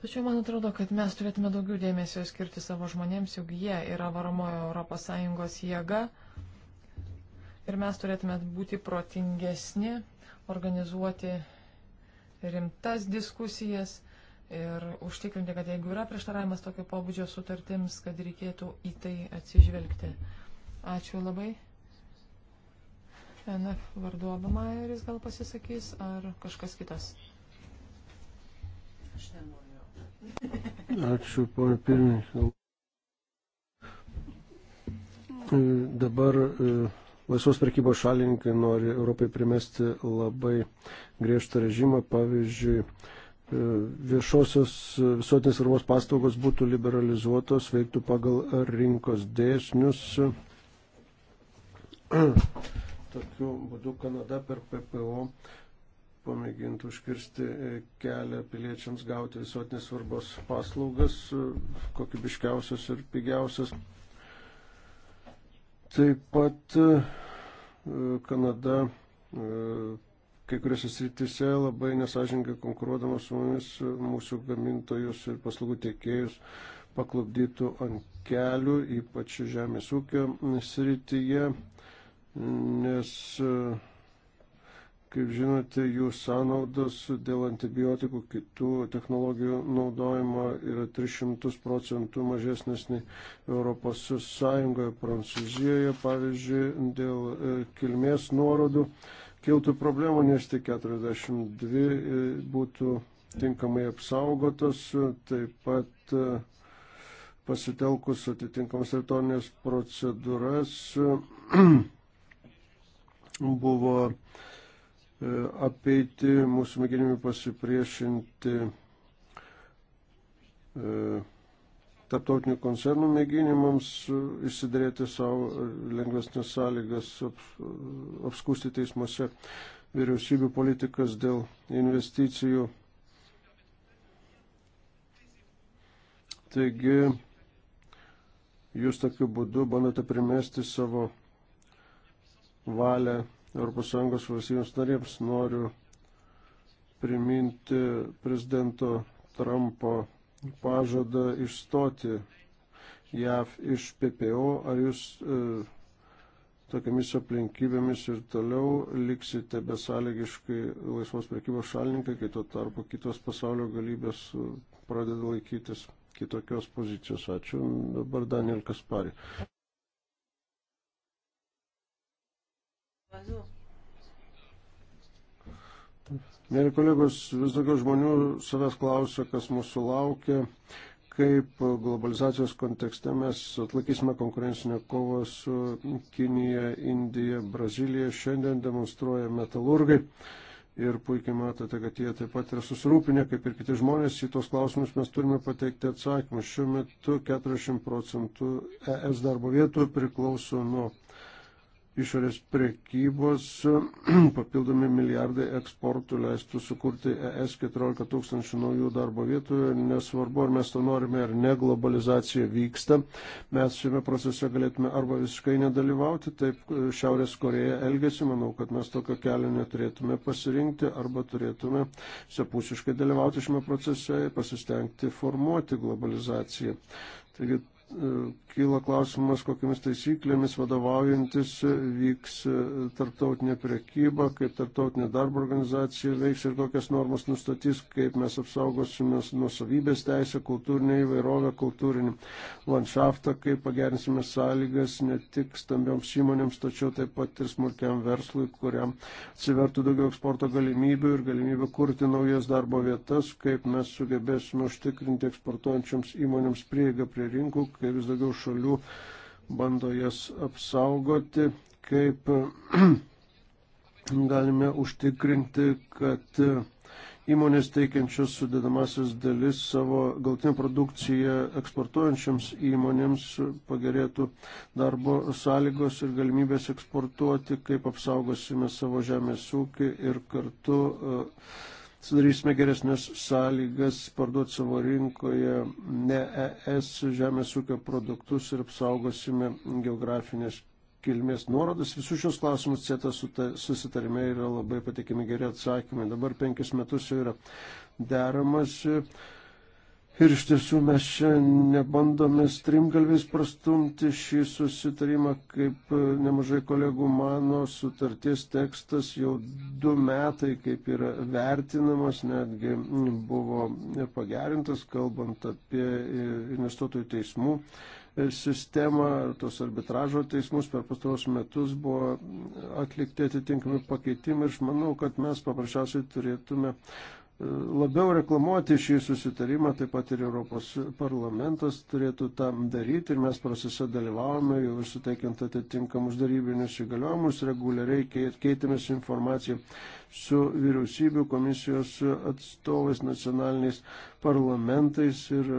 Tačiau man atrodo, kad mes turėtume daugiau dėmesio skirti savo žmonėms, juk jie yra varomojo ES jėga. Ir mes turėtume būti protingesni, organizuoti rimtas diskusijas ir užtikrinti, kad jeigu yra prieštaravimas tokio pobūdžio sutartims, kad reikėtų į tai atsižvelgti. Ačiū labai. NF vardu Obamaeris gal pasisakys, ar kažkas kitas? Aš nenoriu. Ačiū, ponė pirmininkė. E, dabar e, laisvos prekybos šalininkai nori Europai primesti labai griežtą režimą. Pavyzdžiui, e, viešosios visuotinės svarbos paslaugos būtų liberalizuotos, veiktų pagal rinkos dėsnius. Tokiu būdu Kanada per PPO pamėgintų užkirsti e, kelią piliečiams gauti visuotinės svarbos paslaugas, e, kokybiškiausias ir pigiausias. Taip pat e, Kanada e, kai kuriuose srityse labai nesažingai konkuruodama su mumis mūsų gamintojus ir paslaugų tiekėjus paklubdytų ant kelių, ypač žemės ūkio srityje, nes e, Kaip žinote, jų sąnaudos dėl antibiotikų kitų technologijų naudojimo yra 300 procentų mažesnės nei Europos Sąjungoje, Prancūzijoje, pavyzdžiui, dėl e, kilmės nuorodų kiltų problemų, nes tik 42 e, būtų tinkamai apsaugotos, taip pat e, pasitelkus atitinkamas teritorinės procedūras buvo apeiti mūsų mėginimį pasipriešinti e, tarptautinių koncernų mėginimams e, išsiderėti savo lengvesnės sąlygas, apskusti teismuose vyriausybių politikas dėl investicijų. Taigi, jūs tokiu būdu bandote primesti savo valią ES valstybėms narėms noriu priminti prezidento Trumpo pažadą išstoti JAV iš PPO. Ar jūs e, tokiamis aplinkybėmis ir toliau liksite besąlygiškai laisvos prekybos šalininkai, kai tuo tarpu kitos pasaulio galybės e, pradeda laikytis kitokios pozicijos? Ačiū. Dabar Daniel Kaspari. Mėly kolegos, vis daugiau žmonių savęs klausia, kas mūsų laukia, kaip globalizacijos kontekste mes atlaikysime konkurencinę kovą su Kinija, Indija, Brazilija. Šiandien demonstruoja metalurgai ir puikiai matote, kad jie taip pat yra susirūpinę, kaip ir kiti žmonės. Į tos klausimus mes turime pateikti atsakymus. Šiuo metu 40 procentų ES darbo vietų priklauso nuo išorės prekybos papildomi milijardai eksportų leistų sukurti ES 14 tūkstančių naujų darbo vietų ir nesvarbu, ar mes to norime ar ne, globalizacija vyksta. Mes šiame procese galėtume arba visiškai nedalyvauti, taip e, Šiaurės Koreja elgesi, manau, kad mes tokio kelio neturėtume pasirinkti, arba turėtume sepusiškai dalyvauti šiame procese ir pasistengti formuoti globalizaciją. Taigi kyla klausimas, kokiamis taisyklėmis vadovaujantis vyks tarptautinė prekyba, kaip tarptautinė darbo organizacija veiks ir kokias normas nustatys, kaip mes apsaugosime nuosavybės teisę, kultūrinę įvairovę, kultūrinį landšaftą, kaip pagerinsime sąlygas ne tik stambioms įmonėms, tačiau taip pat ir smulkiam verslui, kuriam atsivertų daugiau eksporto galimybių ir galimybių kurti naujas darbo vietas, kaip mes sugebėsime užtikrinti eksportuojančioms įmonėms prieigą prie rinkų, kai vis daugiau šalių bando jas apsaugoti, kaip galime užtikrinti, kad įmonės teikiančios sudėdamasis dalis savo galtinę produkciją eksportuojančiams įmonėms pagerėtų darbo sąlygos ir galimybės eksportuoti, kaip apsaugosime savo žemės ūkį ir kartu uh, sudarysime geresnės sąlygas parduoti savo rinkoje ne ES žemės ūkio produktus ir apsaugosime geografinės kilmės nuorodas. Visus šios klausimus CETA susitarime yra labai patikimi geri atsakymai. Dabar penkis metus jau yra deramasi Ir iš tiesų mes čia nebandome strimgalviais prastumti šį susitarimą, kaip e, nemažai kolegų mano, sutarties tekstas jau du metai kaip yra vertinamas, netgi buvo pagerintas, kalbant apie e, investuotojų teismų e, sistemą, tos arbitražo teismus per pastaros metus buvo atlikti atitinkami pakeitimai ir aš manau, kad mes paprasčiausiai turėtume labiau reklamuoti šį susitarimą, taip pat ir Europos parlamentas turėtų tam daryti ir mes procese dalyvavome, jau ir suteikiant atitinkamus darybinius įgaliojimus, reguliariai keitėmės informaciją su vyriausybių komisijos atstovais, nacionaliniais parlamentais ir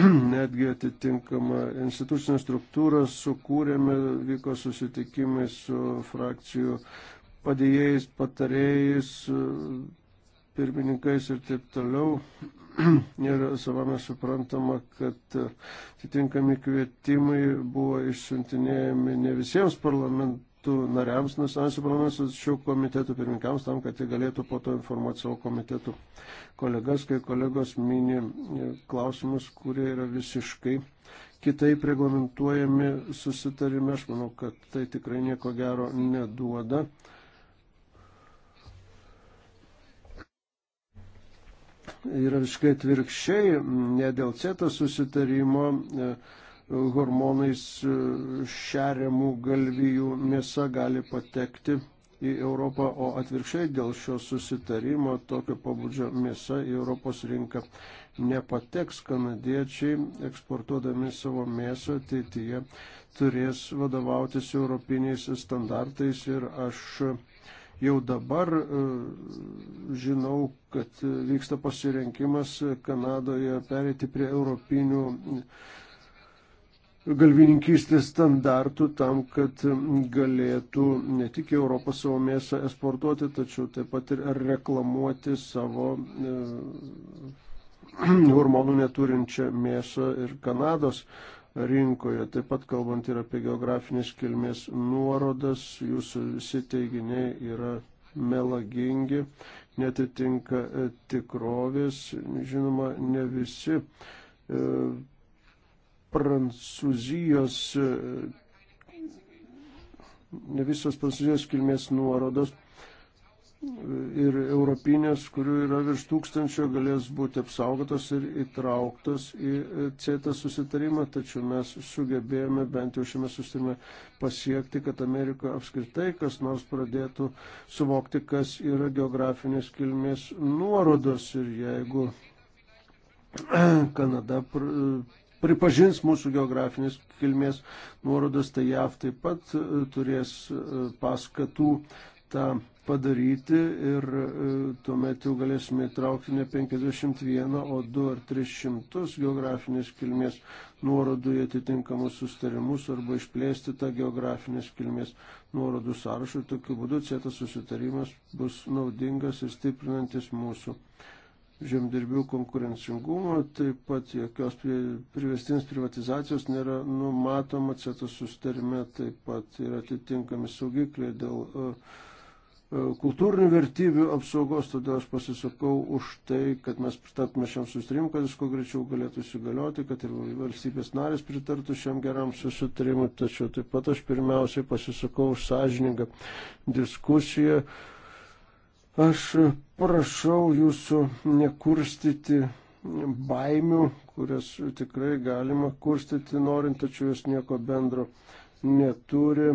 netgi atitinkamą institucinę struktūrą sukūrėme, vyko susitikimai su frakcijų padėjėjais, patarėjais pirmininkais ir taip toliau. Ir savame suprantama, kad atitinkami kvietimai buvo išsiuntinėjami ne visiems parlamentų nariams, nacionalinių parlamentų, tačiau komitetų pirmininkams, tam, kad jie galėtų po to informuoti savo komitetų kolegas, kai kolegos mini klausimus, kurie yra visiškai kitaip reglamentuojami susitarime. Aš manau, kad tai tikrai nieko gero neduoda. yra visiškai atvirkščiai, ne dėl CETA susitarimo e, hormonais e, šeriamų galvijų mėsa gali patekti į Europą, o atvirkščiai dėl šio susitarimo tokio pabudžio mėsa į Europos rinką nepateks kanadiečiai, eksportuodami savo mėsą ateityje, turės vadovautis europiniais standartais ir aš Jau dabar e, žinau, kad vyksta pasirinkimas Kanadoje perėti prie europinių galvininkystės standartų tam, kad galėtų ne tik Europą savo mėsą esportuoti, tačiau taip pat ir reklamuoti savo e, hormonų neturinčią mėsą ir Kanados rinkoje. Taip pat kalbant ir apie geografinės kilmės nuorodas, jūsų visi teiginiai yra melagingi, netitinka e, tikrovės, žinoma, ne visi. E, prancūzijos, e, ne visos prancūzijos kilmės nuorodos ir europinės, kurių yra virš tūkstančio, galės būti apsaugotos ir įtrauktos į CETA susitarimą, tačiau mes sugebėjome bent jau šiame susitarime pasiekti, kad Amerika apskritai kas nors pradėtų suvokti, kas yra geografinės kilmės nuorodos ir jeigu Kanada pripažins mūsų geografinės kilmės nuorodas, tai JAV taip pat turės e, paskatų tą padaryti ir e, tuomet jau galėsime įtraukti ne 51, o 2 ar 300 geografinės kilmės nuorodų į atitinkamus sustarimus arba išplėsti tą geografinės kilmės nuorodų sąrašą. Tokiu būdu CETA susitarimas bus naudingas ir stiprinantis mūsų žemdirbių konkurencingumo, taip pat jokios privestinės privatizacijos nėra numatoma, CETA sustarime taip pat yra atitinkami saugikliai dėl uh, E, kultūrinių vertybių apsaugos, todėl aš pasisakau už tai, kad mes pritartume šiam susitarimui, kad jis kuo greičiau galėtų įsigalioti, kad ir valstybės narės pritartų šiam geram susitarimui, tačiau taip pat aš pirmiausiai pasisakau už sąžiningą diskusiją. Aš prašau jūsų nekurstyti baimių, kurias tikrai galima kurstyti norint, tačiau jos nieko bendro neturi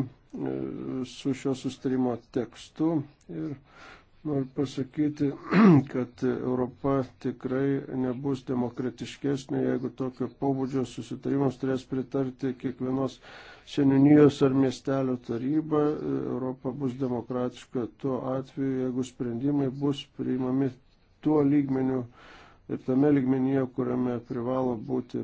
su šio sustarimo tekstu ir noriu pasakyti, kad Europa tikrai nebus demokratiškesnė, jeigu tokio pobūdžio susitarimus turės pritarti kiekvienos seninijos ar miestelio taryba. Europa bus demokratiška tuo atveju, jeigu sprendimai bus priimami tuo lygmeniu, ir tame ligmenyje, kuriame privalo būti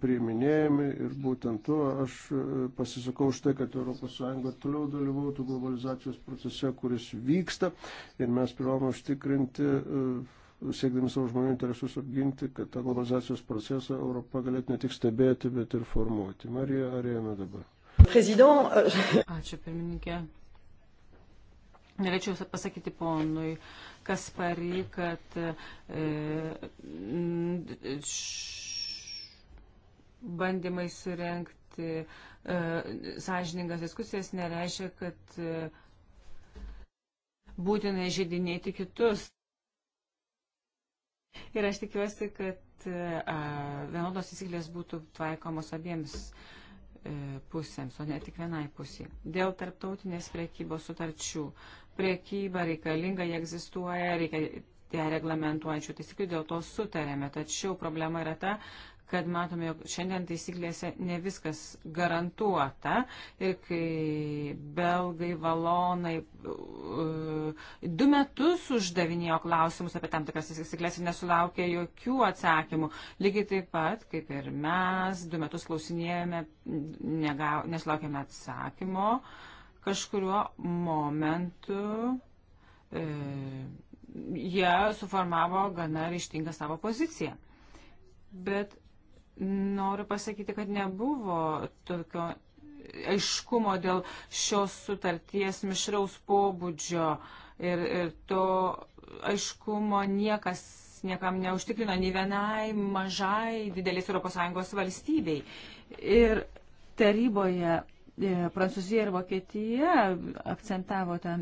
priiminėjami. Ir būtent tuo aš e, pasisakau už tai, kad ES toliau dalyvautų globalizacijos procese, kuris vyksta. Ir mes privalome užtikrinti, e, siekdami savo žmonių interesus apginti, kad tą globalizacijos procesą Europa galėtų ne tik stebėti, bet ir formuoti. Marija Arėna dabar. Prezident. E, Ačiū pirmininkė. Norėčiau pasakyti ponui Kasparį, kad e, bandymai surenkti e, sąžiningas diskusijas nereiškia, kad e, būtina žydinėti kitus. Ir aš tikiuosi, kad e, vienodos įsiklės būtų taikomos abiems e, pusėms, o ne tik vienai pusiai. Dėl tarptautinės priekybos sutarčių. E, priekyba reikalinga, jie egzistuoja, reikia ją reglamentuojančių taisyklių, dėl to sutarėme. Tačiau problema yra ta, kad matome, jog šiandien taisyklėse ne viskas garantuota ir kai belgai, valonai uh, du metus uždavinėjo klausimus apie tam tikras taisyklės ir nesulaukė jokių atsakymų. Lygiai taip pat, kaip ir mes, du metus klausinėjome, nesulaukėme atsakymo. Uh, Kažkuriuo momentu e, jie suformavo gana ryštingą savo poziciją. Bet noriu pasakyti, kad nebuvo tokio aiškumo dėl šios sutarties mišraus pobūdžio ir, ir to aiškumo niekas niekam neužtikrino, nei vienai mažai didelės ES valstybei. Ir taryboje E, Prancūzija ir Vokietija akcentavo tą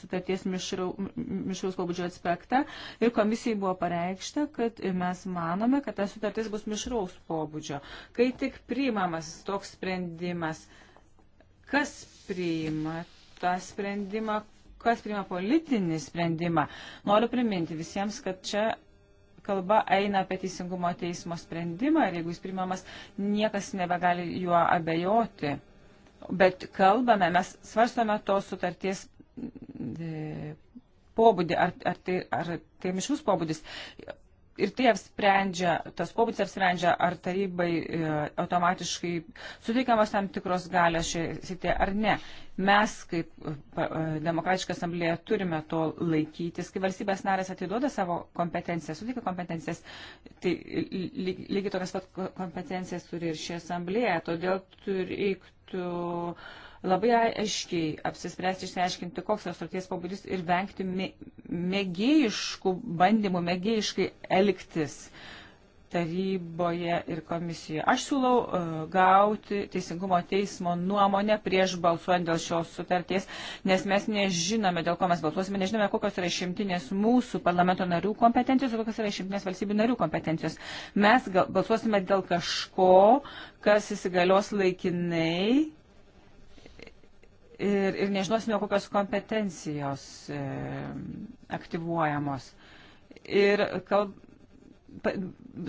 sutarties mišraus pobūdžio aspektą ir komisijai buvo pareikšta, kad mes manome, kad ta sutartis bus mišraus pobūdžio. Kai tik priimamas toks sprendimas, kas priima tą sprendimą, kas priima politinį sprendimą, noriu priminti visiems, kad čia kalba eina apie teisingumo teismo sprendimą ir jeigu jis priimamas, niekas nebegali juo abejoti bet kalbame, mes svarstame tos sutarties e, pobūdį, ar, ar, tai, ar tai mišrus pobūdis ir tai apsprendžia, tas pobūdis apsprendžia, ar tarybai e, automatiškai suteikiamas tam tikros galios šitie ar ne. Mes kaip e, e demokratiška asamblėje turime to laikytis, kai valstybės narės atiduoda savo kompetencijas, suteikia kompetencijas, tai lygiai lygi tokias pat kompetencijas turi ir ši asamblėje, todėl reiktų. Turi, labai aiškiai apsispręsti, išsiaiškinti, koks yra sutarties pobūdis ir vengti mėgėjiškų bandymų, mėgėjiškai elgtis taryboje ir komisijoje. Aš siūlau uh, gauti Teisingumo teismo nuomonę prieš balsuojant dėl šios sutarties, nes mes nežinome, dėl ko mes balsuosime, nežinome, kokios yra išimtinės mūsų parlamento narių kompetencijos, kokios yra išimtinės valstybių narių kompetencijos. Mes gal, balsuosime dėl kažko, kas įsigalios laikinai ir, ir nežinosime, kokios kompetencijos e, aktyvuojamos. Ir kalb, pa,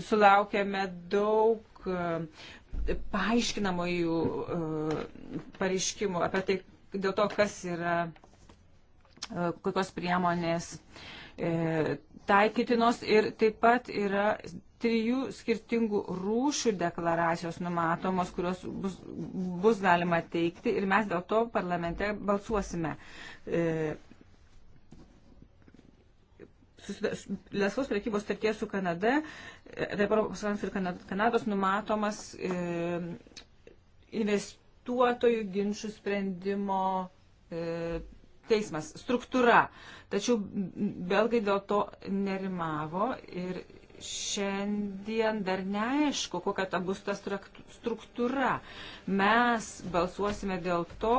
sulaukėme daug e, paaiškinamojų e, pareiškimų apie tai, dėl to, kas yra, e, kokios priemonės e, taikytinos ir taip pat yra trijų skirtingų rūšių deklaracijos numatomos, kurios bus, bus galima teikti ir mes dėl to parlamente balsuosime. E, Lesvos prekybos tarties su Kanada, e, tarp Europos Sąjungos ir Kanados numatomas e, investuotojų ginčių sprendimo e, teismas, struktūra. Tačiau belgai dėl to nerimavo ir šiandien dar neaišku, kokia ta bus ta struktūra. Mes balsuosime dėl to,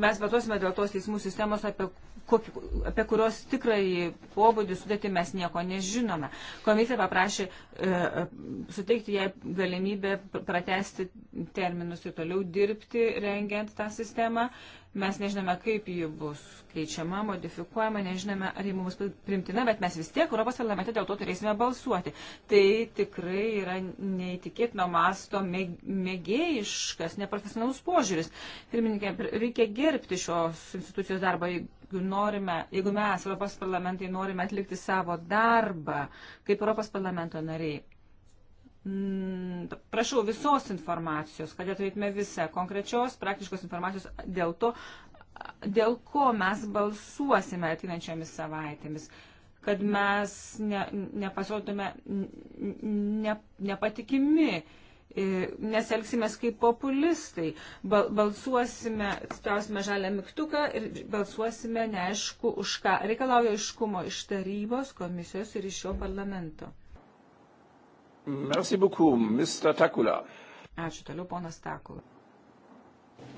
Mes batuosime dėl tos teismų sistemos, apie, kokį, apie kurios tikrai pobūdį sudėti mes nieko nežinome. Komisija paprašė e, e suteikti jai galimybę pratesti terminus ir toliau dirbti, rengiant tą sistemą. Mes nežinome, kaip ji bus keičiama, modifikuojama, nežinome, ar ji mums primtina, bet mes vis tiek Europos parlamente dėl to turėsime balsuoti. Tai tikrai yra neįtikėtino masto mėgėjiškas, neprofesionalus požiūris. Pirmininkė, reikia gerbti šios institucijos darbą, jeigu, norime, jeigu mes, Europos parlamentai, norime atlikti savo darbą kaip Europos parlamento nariai. Mm, prašau visos informacijos, kad atveitume visą konkrečios praktiškos informacijos dėl to, dėl ko mes balsuosime ateinančiomis savaitėmis, kad mes ne, nepasirodytume ne, nepatikimi, e, nes elgsimės kaip populistai, bal, balsuosime, spausime žalę mygtuką ir balsuosime neaišku už ką. Reikalauja aiškumo iš tarybos, komisijos ir iš šio parlamento. Merci beaucoup, Mr. Takula. Ačiū toliau, ponas Takula.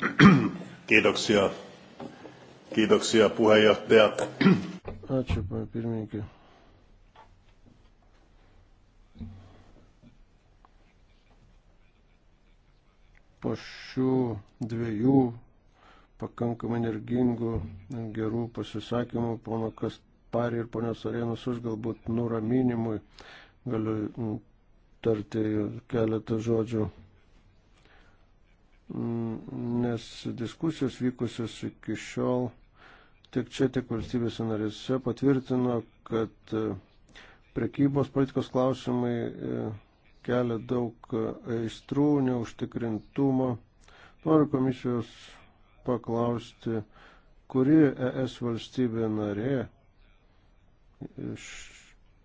Kiitoksia. Kiitoksia, puheenjohtaja. Ačiū, pana pirmininkė. po šių dviejų pakankamai energingų, gerų pasisakymų, pono Kasparį ir ponios Arenos, aš galbūt nuraminimui galiu tarti keletą žodžių, mm, nes diskusijos vykusios iki šiol tiek čia, tiek valstybės narėse patvirtino, kad e, prekybos politikos klausimai e, kelia daug e, aistrų, neužtikrintumo. Noriu komisijos paklausti, kuri ES valstybė narė iš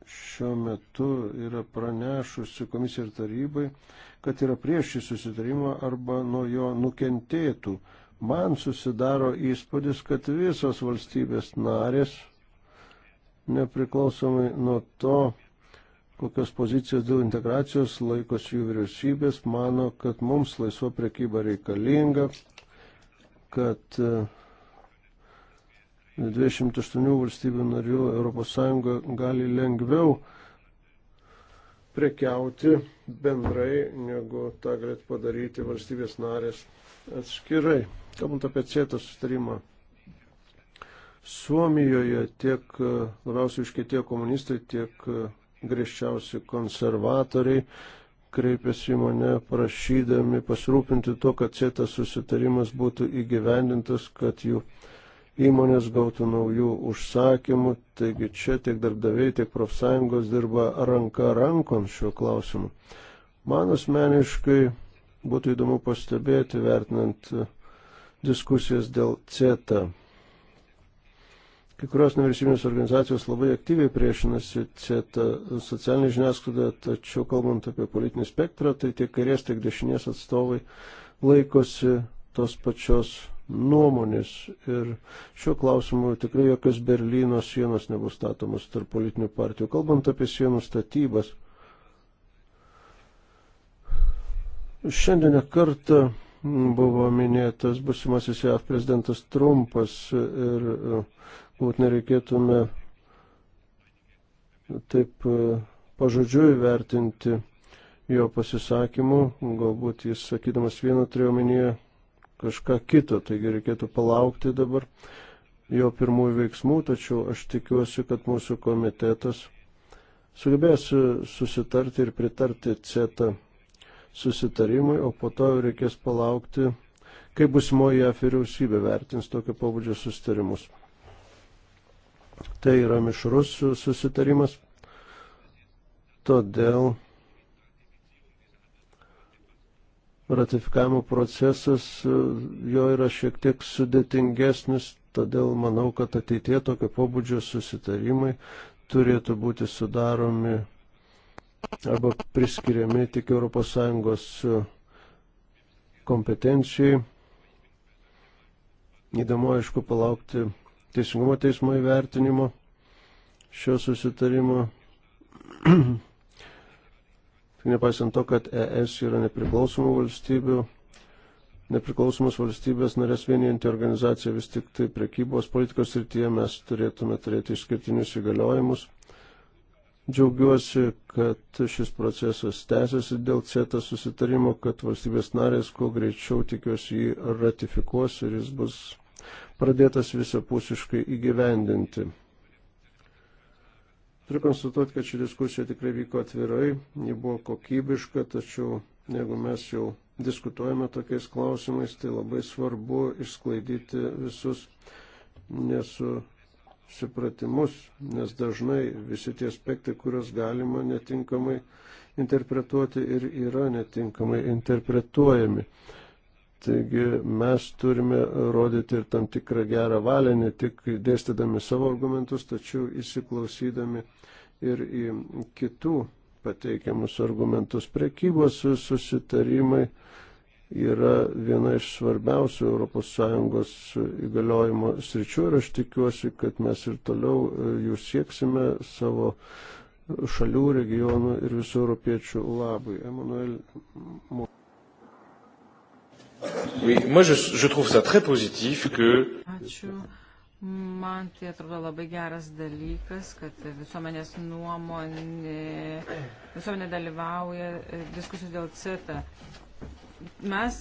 šiuo metu yra pranešusi komisija ir tarybai, kad yra prieš šį susitarimą arba nuo jo nukentėtų. Man susidaro įspūdis, kad visos valstybės narės, nepriklausomai nuo to, kokios pozicijos dėl integracijos laikosi jų vyriausybės, mano, kad mums laisva prekyba reikalinga, kad uh, 28 valstybių narių ES gali lengviau prekiauti bendrai, negu tą galėtų padaryti valstybės narės atskirai. Kalbant apie CETA sustarimą, Suomijoje tiek e, labiausiai iškėtėjo komunistai, tiek e, griežčiausi konservatoriai kreipėsi į mane prašydami pasirūpinti to, kad CETA susitarimas būtų įgyvendintas, kad jų uh, įmonės gautų naujų užsakymų. Taigi čia tiek darbdaviai, tiek profsąjungos dirba ranka rankon šiuo klausimu. Man asmeniškai būtų įdomu pastebėti, vertinant e, diskusijas dėl CETA. Kai kurios nevyriausybinės organizacijos labai aktyviai priešinasi CETA socialinė žiniasklaida, tačiau kalbant apie politinį spektrą, tai tiek kairės, tiek dešinės atstovai laikosi tos pačios nuomonės ir šiuo klausimu tikrai jokios Berlyno sienos nebus statomos tarp politinių partijų. Kalbant apie sienų statybas, šiandien kartą buvo minėtas busimasis JAV prezidentas Trumpas ir e, galbūt nereikėtume taip e, pažodžiui vertinti jo pasisakymų, galbūt jis sakydamas vieną turėjo minėję kažką kito, taigi reikėtų palaukti dabar jo pirmųjų veiksmų, tačiau aš tikiuosi, kad mūsų komitetas sugebės e, susitarti ir pritarti CETA susitarimui, o po to reikės palaukti, kaip busimoji JAF vyriausybė vertins tokio pobūdžio susitarimus. Tai yra mišrus susitarimas, todėl ratifikavimo procesas e, jo yra šiek tiek sudėtingesnis, todėl manau, kad ateitie tokio pobūdžio susitarimai turėtų būti sudaromi arba priskiriami tik ES e, kompetencijai. Įdomu, aišku, palaukti Teisingumo teismo įvertinimo šio susitarimo Tai nepaisant to, kad ES yra nepriklausomų valstybių, nepriklausomus valstybės narės vienijantį organizaciją, vis tik tai prekybos politikos srityje mes turėtume turėti išskirtinius įgaliojimus. Džiaugiuosi, kad šis procesas tęsiasi dėl CETA susitarimo, kad valstybės narės kuo greičiau tikiuosi jį ratifikuos ir jis bus pradėtas visapusiškai įgyvendinti. Turiu konstatuoti, kad ši diskusija tikrai vyko atvirai, ji buvo kokybiška, tačiau jeigu mes jau diskutuojame tokiais klausimais, tai labai svarbu išsklaidyti visus nesusipratimus, nes dažnai visi tie aspektai, kuriuos galima netinkamai interpretuoti ir yra netinkamai interpretuojami. Taigi mes turime rodyti ir tam tikrą gerą valią, ne tik dėstydami savo argumentus, tačiau įsiklausydami ir į kitų pateikiamus argumentus. Prekybos susitarimai yra viena iš svarbiausių ES įgaliojimo sričių ir aš tikiuosi, kad mes ir toliau e, jų sieksime savo šalių, regionų ir visų europiečių labui. Emanuel. Oui, moi je, je trouve ça très positif que. Ačiū. Man tai atrodo labai geras dalykas, kad visuomenės nuomonė, visuomenė dalyvauja e, diskusijos dėl CETA. Mes,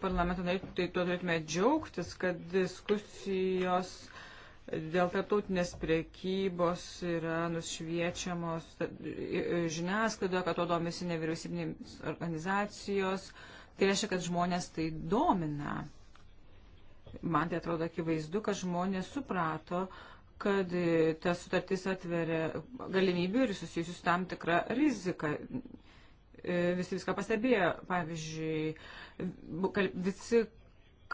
parlamento nariai, tai tuo turėtume džiaugtis, kad diskusijos dėl tarptautinės priekybos yra nušviečiamos žiniasklaidoje, kad to domisi nevyriausybinės organizacijos. Tai reiškia, kad žmonės tai domina. Man tai atrodo akivaizdu, kad žmonės suprato, kad e, ta sutartis atveria galimybių ir susijusius tam tikrą riziką. E, visi viską pastebėjo, pavyzdžiui, visi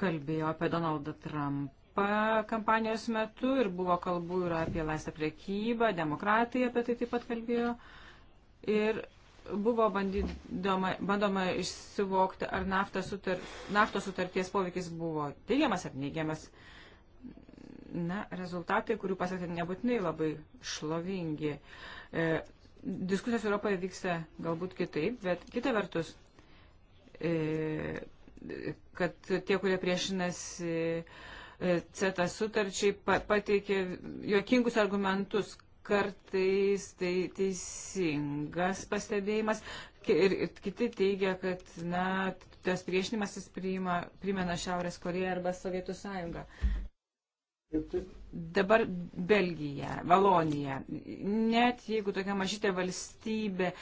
kalbėjo apie Donaldą Trumpą kampanijos metu ir buvo kalbų ir apie laisvą priekybą, demokratiją apie tai taip pat kalbėjo. Ir buvo bandydoma, bandoma išsivokti, ar naftos, sutar, naftos sutarties poveikis buvo teigiamas ar neigiamas. Na, rezultatai, kurių pasakė, nebūtinai labai šlovingi. E, diskusijos Europoje vyksta galbūt kitaip, bet kita vertus, e, kad tie, kurie priešinasi e, CETA sutarčiai, pateikė juokingus argumentus, Kartais tai teisingas pastebėjimas ir kiti teigia, kad na, tas priešinimasis primena Šiaurės Koreją arba Sovietų Sąjungą. Dabar Belgija, Valonija. Net jeigu tokia mažytė valstybė,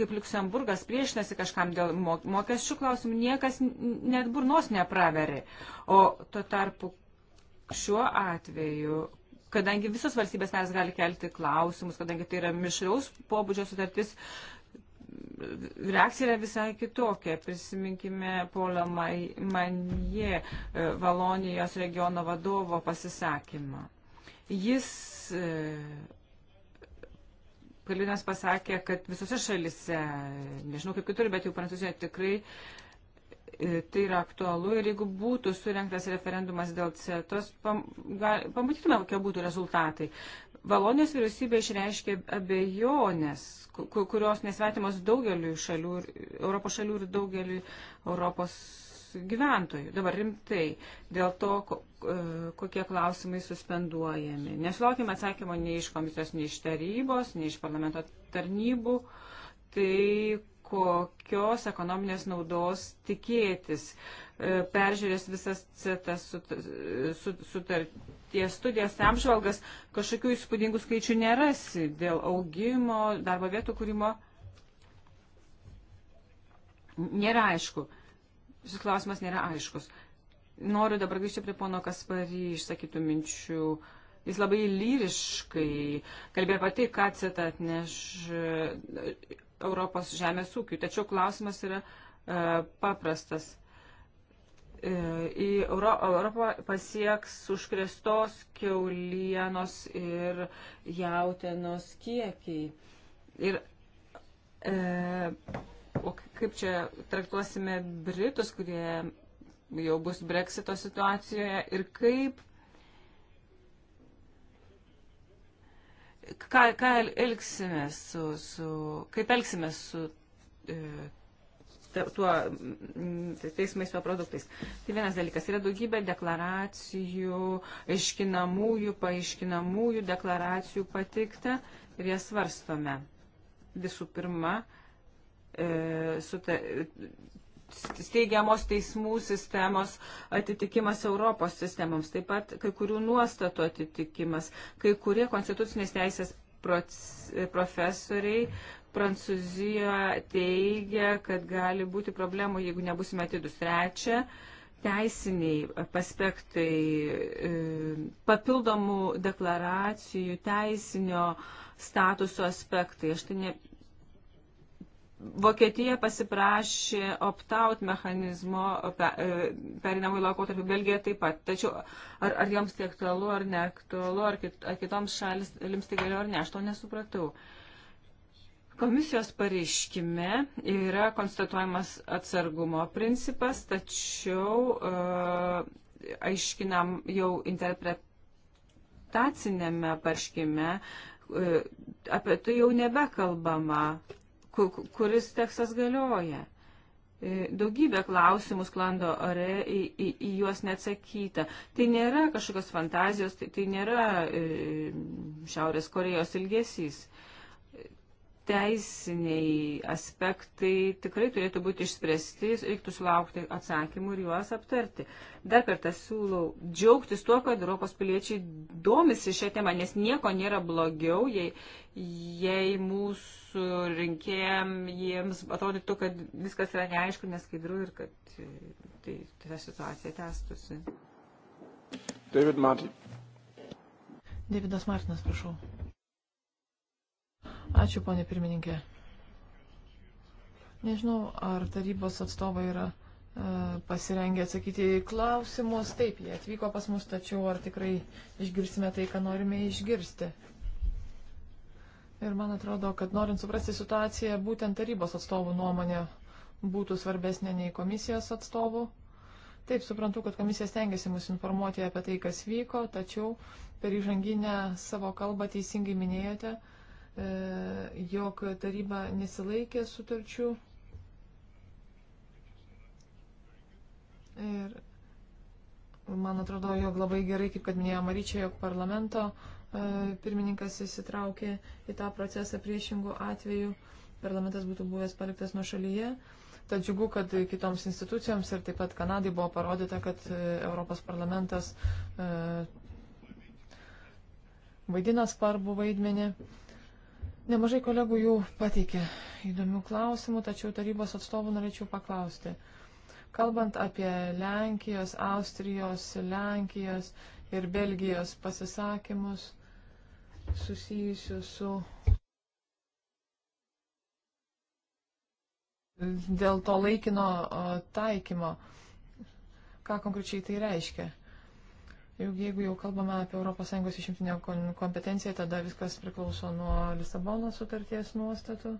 kaip Luksemburgas, priešinasi kažkam dėl mokesčių klausimų, niekas net burnos nepraveri. O tuo tarpu šiuo atveju kadangi visas valstybės narės gali kelti klausimus, kadangi tai yra mišraus pobūdžio sutartis, reakcija yra visai kitokia. Prisiminkime Polą Manje, e, Valonijos regiono vadovo pasisakymą. Jis e, Kalvinas pasakė, kad visose šalise, nežinau kaip kitur, bet jau Prancūzijoje tikrai E, tai yra aktualu ir jeigu būtų surinktas referendumas dėl CETOS, pam, gal, pamatytume, kokie būtų rezultatai. Valonijos vyriausybė išreiškė abejonės, kurios nesvetimos daugeliu šalių, Europos šalių ir daugeliu Europos gyventojų. Dabar rimtai dėl to, e, kokie klausimai suspenduojami. Nesulaukime atsakymo nei iš komisijos, nei iš tarybos, nei iš parlamento tarnybų. Tai kokios ekonominės naudos tikėtis. E, peržiūrės visas CETAS sutarties studijas, apžvalgas, kažkokių įspūdingų skaičių nerasi dėl augimo, darbo vietų kūrimo. Nėra aišku. Šis klausimas nėra aiškus. Noriu dabar grįžti prie pono Kasparį išsakytų minčių. Jis labai lyriškai kalbėjo apie tai, ką CETA atneš Europos žemės ūkiui. Tačiau klausimas yra e, paprastas. E, į Euro, Europą pasieks užkrestos keulienos ir jautienos kiekiai. Ir e, o kaip čia traktuosime Britus, kurie jau bus breksito situacijoje ir kaip ką, ką elgsime su, su, kaip elgsime su e, tuo mm, tais maisto produktais. Tai vienas dalykas, yra daugybė deklaracijų, aiškinamųjų, paaiškinamųjų deklaracijų patikta ir jas svarstome. Visų pirma, e, suta, steigiamos teismų sistemos atitikimas Europos sistemoms, taip pat kai kurių nuostatų atitikimas, kai kurie konstitucinės teisės profesoriai Prancūzijoje teigia, kad gali būti problemų, jeigu nebusime atidus. Trečia, teisiniai aspektai, e, papildomų deklaracijų, teisinio statuso aspektai. Aš tai ne, Vokietija pasiprašė opt-out mechanizmo e, perinamui laikotarpiu, Belgija taip pat. Tačiau ar, ar joms tai aktualu ar neaktualu, ar, kit, ar kitoms šalis, lims tai galiu ar ne, aš to nesupratau. Komisijos pareiškime yra konstatuojamas atsargumo principas, tačiau uh, aiškinam jau interpretacinėme pareiškime, uh, apie tai jau nebekalbama kuris tekstas galioja. E, daugybė klausimų sklando ore, į, į, į juos neatsakyta. Tai nėra kažkokios fantazijos, tai, tai nėra e, Šiaurės Korejos ilgesys. E, teisiniai aspektai tikrai turėtų būti išspręsti, reiktų sulaukti atsakymų ir juos aptarti. Dar kartą siūlau džiaugtis tuo, kad Europos piliečiai domisi šią temą, nes nieko nėra blogiau, jei, jei mūsų rinkėjam jiems atrodytų, kad viskas yra neaišku, neskaidru ir kad e, tai, ta situacija tęstusi. David Martin. Davidas Martinas, prašau. Ačiū, ponė pirmininkė. Nežinau, ar tarybos atstovai yra e, pasirengę atsakyti į klausimus. Taip, jie atvyko pas mus, tačiau ar tikrai išgirsime tai, ką norime išgirsti. Ir man atrodo, kad norint suprasti situaciją, būtent tarybos atstovų nuomonė būtų svarbesnė nei komisijos atstovų. Taip, suprantu, kad komisija stengiasi mus informuoti apie tai, kas vyko, tačiau per įžanginę savo kalbą teisingai minėjote, E, jog taryba nesilaikė sutarčių. Ir man atrodo, jog labai gerai, kaip kad minėjo Maryčia, jog parlamento e, pirmininkas įsitraukė į tą procesą priešingų atvejų, parlamentas būtų buvęs paliktas nuo šalyje. Tad džiugu, kad kitoms institucijoms ir taip pat Kanadai buvo parodyta, kad e, Europos parlamentas vaidina svarbų vaidmenį. Nemažai kolegų jau pateikė įdomių klausimų, tačiau tarybos atstovų norėčiau paklausti. Kalbant apie Lenkijos, Austrijos, Lenkijos ir Belgijos pasisakymus susijusius su. Dėl to laikino taikymo, ką konkrečiai tai reiškia? Juk jeigu jau kalbame apie ES išimtinę kompetenciją, tada viskas priklauso nuo Lisabonos sutarties nuostatų.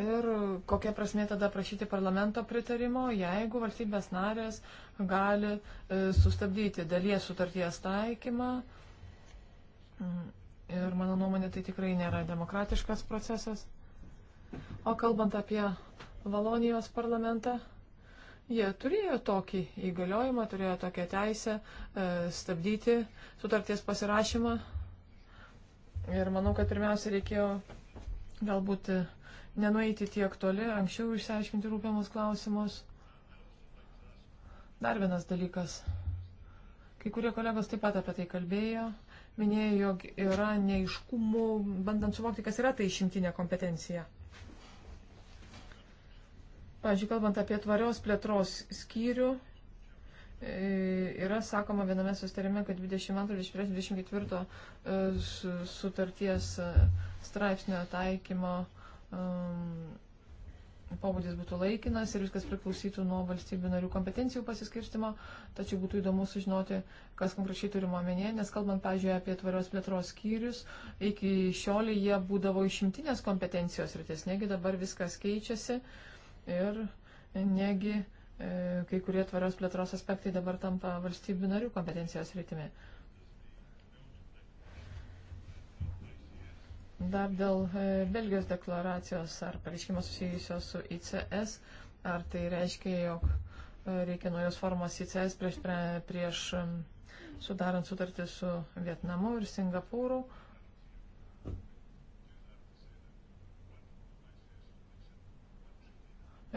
Ir kokia prasmė tada prašyti parlamento pritarimo, jeigu valstybės narės gali e, sustabdyti dalies sutarties taikymą. Ir mano nuomonė tai tikrai nėra demokratiškas procesas. O kalbant apie Valonijos parlamentą. Jie turėjo tokį įgaliojimą, turėjo tokią teisę e, stabdyti sutarties pasirašymą. Ir manau, kad pirmiausia reikėjo galbūt e, nenueiti tiek toli, anksčiau išsiaiškinti rūpiamus klausimus. Dar vienas dalykas. Kai kurie kolegos taip pat apie tai kalbėjo, minėjo, jog yra neiškumų, bandant suvokti, kas yra tai išimtinė kompetencija. Pavyzdžiui, kalbant apie tvarios plėtros skyrių, e, yra sakoma viename sustarime, kad 22-24 e, sutarties e, straipsnio taikymo um, pobūdis būtų laikinas ir viskas priklausytų nuo valstybių narių kompetencijų pasiskirstimo, tačiau būtų įdomu sužinoti, kas konkrečiai turima omenyje, nes kalbant, pažiūrėjau, apie tvarios plėtros skyrius, iki šioliai jie būdavo išimtinės kompetencijos rytis, negi dabar viskas keičiasi. Uh, ir negi e, kai kurie tvarios plėtros aspektai dabar tampa valstybių narių kompetencijos rytimi. Dar dėl e, Belgijos deklaracijos ar pareiškimo susijusios su ICS, ar tai reiškia, jog e, reikia naujos formos ICS prieš, prieš sudarant sutartį su Vietnamu ir Singapūru.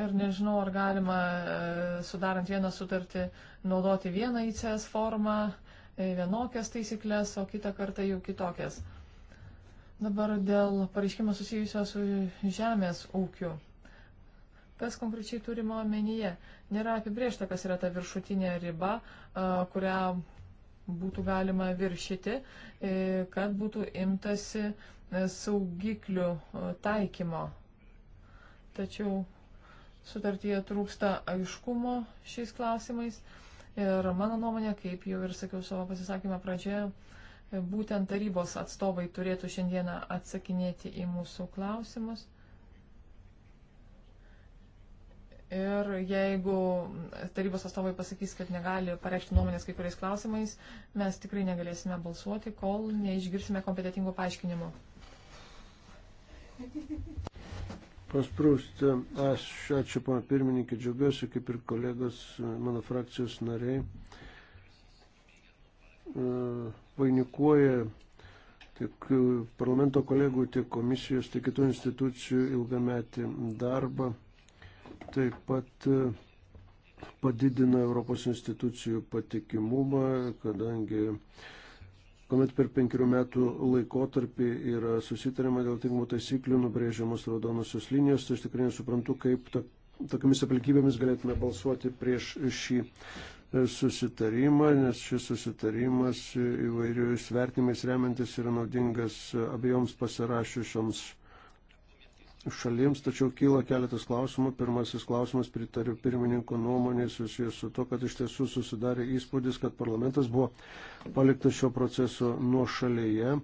Ir nežinau, ar galima e, sudarant vieną sutartį naudoti vieną ICS formą, e, vienokias taisyklės, o kitą kartą jau kitokias. Dabar dėl pareiškimo susijusio su žemės ūkiu. Kas konkrečiai turima omenyje? Nėra apibriešta, kas yra ta viršutinė riba, e, kurią būtų galima viršyti, kad būtų imtasi saugiklių taikymo. Tačiau sutartyje trūksta aiškumo šiais klausimais. Ir mano nuomonė, kaip jau ir sakiau savo pasisakymą pradžioje, būtent tarybos atstovai turėtų šiandieną atsakinėti į mūsų klausimus. Ir jeigu tarybos atstovai pasakys, kad negali pareikšti nuomonės kai kuriais klausimais, mes tikrai negalėsime balsuoti, kol neišgirsime kompetitingų paaiškinimų. Pasprūsti, aš ačiū, pana pirmininkė, džiaugiuosi, kaip ir kolegos, mano frakcijos nariai, e, vainikuoja tiek parlamento kolegų, tiek komisijos, tiek kitų institucijų ilgametį darbą. Taip pat e, padidina Europos institucijų patikimumą, kadangi uh, kuomet per penkerių metų laikotarpį yra susitarima dėl tinkamų taisyklių, nubrėžiamos raudonosios linijos, tai aš tikrai nesuprantu, kaip to, tokiamis aplinkybėmis galėtume balsuoti prieš šį e, susitarimą, nes šis susitarimas įvairiais vertimais remiantis yra naudingas e, abiejoms pasirašiušioms šalims, tačiau kyla keletas klausimų. Pirmasis klausimas, pritariu pirmininko nuomonė, susijęs su to, kad iš tiesų susidarė įspūdis, kad parlamentas buvo paliktas šio proceso nuo šalyje,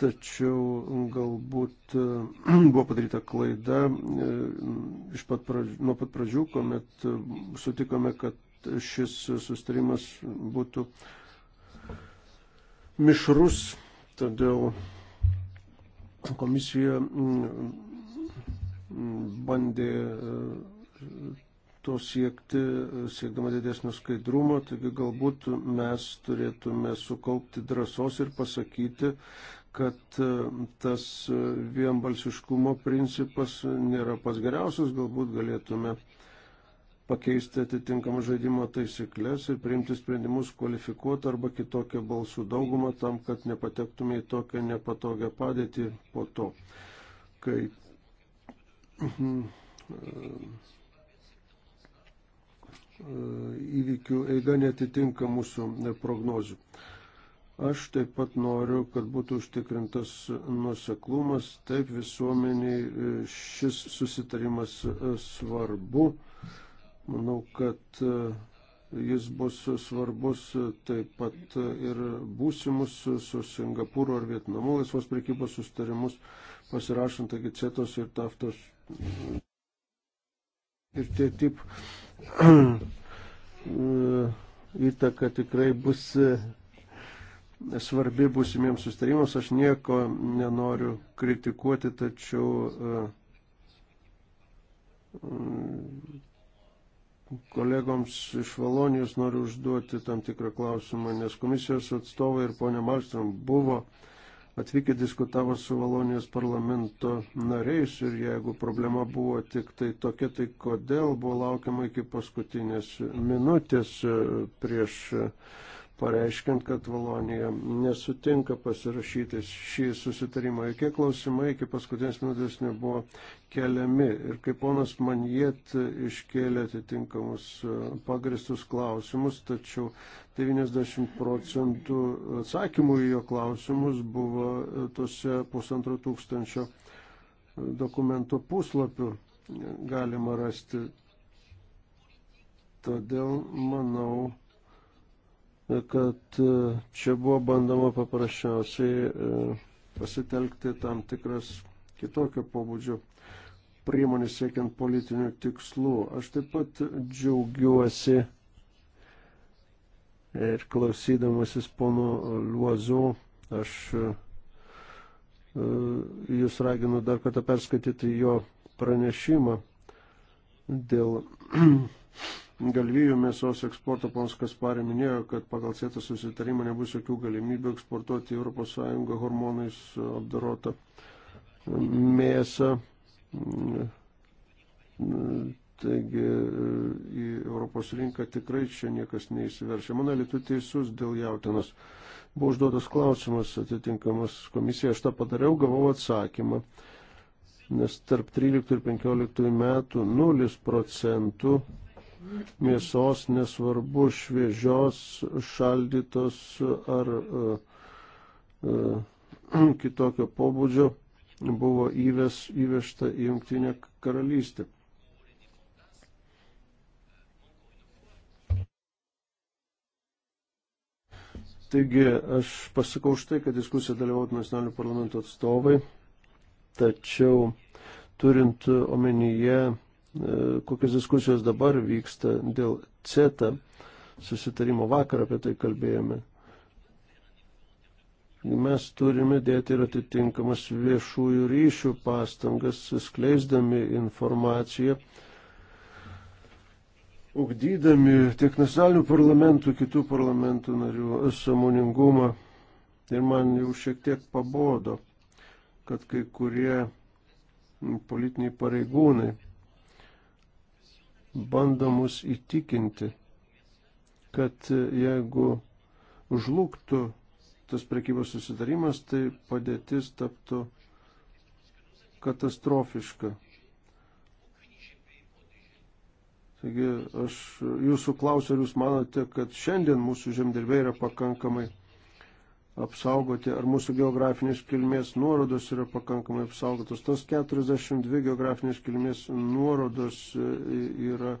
tačiau galbūt eh, buvo padaryta klaida eh, pat pradžių, nuo pat pradžių, kuomet eh, sutikome, kad šis sustarimas būtų mišrus, todėl komisija mm, bandė e, to siekti, e, siekdama didesnio skaidrumo, taigi galbūt mes turėtume sukaupti drąsos ir pasakyti, kad e, tas vienbalsiškumo principas nėra pas geriausias, galbūt galėtume pakeisti atitinkamą žaidimo taisyklės ir priimti sprendimus kvalifikuotą arba kitokią balsų daugumą tam, kad nepatektume į tokią nepatogią padėtį po to, kai Mhm. E, e, įvykių eiga netitinka mūsų e, prognozių. Aš taip pat noriu, kad būtų užtikrintas nuseklumas, taip visuomeniai šis susitarimas svarbu. Manau, kad jis bus svarbus taip pat ir būsimus su Singapūru ar Vietnamu laisvos prekybos sustarimus pasirašant, taigi CETOS ir TAFTOS ir tie tip e, įtaka tikrai bus e, svarbi būsimiems sustarimams. Aš nieko nenoriu kritikuoti, tačiau e, kolegoms iš Valonijos noriu užduoti tam tikrą klausimą, nes komisijos atstovai ir ponė Malstrom buvo uh, atvykę diskutavo su Valonijos parlamento nariais ir jeigu problema buvo tik tai tokia, tai kodėl buvo laukiama iki paskutinės minutės e, prieš e, pareiškiant, kad Valonija nesutinka pasirašyti šį susitarimą. Jokie klausimai iki paskutinės minutės nebuvo keliami. Ir kaip ponas Manjet iškėlė atitinkamus e, pagristus klausimus, tačiau 90 procentų atsakymų į jo klausimus buvo e, tose pusantro tūkstančio e, dokumento puslapių galima rasti. Todėl manau, kad čia buvo bandoma paprasčiausiai pasitelkti tam tikras kitokio pobūdžio priemonės siekiant politinių tikslų. Aš taip pat džiaugiuosi ir klausydamasis pono Luozo, aš e, jūs raginu dar kartą perskaityti jo pranešimą dėl galvijų mėsos eksporto. Pons Kasparė minėjo, kad pagal sėtą susitarimą nebus jokių galimybių eksportuoti į ES hormonais apdarotą mėsą. Taigi e, į Europos rinką tikrai čia niekas neįsiveršia. Mano litų teisus dėl jautinas. Buvo užduotas klausimas atitinkamas komisija, aš tą padariau, gavau atsakymą, nes tarp 13 ir 15 metų 0 procentų mėsos, nesvarbu šviežios, šaldytos ar uh, uh, kitokio pobūdžio, buvo įves, įvežta į Junktinę karalystę. Taigi aš pasakau už tai, kad diskusiją dalyvautų nacionalinių parlamento atstovai, tačiau turint omenyje, e, kokios diskusijos dabar vyksta dėl CETA susitarimo vakar apie tai kalbėjome, Mes turime dėti ir atitinkamas viešųjų ryšių pastangas, skleisdami informaciją, ugdydami tiek nacionalinių parlamentų, kitų parlamentų narių samoningumą. Ir man jau šiek tiek pabodo, kad kai kurie politiniai pareigūnai bando mus įtikinti, kad jeigu žlugtų tas prekybos susidarimas, tai padėtis taptų katastrofiška. Taigi aš jūsų klausiu, ar jūs manote, kad šiandien mūsų žemdirbiai yra pakankamai apsaugoti, ar mūsų geografinės kilmės nuorodos yra pakankamai apsaugotos. Tos 42 geografinės kilmės nuorodos e, e, yra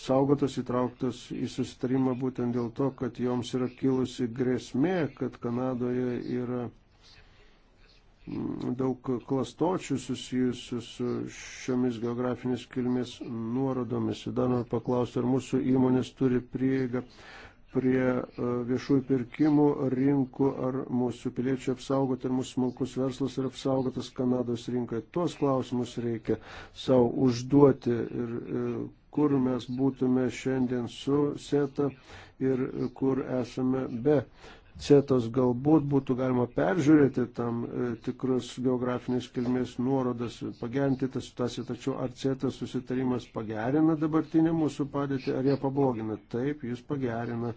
saugotas, įtrauktas į sustarimą būtent dėl to, kad joms yra kilusi grėsmė, kad Kanadoje yra mm, daug klastočių susijusių su šiomis geografinės kilmės nuorodomis. Dar noriu paklausti, ar mūsų įmonės turi prieigą prie e, viešųjų pirkimų rinkų, ar mūsų piliečiai apsaugoti, ar mūsų smulkus verslas yra apsaugotas Kanados rinkai. Tuos klausimus reikia savo užduoti ir e, kur mes būtume šiandien su SETA ir kur esame be cetos galbūt būtų galima peržiūrėti tam e, tikrus geografinės kilmės nuorodas, pagerinti tą situaciją, tačiau ar cetos susitarimas pagerina dabartinę mūsų padėtį, ar ją pablogina? Taip, jis pagerina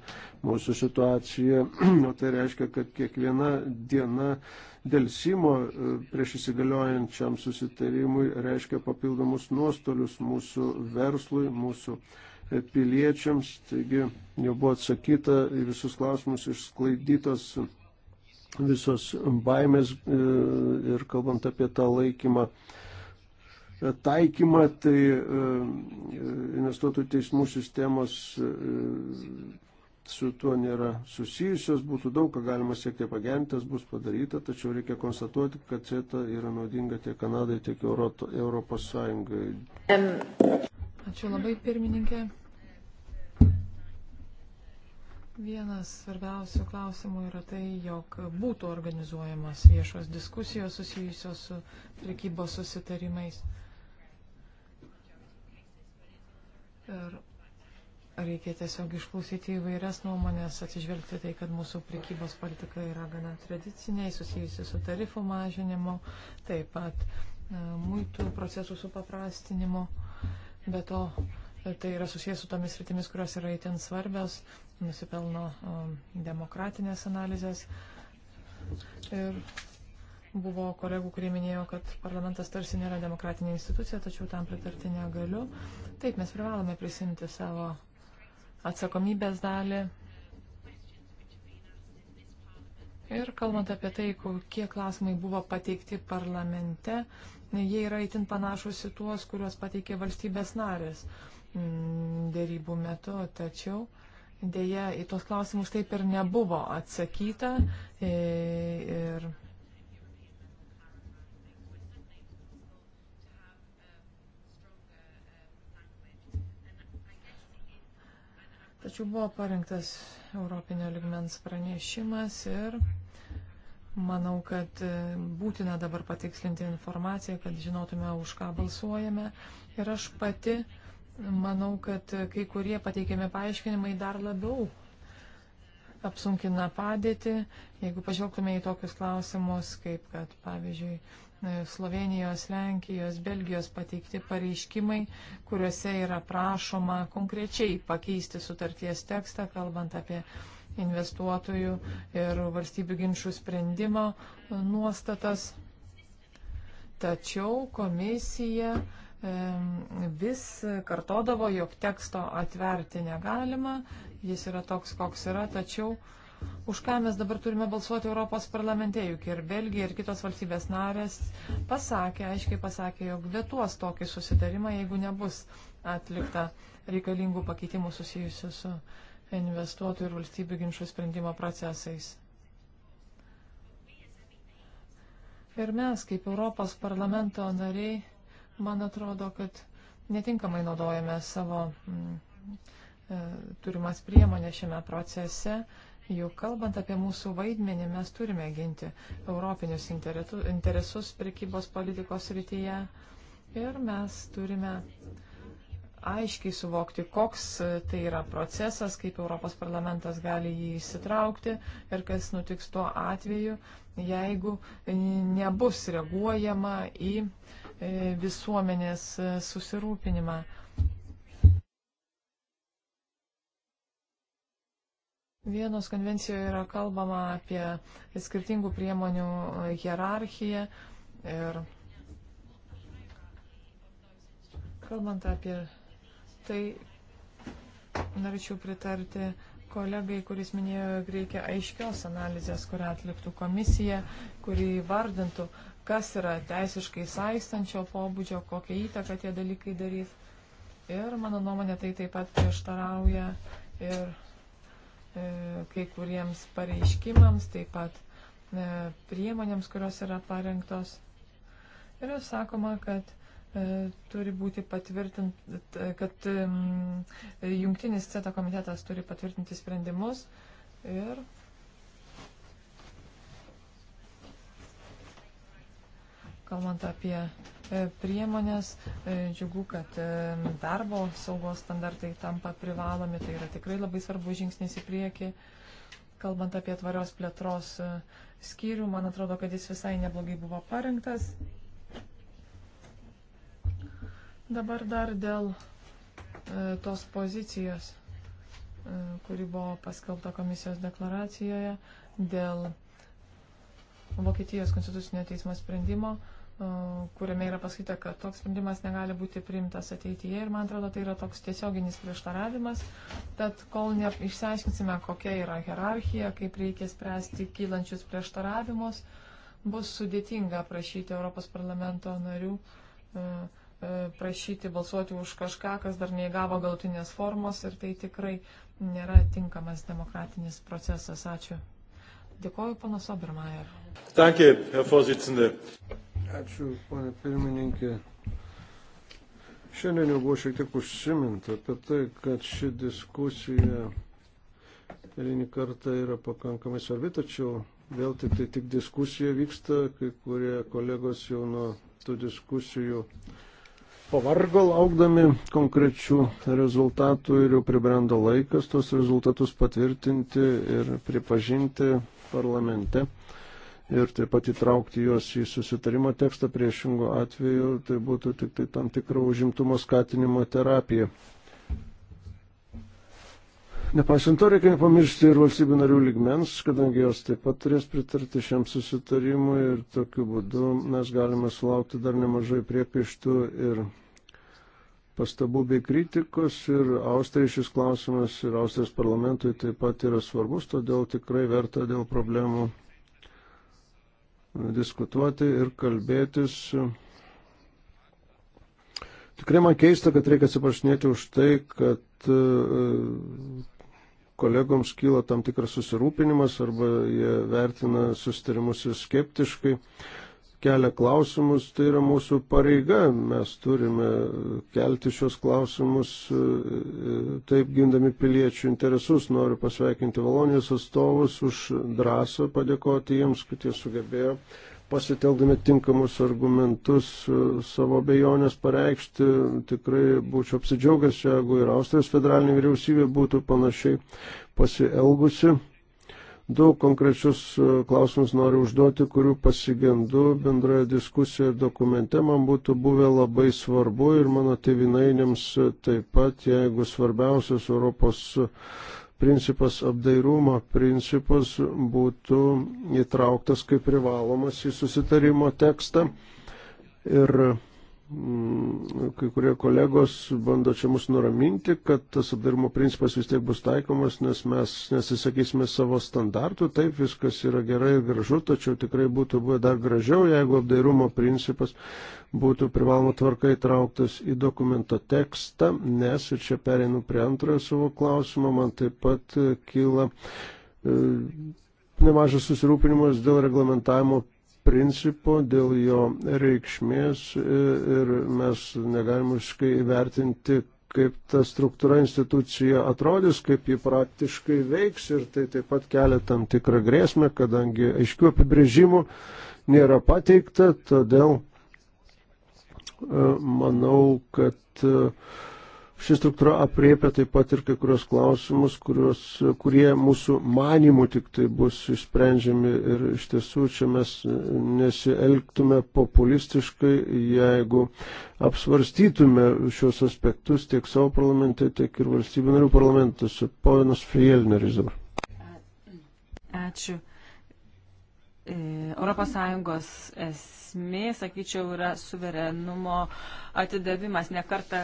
mūsų situaciją, o tai reiškia, kad kiekviena diena dėl simo e, prieš įsigaliojančiam susitarimui reiškia papildomus nuostolius mūsų verslui, mūsų piliečiams. Taigi jau buvo atsakyta į visus klausimus išsklaidytos visos baimės e, ir kalbant apie tą laikymą e, taikymą, tai e, investuotojų teismų sistemos su tuo nėra susijusios, būtų daug, ką galima siekti pagerintas, bus padaryta, tačiau reikia konstatuoti, kad CETA yra naudinga tiek Kanadai, tiek Euroto, Europos Sąjungai. Ačiū labai, pirmininkė. Vienas svarbiausių klausimų yra tai, jog būtų organizuojamos viešos diskusijos susijusios su prekybos susitarimais. Ir reikia tiesiog išklausyti įvairias nuomonės, atsižvelgti tai, kad mūsų prekybos politika yra gana tradiciniai, susijusi su tarifų mažinimu, taip pat e, muitų procesų supaprastinimu. Be to, tai yra susijęs su tomis rytimis, kurios yra įtin svarbios nusipelno um, demokratinės analizės. Ir buvo kolegų, kurie minėjo, kad parlamentas tarsi nėra demokratinė institucija, tačiau tam pritarti negaliu. Taip, mes privalome prisimti savo atsakomybės dalį. Ir kalbant apie tai, kokie klausimai buvo pateikti parlamente, jie yra itin panašus į tuos, kuriuos pateikė valstybės narės mm, dėrybų metu. Tačiau Deja, į tuos klausimus taip ir nebuvo atsakyta. E, ir Tačiau buvo parengtas Europinio ligmens pranešimas ir manau, kad e, būtina dabar patikslinti informaciją, kad žinotume, už ką balsuojame. Ir aš pati uh, Manau, kad kai kurie pateikiami paaiškinimai dar labiau apsunkina padėtį. Jeigu pažvelgtume į tokius klausimus, kaip kad, pavyzdžiui, Slovenijos, Lenkijos, Belgijos pateikti pareiškimai, kuriuose yra prašoma konkrečiai pakeisti sutarties tekstą, kalbant apie investuotojų ir valstybių ginčių sprendimo nuostatas. Tačiau komisija uh, vis kartodavo, jog teksto atverti negalima, jis yra toks, koks yra, tačiau už ką mes dabar turime balsuoti Europos parlamente, juk ir Belgija, ir kitos valstybės narės pasakė, aiškiai pasakė, jog vietuos tokį susitarimą, jeigu nebus atlikta reikalingų pakeitimų susijusių su investuotojų ir valstybių ginčių sprendimo procesais. Ir mes, kaip Europos parlamento nariai, Man atrodo, kad netinkamai naudojame savo mm, e, turimas priemonės šiame procese. Juk kalbant apie mūsų vaidmenį, mes turime ginti europinius interesus prekybos politikos rytyje ir mes turime aiškiai suvokti, koks e, tai yra procesas, kaip Europos parlamentas gali jį įsitraukti ir kas nutiks tuo atveju, jeigu nebus reaguojama į uh, E, visuomenės e, susirūpinimą. Vienos konvencijoje yra kalbama apie skirtingų priemonių e, hierarchiją ir kalbant apie tai, norėčiau pritarti kolegai, kuris minėjo, reikia aiškios analizės, kurią atliktų komisija, kuri vardintų, kas yra teisiškai saistančio pobūdžio, kokią įtaką tie dalykai darys. Ir mano nuomonė tai taip pat prieštarauja ir e, kai kuriems pareiškimams, taip pat e, priemonėms, kurios yra parengtos. Ir sakoma, kad e, turi būti patvirtint, e, kad e, jungtinis CETA komitetas turi patvirtinti sprendimus ir Kalbant apie e, priemonės, e, džiugu, kad e, darbo saugos standartai tampa privalomi, tai yra tikrai labai svarbus žingsnis į priekį. Kalbant apie tvarios plėtros skyrių, man atrodo, kad jis visai neblogai buvo parengtas. Dabar dar dėl tos pozicijos, kuri buvo paskelbta komisijos deklaracijoje, dėl Vokietijos konstitucinio teismo sprendimo kuriame yra pasakyta, kad toks sprendimas negali būti priimtas ateityje ir man atrodo tai yra toks tiesioginis prieštaravimas. Tad kol neišsiaiškinsime, kokia yra hierarchija, kaip reikia spręsti kylančius prieštaravimus, bus sudėtinga prašyti Europos parlamento narių, e, e, prašyti balsuoti už kažką, kas dar neįgavo galtinės formos ir tai tikrai nėra tinkamas demokratinis procesas. Ačiū. Dėkoju, panas Obermeier. Danke, Herr Vorsitzende. Ačiū, ponė pirmininkė. Šiandien jau buvo šiek tiek užsiminta apie tai, kad ši diskusija eilinį kartą yra pakankamai svarbi, tačiau vėl tik tai tik diskusija vyksta, kai kurie kolegos jau nuo tų diskusijų pavargo laukdami konkrečių rezultatų ir jau pribrendo laikas tos rezultatus patvirtinti ir pripažinti parlamente ir taip pat įtraukti juos į susitarimo tekstą priešingo atveju, tai būtų tik tai tam tikra užimtumo skatinimo terapija. Nepaisant to, reikia nepamiršti ir valstybių narių ligmens, kadangi jos taip pat turės pritarti šiam susitarimui ir tokiu būdu mes galime sulaukti dar nemažai priekaištų ir pastabų bei kritikos ir Austrijai šis klausimas ir Austrijos parlamentui taip pat yra svarbus, todėl tikrai verta dėl problemų diskutuoti ir kalbėtis. Tikrai man keista, kad reikia atsiprašinėti už tai, kad e, kolegoms kyla tam tikras susirūpinimas arba jie vertina sustarimus skeptiškai kelia klausimus, tai yra mūsų pareiga. Mes turime kelti šios klausimus, e, taip gindami piliečių interesus. Noriu pasveikinti Valonijos atstovus už drąsą, padėkoti jiems, kad jie sugebėjo pasitelkdami tinkamus argumentus e, savo bejonės pareikšti. Tikrai būčiau apsidžiaugęs, jeigu ir Austrijos federalinė vyriausybė būtų panašiai pasielgusi. Du konkrečius e, klausimus noriu užduoti, kurių pasigendu bendroje diskusijoje ir dokumente. Man būtų buvę labai svarbu ir mano tevinainėms taip pat, jeigu svarbiausias Europos principas apdairumo principas būtų įtrauktas kaip privalomas į susitarimo tekstą. Ir kai kurie kolegos bando čia mus nuraminti, kad tas apdarimo principas vis tiek bus taikomas, nes mes nesisakysime savo standartų, taip viskas yra gerai ir gražu, tačiau tikrai būtų buvę dar gražiau, jeigu apdairumo principas būtų privaloma tvarka įtrauktas į dokumento tekstą, nes ir čia pereinu prie antrojo savo klausimo, man taip pat kyla e, nemažas susirūpinimas dėl reglamentavimo principo, dėl jo reikšmės e, ir mes negalime iškai įvertinti, kaip ta struktūra institucija atrodys, kaip ji praktiškai veiks ir tai taip pat kelia tam tikrą grėsmę, kadangi aiškių apibrėžimų nėra pateikta, todėl e, manau, kad uh, Ši struktūra apriepia taip pat ir kai kurios klausimus, kurios, kurie mūsų manimų tik tai bus išsprendžiami ir iš tiesų čia mes nesielgtume populistiškai, jeigu apsvarstytume šios aspektus tiek savo parlamente, tiek ir valstybių narių parlamentuose. Povinas Frielneris dabar. Ačiū. ES esmė, sakyčiau, yra suverenumo atidavimas. Nekartą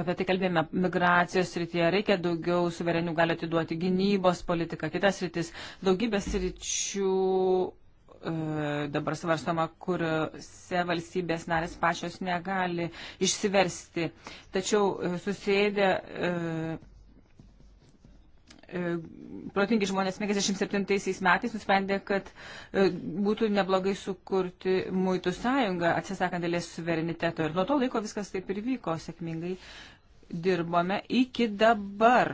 apie tai kalbėjome migracijos srityje, reikia daugiau suverenių gali atiduoti gynybos politiką, kitas sritis, daugybės sričių e, dabar svarstama, kuriuose valstybės narės pačios negali išsiversti. Tačiau susėdė e, e E, protingi žmonės 57 metais nusprendė, kad e, būtų neblogai sukurti muitų sąjungą, atsisakant dėlės suvereniteto. Ir nuo to laiko viskas taip ir vyko, sėkmingai dirbome iki dabar.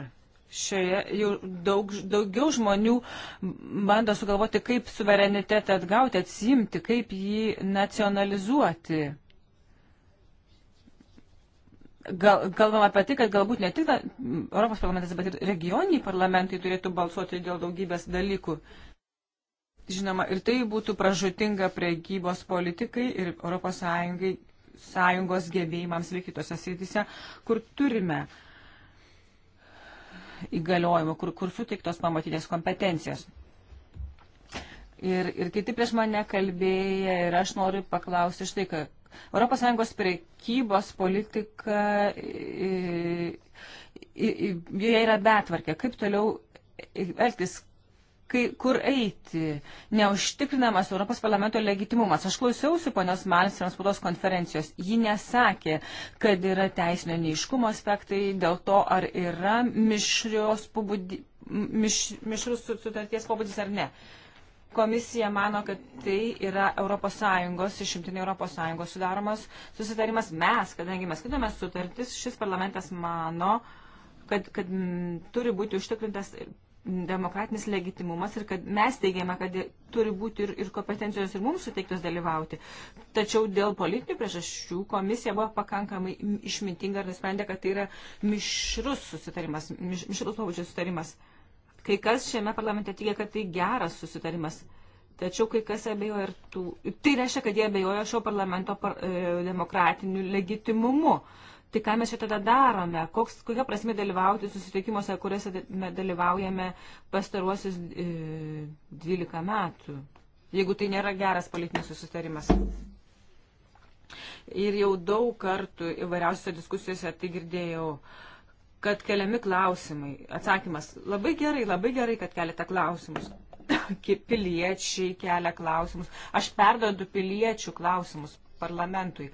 Šioje jau daug, daugiau žmonių bando sugalvoti, kaip suverenitetą atgauti, atsimti, kaip jį nacionalizuoti gal, kalbam apie tai, kad galbūt ne tik Europos parlamentas, bet ir regioniniai parlamentai turėtų balsuoti dėl daugybės dalykų. Žinoma, ir tai būtų pražutinga priekybos politikai ir ES sąjungos gebėjimams veikti tose srityse, kur turime įgaliojimų, kur, kur suteiktos pamatinės kompetencijos. Ir, ir kiti prieš mane kalbėję ir aš noriu paklausti štai, kad ES priekybos politika, joje yra betvarkė. Kaip toliau elgtis, kai, kur eiti, neužtikrinamas Europos parlamento legitimumas. Aš klausiausi ponios Malmstrėms spaudos konferencijos. Ji nesakė, kad yra teisinio neiškumo aspektai dėl to, ar yra mišrios pobūdį. Miš, mišrus sutarties pobūdis ar ne. Komisija mano, kad tai yra ES, išimtinė ES sudaromas susitarimas. Mes, kadangi mes skaitome sutartis, šis parlamentas mano, kad, kad m, turi būti užtikrintas demokratinis legitimumas ir kad mes teigiame, kad turi būti ir, ir kompetencijos ir mums suteiktos dalyvauti. Tačiau dėl politinių priežasčių komisija buvo pakankamai išmintinga ir nusprendė, kad tai yra mišrus susitarimas, miš, mišrus pavadžio susitarimas. Kai kas šiame parlamente teigia, kad tai geras susitarimas. Tačiau kai kas abejoja ir tų. Tai reiškia, kad jie abejoja šio parlamento par, e, demokratiniu legitimumu. Tai ką mes čia tada darome? Koks, kokia prasme dalyvauti susitikimuose, kuriuose dalyvaujame pastaruosius e, 12 metų, jeigu tai nėra geras politinis susitarimas? Ir jau daug kartų įvairiausiose diskusijose tai girdėjau. E, kad keliami klausimai. Atsakymas labai gerai, labai gerai, kad keliate klausimus. Piliečiai kelia klausimus. Aš perdodu piliečių klausimus parlamentui.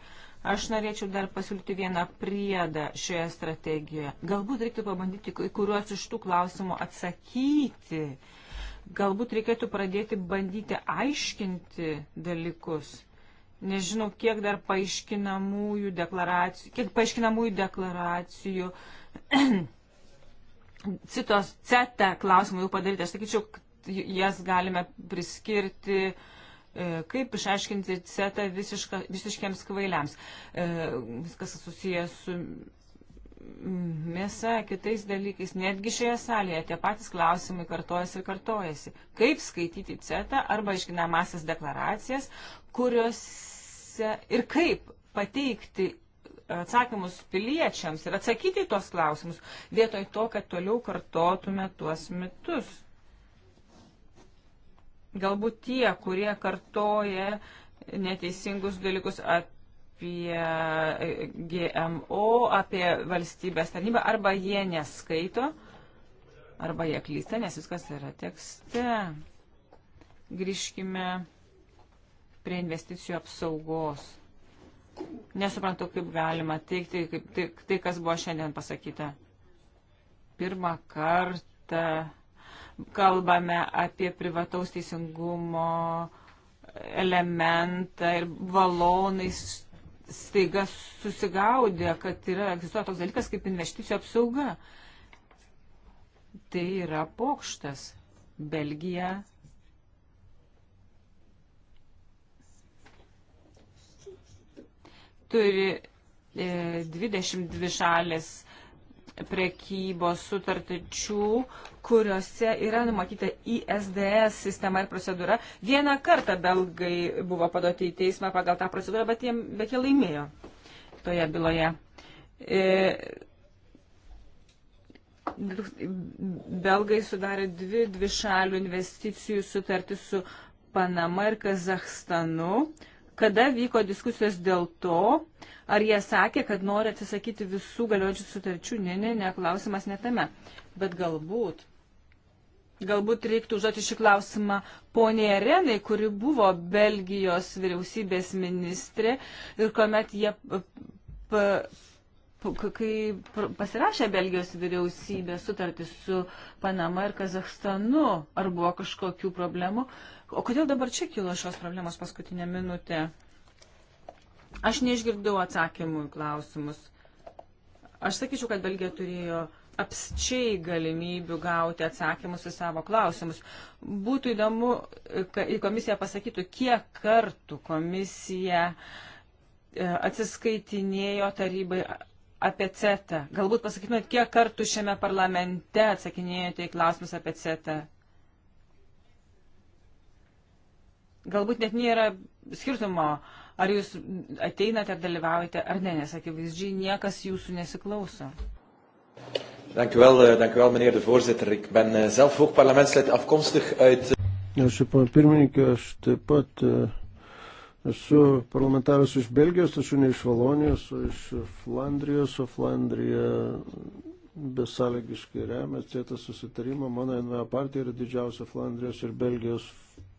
Aš norėčiau dar pasiūlyti vieną priedą šioje strategijoje. Galbūt reiktų pabandyti kai kuriuos iš tų klausimų atsakyti. Galbūt reikėtų pradėti bandyti aiškinti dalykus. Nežinau, kiek dar paaiškinamųjų deklaracijų, kiek paaiškinamųjų deklaracijų uh, citos CETA klausimų jau padaryti. Aš sakyčiau, jas galime priskirti e, kaip išaiškinti CETA visiška, visiškiams kvailiams. E, viskas susijęs su mėsa, kitais dalykais. Netgi šioje salėje tie patys klausimai kartojasi ir kartojasi. Kaip skaityti CETA arba išginamasias deklaracijas, kuriuose ir kaip pateikti atsakymus piliečiams ir atsakyti į tuos klausimus, vietoj to, kad toliau kartotume tuos mitus. Galbūt tie, kurie kartoja neteisingus dalykus apie e, GMO, apie valstybės tarnybą, arba jie neskaito, arba jie klysta, nes viskas yra tekste. Grįžkime prie investicijų apsaugos. Nesuprantu, kaip galima teikti kaip, tai, tai, kas buvo šiandien pasakyta. Pirmą kartą kalbame apie privataus teisingumo elementą ir valonai staiga susigaudė, kad yra, egzistuoja toks dalykas kaip investicijų apsauga. Tai yra pokštas. Belgija turi 22 e, šalis prekybos sutartičių, kuriuose yra numatyta ISDS sistema ir procedūra. Vieną kartą belgai buvo padoti į teismą pagal tą procedūrą, bet jie, bet jie laimėjo toje byloje. E, belgai sudarė dvi dvišalių investicijų sutartį su Panama ir Kazahstanu. E, kada vyko diskusijos dėl to, ar jie sakė, kad nori atsisakyti visų galiojančių sutarčių. Ne, ne, ne, klausimas netame. Bet galbūt. Galbūt reiktų užduoti šį klausimą poniai Arenai, kuri buvo Belgijos vyriausybės ministrė ir kuomet jie, kai pasirašė Belgijos vyriausybė sutartį su Panama ir Kazahstanu, ar buvo kažkokių problemų, uh, O kodėl dabar čia kilo šios problemos paskutinę minutę? Aš neišgirdau atsakymų į klausimus. Aš sakyčiau, kad Belgija turėjo apsčiai galimybių gauti atsakymus į savo klausimus. Būtų įdomu, kai komisija pasakytų, kiek kartų komisija e, atsiskaitinėjo tarybai apie CETA. Galbūt pasakytumėt, kiek kartų šiame parlamente atsakinėjote į klausimus apie CETA. galbūt net nėra skirtumo, ar jūs ateinate, ar dalyvaujate, ar ne, nes akivaizdžiai niekas jūsų nesiklauso. Dank u wel, eh, dank u wel meneer de voorzitter. Ik ben uh, zelf ook parlementslid afkomstig uit. Eh, Ačiū, pana pirmininkė, aš taip pat uh, esu parlamentaras iš Belgijos, tačiau ne iš Valonijos, o iš Flandrijos, o Flandrija besąlygiškai remia CETA susitarimą. Mano NVA partija yra didžiausia Flandrijos ir Belgijos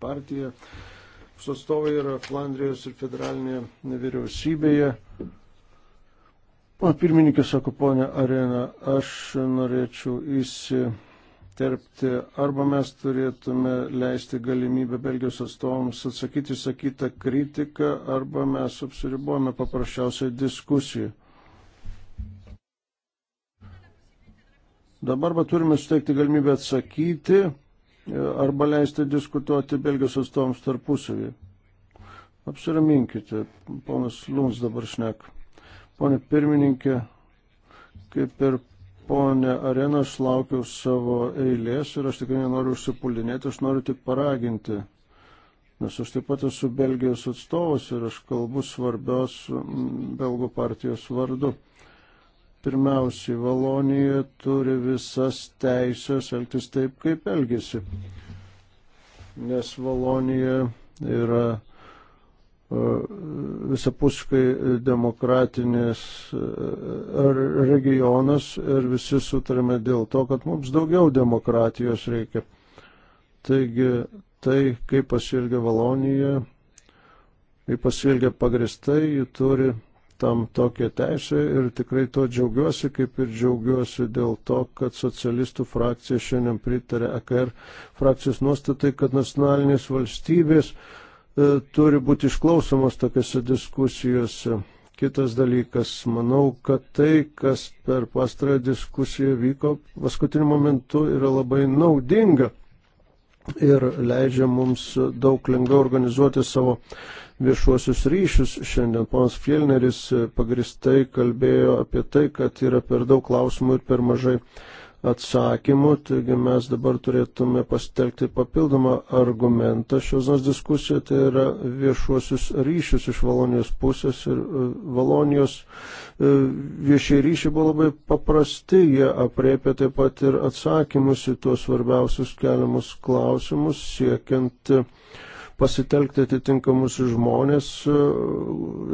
partija. Uh, Su atstovai yra Flandrijos ir federalinėje vyriausybėje. O pirmininkė sako, ponia Arena, aš norėčiau įsiterpti, arba mes turėtume leisti galimybę Belgijos atstovams atsakyti sakytą kritiką, arba mes apsiribuojame paprasčiausiai diskusijų. Dabar arba turime suteikti galimybę atsakyti, arba leisti diskutuoti Belgijos atstovams tarpusavį. Apsiraminkite, ponas Lums dabar šnek. Pone pirmininkė, kaip ir ponė Arena, aš laukiau savo eilės ir aš tikrai nenoriu užsipulinėti, aš noriu tik paraginti. Nes aš taip pat esu Belgijos atstovas ir aš kalbu svarbios mm, Belgų partijos vardu. Pirmiausiai, Valonija turi visas teisės elgtis taip, kaip elgesi. Nes Valonija yra e, visapuškai demokratinis e, regionas ir visi sutarėme dėl to, kad mums daugiau demokratijos reikia. Taigi tai, kaip pasielgia Valonija, kaip pasielgia pagristai, ji turi tam tokią teisę ir tikrai to džiaugiuosi, kaip ir džiaugiuosi dėl to, kad socialistų frakcija šiandien pritarė AKR e frakcijos nuostatai, kad nacionalinės valstybės e, turi būti išklausomos tokiuose diskusijose. Kitas dalykas, manau, kad tai, kas per pastarąją diskusiją vyko, paskutiniu momentu yra labai naudinga ir leidžia mums daug lengviau organizuoti savo viešuosius ryšius. Šiandien ponas Fjellneris e, pagristai kalbėjo apie tai, kad yra per daug klausimų ir per mažai atsakymų, taigi mes dabar turėtume pasitelkti papildomą argumentą šios dienos diskusiją, tai yra viešuosius ryšius iš Valonijos pusės ir e, Valonijos e, viešiai ryšiai buvo labai paprasti, jie apriepė taip pat ir atsakymus į tuos svarbiausius keliamus klausimus, siekiant uh, pasitelkti atitinkamus žmonės e,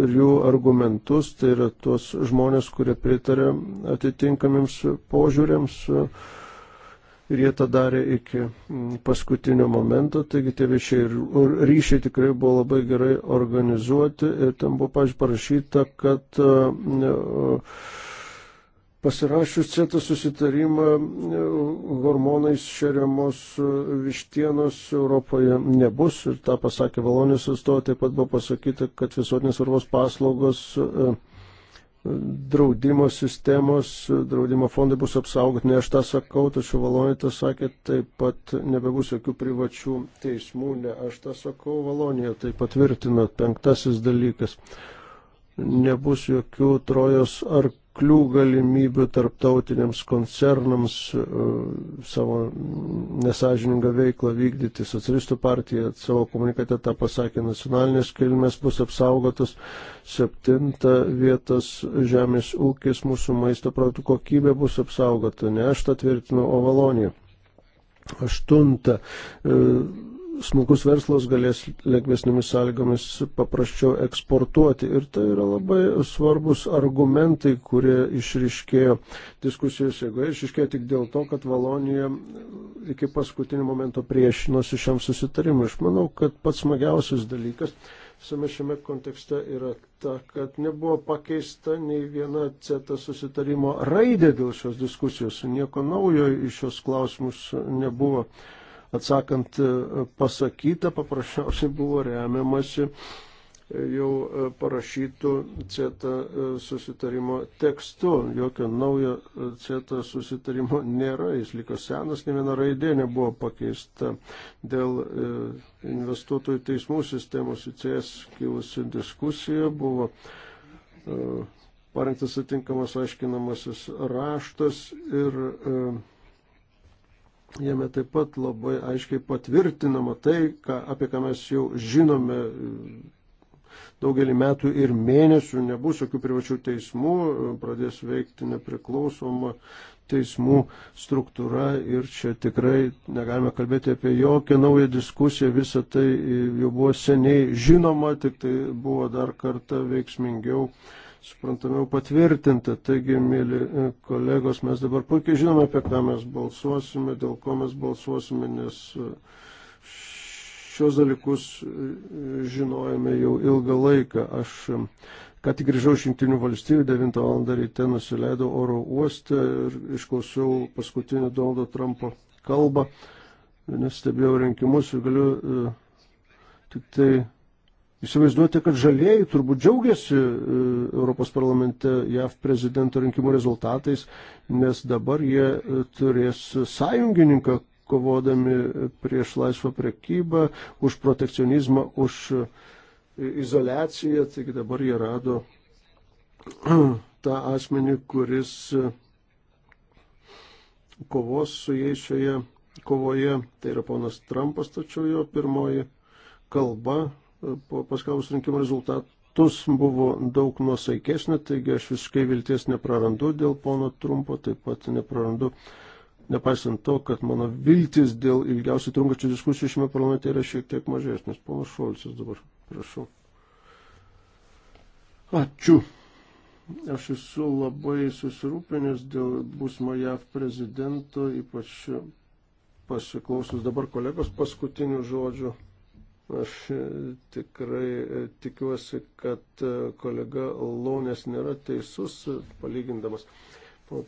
ir jų argumentus, tai yra tuos žmonės, kurie pritarė atitinkamiems požiūriams e, ir jie tą darė iki paskutinio momento, taigi tie viešiai ryšiai tikrai buvo labai gerai organizuoti ir ten buvo, pažiūrėjau, parašyta, kad uh, Pasirašius CETA susitarimą hormonais šeriamos vištienos Europoje nebus ir tą pasakė Valonijos atstovai, taip pat buvo pasakyta, kad visuotinės svarbos paslaugos e, draudimo sistemos, draudimo fondai bus apsaugoti, ne aš tą sakau, tačiau Valonija tą sakė, taip pat nebebus jokių privačių teismų, ne aš tą sakau, Valonija tai patvirtina, penktasis dalykas, nebus jokių trojos ar ženklių galimybių tarptautiniams koncernams e, savo nesažiningą veiklą vykdyti. Socialistų partija savo komunikate tą pasakė, nacionalinės kilmės bus apsaugotas, septinta vietas žemės ūkis, mūsų maisto produktų kokybė bus apsaugota. Ne aš tą tvirtinu, o Valonija. Aštunta. E, smulkus verslas galės lengvesnėmis sąlygomis paprasčiau eksportuoti. Ir tai yra labai svarbus argumentai, kurie išriškėjo diskusijos eigoje. Išriškėjo tik dėl to, kad Valonija iki paskutinio momento priešinosi šiam susitarimui. Aš manau, kad pats smagiausias dalykas visame šiame kontekste yra ta, kad nebuvo pakeista nei viena CETA susitarimo raidė dėl šios diskusijos. Nieko naujo iš šios klausimus nebuvo atsakant e, pasakyta, paprasčiausiai buvo remiamasi e, jau e, parašytų CETA susitarimo tekstu. Jokio naujo CETA susitarimo nėra, jis liko senas, ne viena raidė nebuvo pakeista. Dėl investuotojų teismų sistemos ICS kilusi diskusija buvo parengtas atinkamas aiškinamasis raštas ir Jame taip pat labai aiškiai patvirtinama tai, ką, apie ką mes jau žinome e, daugelį metų ir mėnesių, nebus jokių privačių teismų, e, pradės veikti nepriklausoma teismų struktūra ir čia tikrai negalime kalbėti apie jokią naują diskusiją, visa tai e, jau buvo seniai žinoma, tik tai buvo dar kartą veiksmingiau suprantamiau patvirtinta. Taigi, mėly e, kolegos, mes dabar puikiai žinome, apie ką mes balsuosime, dėl ko mes balsuosime, nes e, šios dalykus e, žinojame jau ilgą laiką. Aš ką tik grįžau iš Junktinių valstybių, 9 val. ryte nusileidau oro uoste ir išklausiau paskutinį Donaldo Trumpo kalbą, nes stebėjau rinkimus ir galiu tik tai Įsivaizduoti, kad žalieji turbūt džiaugiasi e, Europos parlamente JAV prezidento rinkimų rezultatais, nes dabar jie e, turės sąjungininką kovodami e, prieš laisvą prekybą, už protekcionizmą, už izolaciją. Taigi dabar jie rado tą asmenį, kuris kovos su jais šioje kovoje. Tai yra ponas Trumpas, tačiau jo pirmoji kalba po paskalbus rinkimų rezultatus buvo daug nuosaikesnė, taigi aš visiškai vilties neprarandu dėl pono Trumpo, taip pat neprarandu, nepaisant to, kad mano viltis dėl ilgiausiai trunkačių diskusijų šiame parlamente yra šiek tiek mažesnis. Ponas Šolcis dabar, prašau. Ačiū. Aš esu labai susirūpinęs dėl būsimo JAV prezidento, ypač pasiklausus dabar kolegos paskutinių žodžių Aš e, tikrai e, tikiuosi, kad e, kolega Launės nėra teisus, palygindamas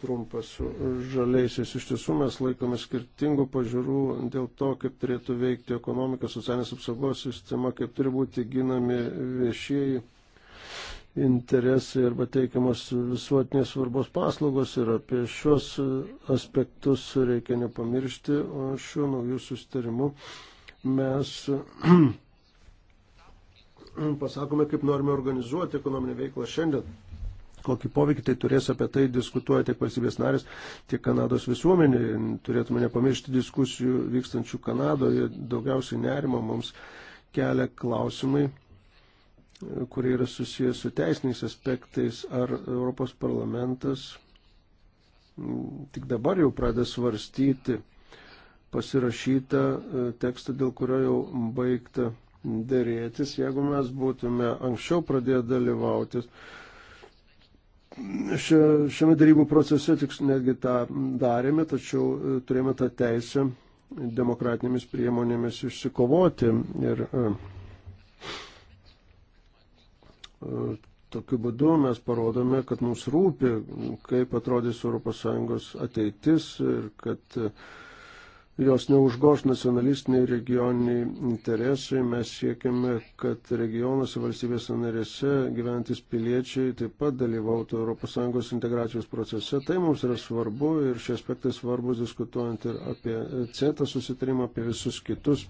trumpą su žaliaisiais. Iš tiesų mes laikome skirtingų pažiūrų dėl to, kaip turėtų veikti ekonomika, socialinės apsaugos sistema, kaip turi būti ginami viešieji interesai arba teikiamos visuotinės svarbos paslaugos ir apie šios aspektus reikia nepamiršti, o šiuo naujų sustarimu mes pasakome, kaip norime organizuoti ekonominę veiklą šiandien. Kokį poveikį tai turės apie tai diskutuoja tiek valstybės narės, tiek Kanados visuomenė. Turėtume nepamiršti diskusijų vykstančių Kanadoje. Daugiausiai nerimo mums kelia klausimai, kurie yra susijęs su teisiniais aspektais. Ar Europos parlamentas tik dabar jau pradeda svarstyti pasirašyta e, tekstą, dėl kurio jau baigta dėrėtis. Jeigu mes būtume anksčiau pradėję dalyvautis šiame darybų procese, tik netgi tą darėme, tačiau e, turėjome tą teisę demokratinėmis priemonėmis išsikovoti. Ir e, tokiu būdu mes parodome, kad mums rūpi, kaip atrodys ES ateitis ir kad uh, jos neužgoš nacionalistiniai regioniniai interesai. Mes siekiame, kad regionuose valstybės narėse gyventis piliečiai taip pat dalyvautų ES integracijos procese. Tai mums yra svarbu ir šie aspektai svarbus diskutuojant ir apie CETA susitarimą, apie visus kitus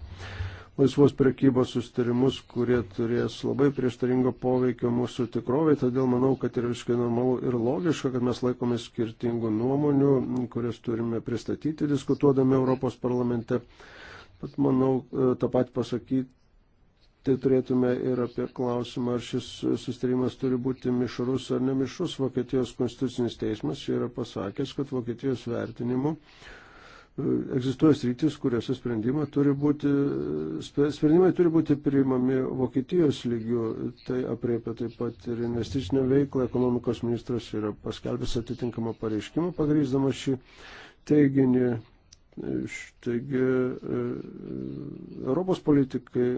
laisvos prekybos sustarimus, kurie turės labai prieštaringo poveikio mūsų tikroviai, todėl manau, kad yra visiškai normalu ir logiška, kad mes laikomės skirtingų nuomonių, kurias turime pristatyti diskutuodami Europos parlamente. Bet manau, e, tą patį pasakyti. Tai turėtume ir apie klausimą, ar šis sustarimas turi būti mišrus ar nemišrus. Vokietijos konstitucinis teismas yra pasakęs, kad Vokietijos vertinimu uh, egzistuoja sritis, kuriuose sprendimai turi būti, sprendimai turi būti priimami Vokietijos lygių. Tai apriepia taip pat ir investicinę veiklą. Ekonomikos ministras yra paskelbęs atitinkamą pareiškimą, pagrįsdamas šį teiginį. Taigi e, Europos politikai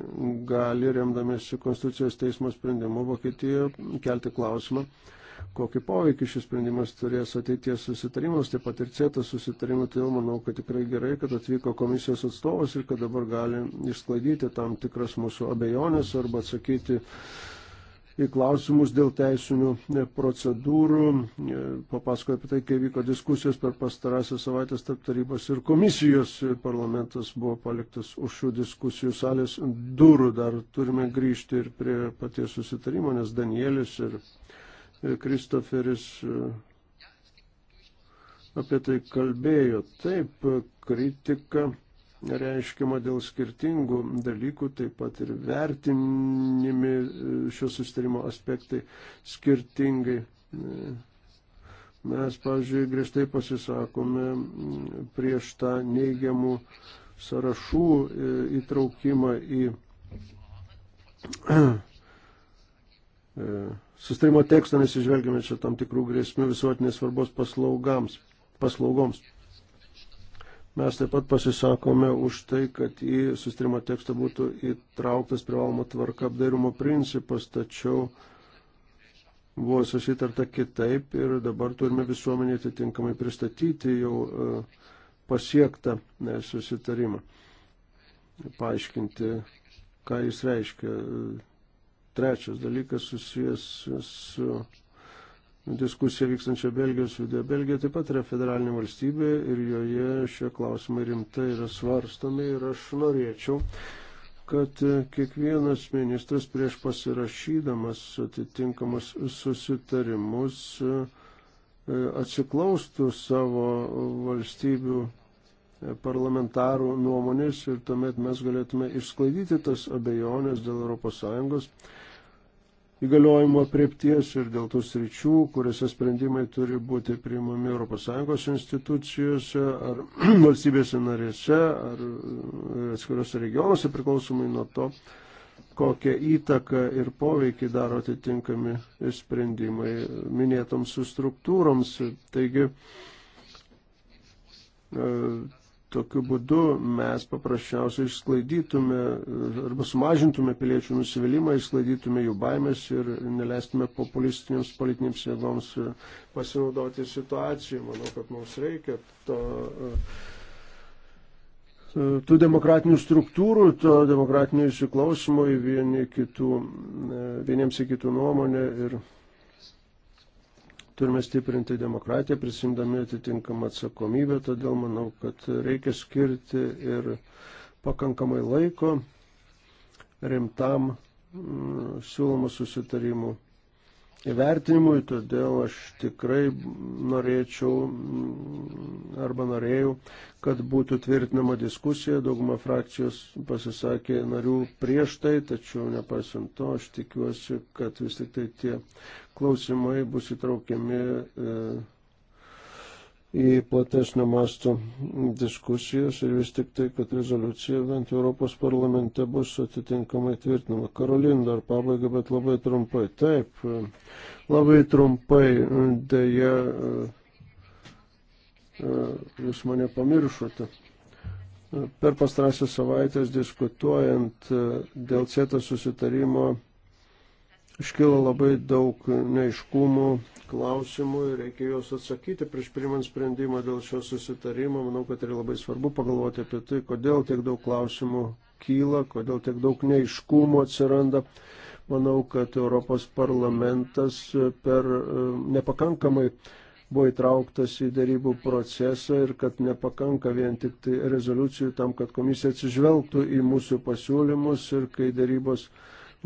gali, remdamėsi Konstitucijos teismo sprendimu, Vokietijoje kelti klausimą, kokį poveikį šis sprendimas turės ateities susitarimams, taip pat ir CETA susitarimai, todėl manau, kad tikrai gerai, kad atvyko komisijos atstovas ir kad dabar gali išsklaidyti tam tikras mūsų abejonės arba atsakyti į klausimus dėl teisinių e, procedūrų, e, papasakoja apie tai, kai vyko diskusijos per pastarąsią savaitę tarp tarybos ir komisijos. E, Parlamentas buvo paliktas už šių diskusijų salės durų. Dar turime grįžti ir prie paties susitarimo, nes Danielis ir Kristoferis e, apie tai kalbėjo. Taip, kritika reiškiama dėl skirtingų dalykų, taip pat ir vertinimi e, šio sustarimo aspektai skirtingai. Mes, pavyzdžiui, griežtai pasisakome prieš tą neigiamų sąrašų e, įtraukimą į E, sustarimo teksto nesižvelgiame čia tam tikrų grėsmių visuotinės svarbos paslaugams, paslaugoms. Mes taip pat pasisakome už tai, kad į sustarimo tekstą būtų įtrauktas privaloma tvarka apdairumo principas, tačiau buvo susitarta kitaip ir dabar turime visuomenį atitinkamai pristatyti jau e, pasiektą e, susitarimą, paaiškinti, ką jis reiškia Trečias dalykas susijęs su diskusija vykstančia Belgijos viduje. Belgija taip pat yra federalinė valstybė ir joje šie klausimai rimtai yra svarstomi ir aš norėčiau, kad kiekvienas ministras prieš pasirašydamas atitinkamas susitarimus e, atsiklaustų savo valstybių parlamentarų nuomonės ir tuomet mes galėtume išsklaidyti tas abejonės dėl ES įgaliojimo priepties ir dėl tų sričių, kuriuose sprendimai turi būti priimami ES institucijose ar valstybėse narėse ar e, atskiriuose regionuose priklausomai nuo to, kokią įtaką ir poveikį daro atitinkami sprendimai minėtoms struktūroms. Taigi, e, Tokiu būdu mes paprasčiausiai išsklaidytume arba sumažintume piliečių nusivylimą, išsklaidytume jų baimės ir neleistume populistinėms politinėms jėgoms e, pasinaudoti situaciją. Manau, kad mums reikia to, e, e, tų demokratinių struktūrų, to demokratinio įsiklausimo į vieni kitų, vieniems į kitų nuomonę ir Turime stiprinti demokratiją, prisimdami atitinkamą atsakomybę, todėl manau, kad reikia skirti ir pakankamai laiko rimtam mm, siūlomų susitarimų įvertinimui, todėl aš tikrai norėčiau arba norėjau, kad būtų tvirtinama diskusija. Dauguma frakcijos pasisakė narių prieš tai, tačiau nepaisant to, aš tikiuosi, kad vis tik tai tie klausimai bus įtraukiami. E, į platesnio masto diskusijas ir vis tik tai, kad rezoliucija bent Europos parlamente bus atitinkamai tvirtinama. Karolin, dar pabaiga, bet labai trumpai. Taip, labai trumpai, dėja, jūs mane pamiršote. Per pastarąsias savaitės diskutuojant dėl CETA susitarimo iškilo labai daug neiškumų klausimų ir reikia juos atsakyti prieš priimant sprendimą dėl šio susitarimo. Manau, kad yra labai svarbu pagalvoti apie tai, kodėl tiek daug klausimų kyla, kodėl tiek daug neiškumų atsiranda. Manau, kad Europos parlamentas per e, nepakankamai buvo įtrauktas į darybų procesą ir kad nepakanka vien tik tai rezoliucijų tam, kad komisija atsižvelgtų į mūsų pasiūlymus ir kai darybos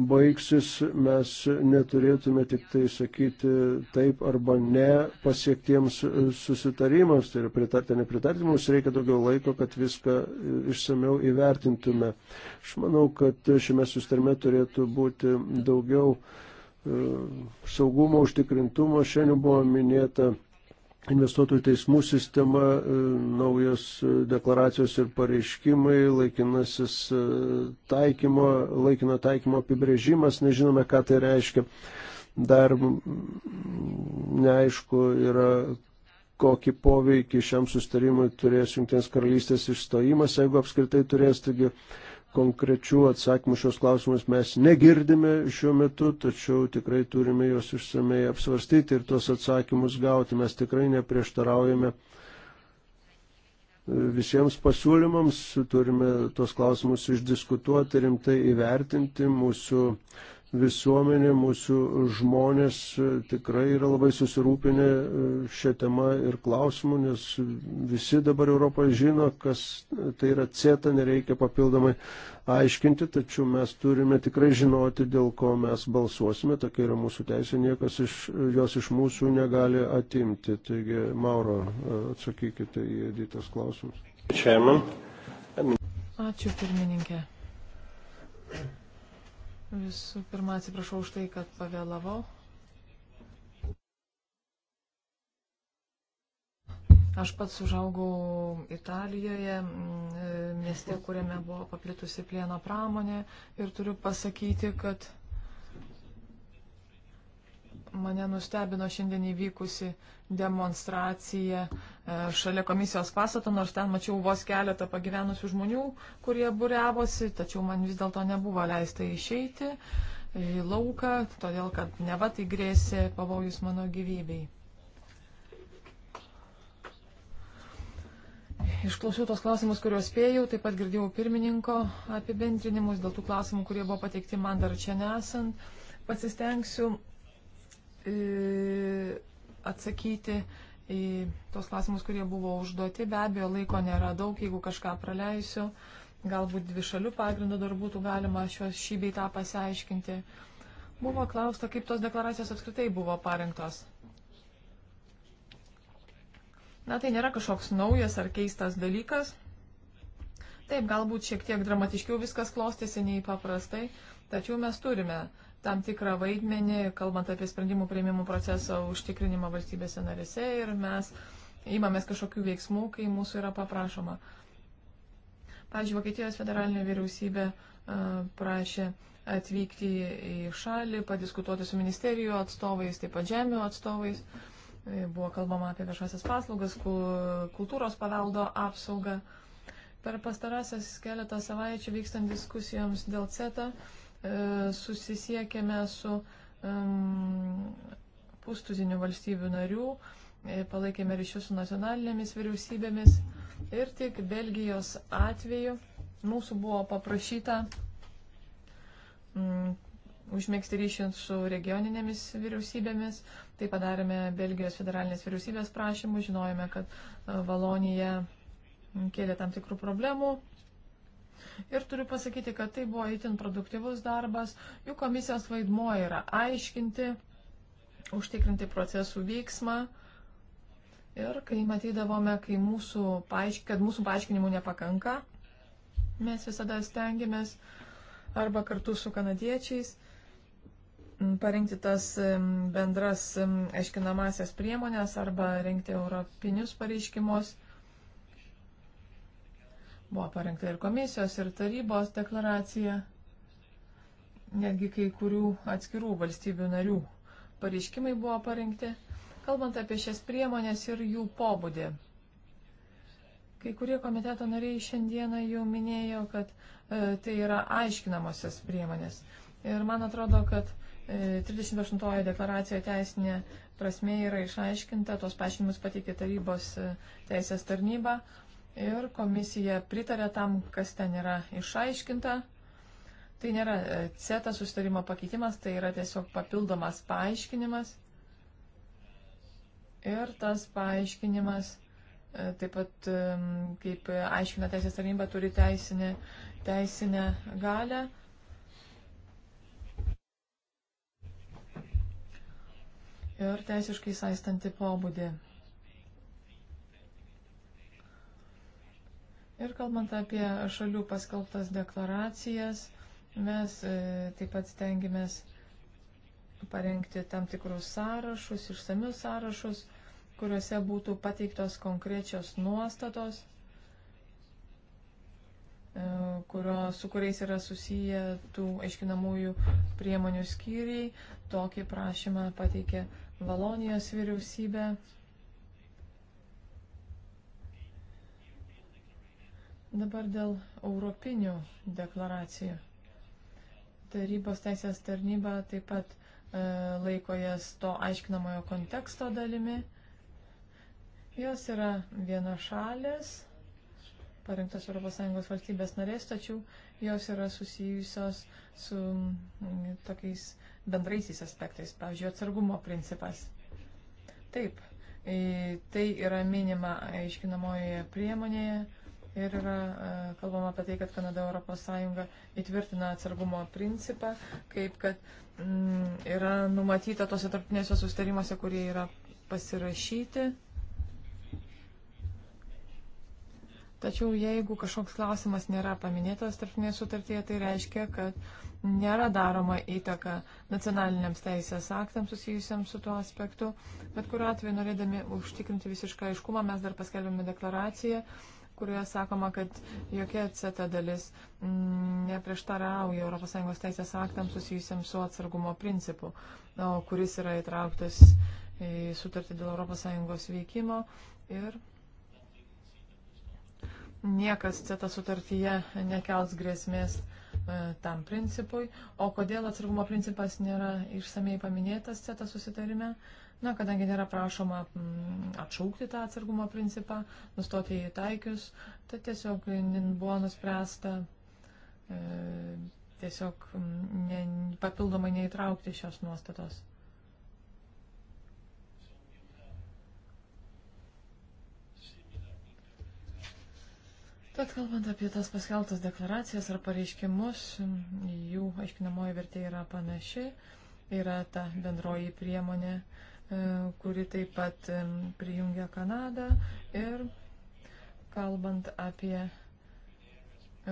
baigsis, mes neturėtume tik tai sakyti taip arba ne pasiektiems susitarimams, tai yra pritarti, nepritarti, mums reikia daugiau laiko, kad viską išsameu įvertintume. Aš manau, kad šiame susitarime turėtų būti daugiau e, saugumo užtikrintumo. Šiandien buvo minėta investuotojų teismų sistema, e, naujas e, deklaracijos ir pareiškimai, laikinasis e, taikymo, laikino taikymo apibrėžimas, nežinome, ką tai reiškia. Dar neaišku yra, kokį poveikį šiam sustarimui turės Junktinės karalystės išstojimas, jeigu apskritai turės, taigi konkrečių atsakymų šios klausimus mes negirdime šiuo metu, tačiau tikrai turime juos išsamei apsvarstyti ir tuos atsakymus gauti. Mes tikrai neprieštaraujame visiems pasiūlymams, turime tuos klausimus išdiskutuoti, rimtai įvertinti. Mūsų visuomenė, mūsų žmonės e, tikrai yra labai susirūpinę e, šią temą ir klausimų, nes visi dabar Europoje žino, kas tai yra CETA, nereikia papildomai aiškinti, tačiau mes turime tikrai žinoti, dėl ko mes balsuosime, tokia yra mūsų teisė, niekas iš, jos iš mūsų negali atimti. Taigi, Mauro, e, atsakykite į Editas klausimus. Ačiū pirmininkė. Thank you. Visų pirma, atsiprašau už tai, kad pavėlavau. Aš pats užaugau Italijoje, e, mieste, kuriame buvo paplitusi plieno pramonė ir turiu pasakyti, kad Mane nustebino šiandien įvykusi demonstracija e, šalia komisijos pastato, nors ten mačiau vos keletą pagyvenusių žmonių, kurie būriavosi, tačiau man vis dėlto nebuvo leista išeiti į lauką, todėl kad neva tai grėsė pavojus mano gyvybei. Išklausiau tos klausimus, kuriuos spėjau, taip pat girdėjau pirmininko apibendrinimus dėl tų klausimų, kurie buvo pateikti man dar čia nesant. Pasistengsiu atsakyti į tos klausimus, kurie buvo užduoti. Be abejo, laiko nėra daug, jeigu kažką praleisiu. Galbūt dvi šalių pagrindų dar būtų galima šios šį bei tą pasiaiškinti. Buvo klausta, kaip tos deklaracijos apskritai buvo parengtos. Na tai nėra kažkoks naujas ar keistas dalykas. Taip, galbūt šiek tiek dramatiškiau viskas klostėsi nei paprastai, tačiau mes turime tam tikrą vaidmenį, kalbant apie sprendimų prieimimų proceso užtikrinimą valstybėse narėse ir mes įmamės kažkokių veiksmų, kai mūsų yra paprašoma. Pavyzdžiui, Vokietijos federalinė vyriausybė prašė atvykti į šalį, padiskutuoti su ministerijų atstovais, taip pat žemių atstovais. E, buvo kalbama apie viešasias paslaugas, kultūros paveldo apsaugą. Per pastarąsias keletą savaičių vykstant diskusijoms dėl CETA, uh, E, susisiekėme su um, pustuzinių valstybių narių, e, palaikėme ryšius su nacionalinėmis vyriausybėmis ir tik Belgijos atveju mūsų buvo paprašyta um, užmėgsti ryšį su regioninėmis vyriausybėmis. Tai padarėme Belgijos federalinės vyriausybės prašymų, žinojome, kad e, Valonija kėlė tam tikrų problemų Ir turiu pasakyti, kad tai buvo itin produktyvus darbas. Jų komisijos vaidmuo yra aiškinti, užtikrinti procesų veiksmą. Ir kai matydavome, kai mūsų paaišk... kad mūsų paaiškinimų nepakanka, mes visada stengiamės arba kartu su kanadiečiais parengti tas bendras aiškinamasias priemonės arba rengti europinius pareiškimus. Buvo parengta ir komisijos, ir tarybos deklaracija, netgi kai kurių atskirų valstybių narių pareiškimai buvo parengti, kalbant apie šias priemonės ir jų pobūdį. Kai kurie komiteto nariai šiandieną jau minėjo, kad e, tai yra aiškinamosios priemonės. Ir man atrodo, kad 38 e, deklaracijoje teisinė prasme yra išaiškinta, tuos paaiškinimus pateikė tarybos e, teisės tarnyba, ir komisija pritarė tam, kas ten yra išaiškinta. Tai nėra e, CETA sustarimo pakeitimas, tai yra tiesiog papildomas paaiškinimas. Ir tas paaiškinimas, e, taip pat e, kaip aiškina teisės tarnyba, turi teisinę, teisinę galę. Ir teisiškai saistanti pobūdį. Ir kalbant apie šalių paskelbtas deklaracijas, mes e, taip pat stengiamės parengti tam tikrus sąrašus, išsamius sąrašus, kuriuose būtų pateiktos konkrečios nuostatos, e, kurio, su kuriais yra susiję tų aiškinamųjų priemonių skyriai. Tokį prašymą pateikė Valonijos vyriausybė. Dabar dėl europinių deklaracijų. Tarybos teisės tarnyba taip pat e, laiko jas to aiškinamojo konteksto dalimi. Jos yra viena šalis, parinktos ES valstybės narės, tačiau jos yra susijusios su m, mm, tokiais bendraisiais aspektais, pavyzdžiui, atsargumo principas. Taip, e, tai yra minima aiškinamojoje priemonėje Ir yra e, kalbama apie tai, kad Kanada Europos Sąjunga įtvirtina atsargumo principą, kaip kad m, mm, yra numatyta tose tarptinėse sustarimuose, kurie yra pasirašyti. Tačiau jeigu kažkoks klausimas nėra paminėtas tarptinėje sutartyje, tai reiškia, kad nėra daroma įtaka nacionaliniams teisės aktams susijusiams su tuo aspektu. Bet kuriuo atveju, norėdami užtikrinti visišką aiškumą, mes dar paskelbėme deklaraciją kurioje sakoma, kad jokia CETA dalis mm, neprieštarauja ES teisės aktams susijusiams su atsargumo principu, o kuris yra įtrauktas į sutartį dėl ES veikimo. Ir niekas CETA sutartyje nekels grėsmės e, tam principui. O kodėl atsargumo principas nėra išsamei paminėtas CETA susitarime? Uh, Na, kadangi nėra prašoma mm, atšaukti tą atsargumo principą, nustoti jį taikius, tai tiesiog buvo nuspręsta e, tiesiog mm, ne, papildomai neįtraukti šios nuostatos. Tad kalbant apie tas paskeltas deklaracijas ar pareiškimus, jų aiškinamoji vertė yra panaši, yra ta bendroji priemonė, e, E, kuri taip pat e, prijungia Kanadą ir kalbant apie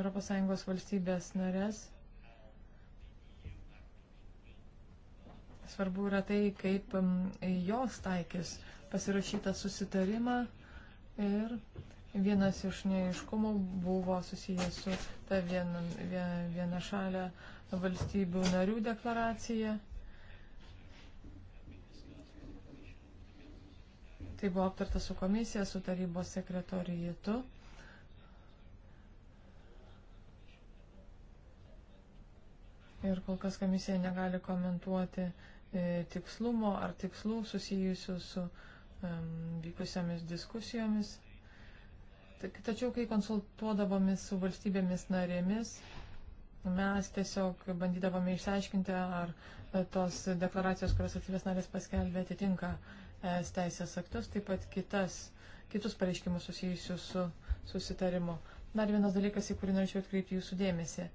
ES valstybės narės. Svarbu yra tai, kaip jos taikys pasirašytą susitarimą ir vienas iš neiškumų buvo susijęs su ta viena, viena šalia valstybių narių deklaracija. Tai buvo aptarta su komisija, su tarybos sekretorijatu. Ir kol kas komisija negali komentuoti e, tikslumo ar tikslų susijusių su um, vykusiamis diskusijomis. Tačiau, kai konsultuodavomis su valstybėmis narėmis, mes tiesiog bandydavome išsiaiškinti, ar e, tos deklaracijos, kurias valstybės narės paskelbė, atitinka uh, ES teisės aktus, taip pat kitas, kitus pareiškimus susijusius su susitarimu. Dar vienas dalykas, į kurį norėčiau atkreipti jūsų dėmesį.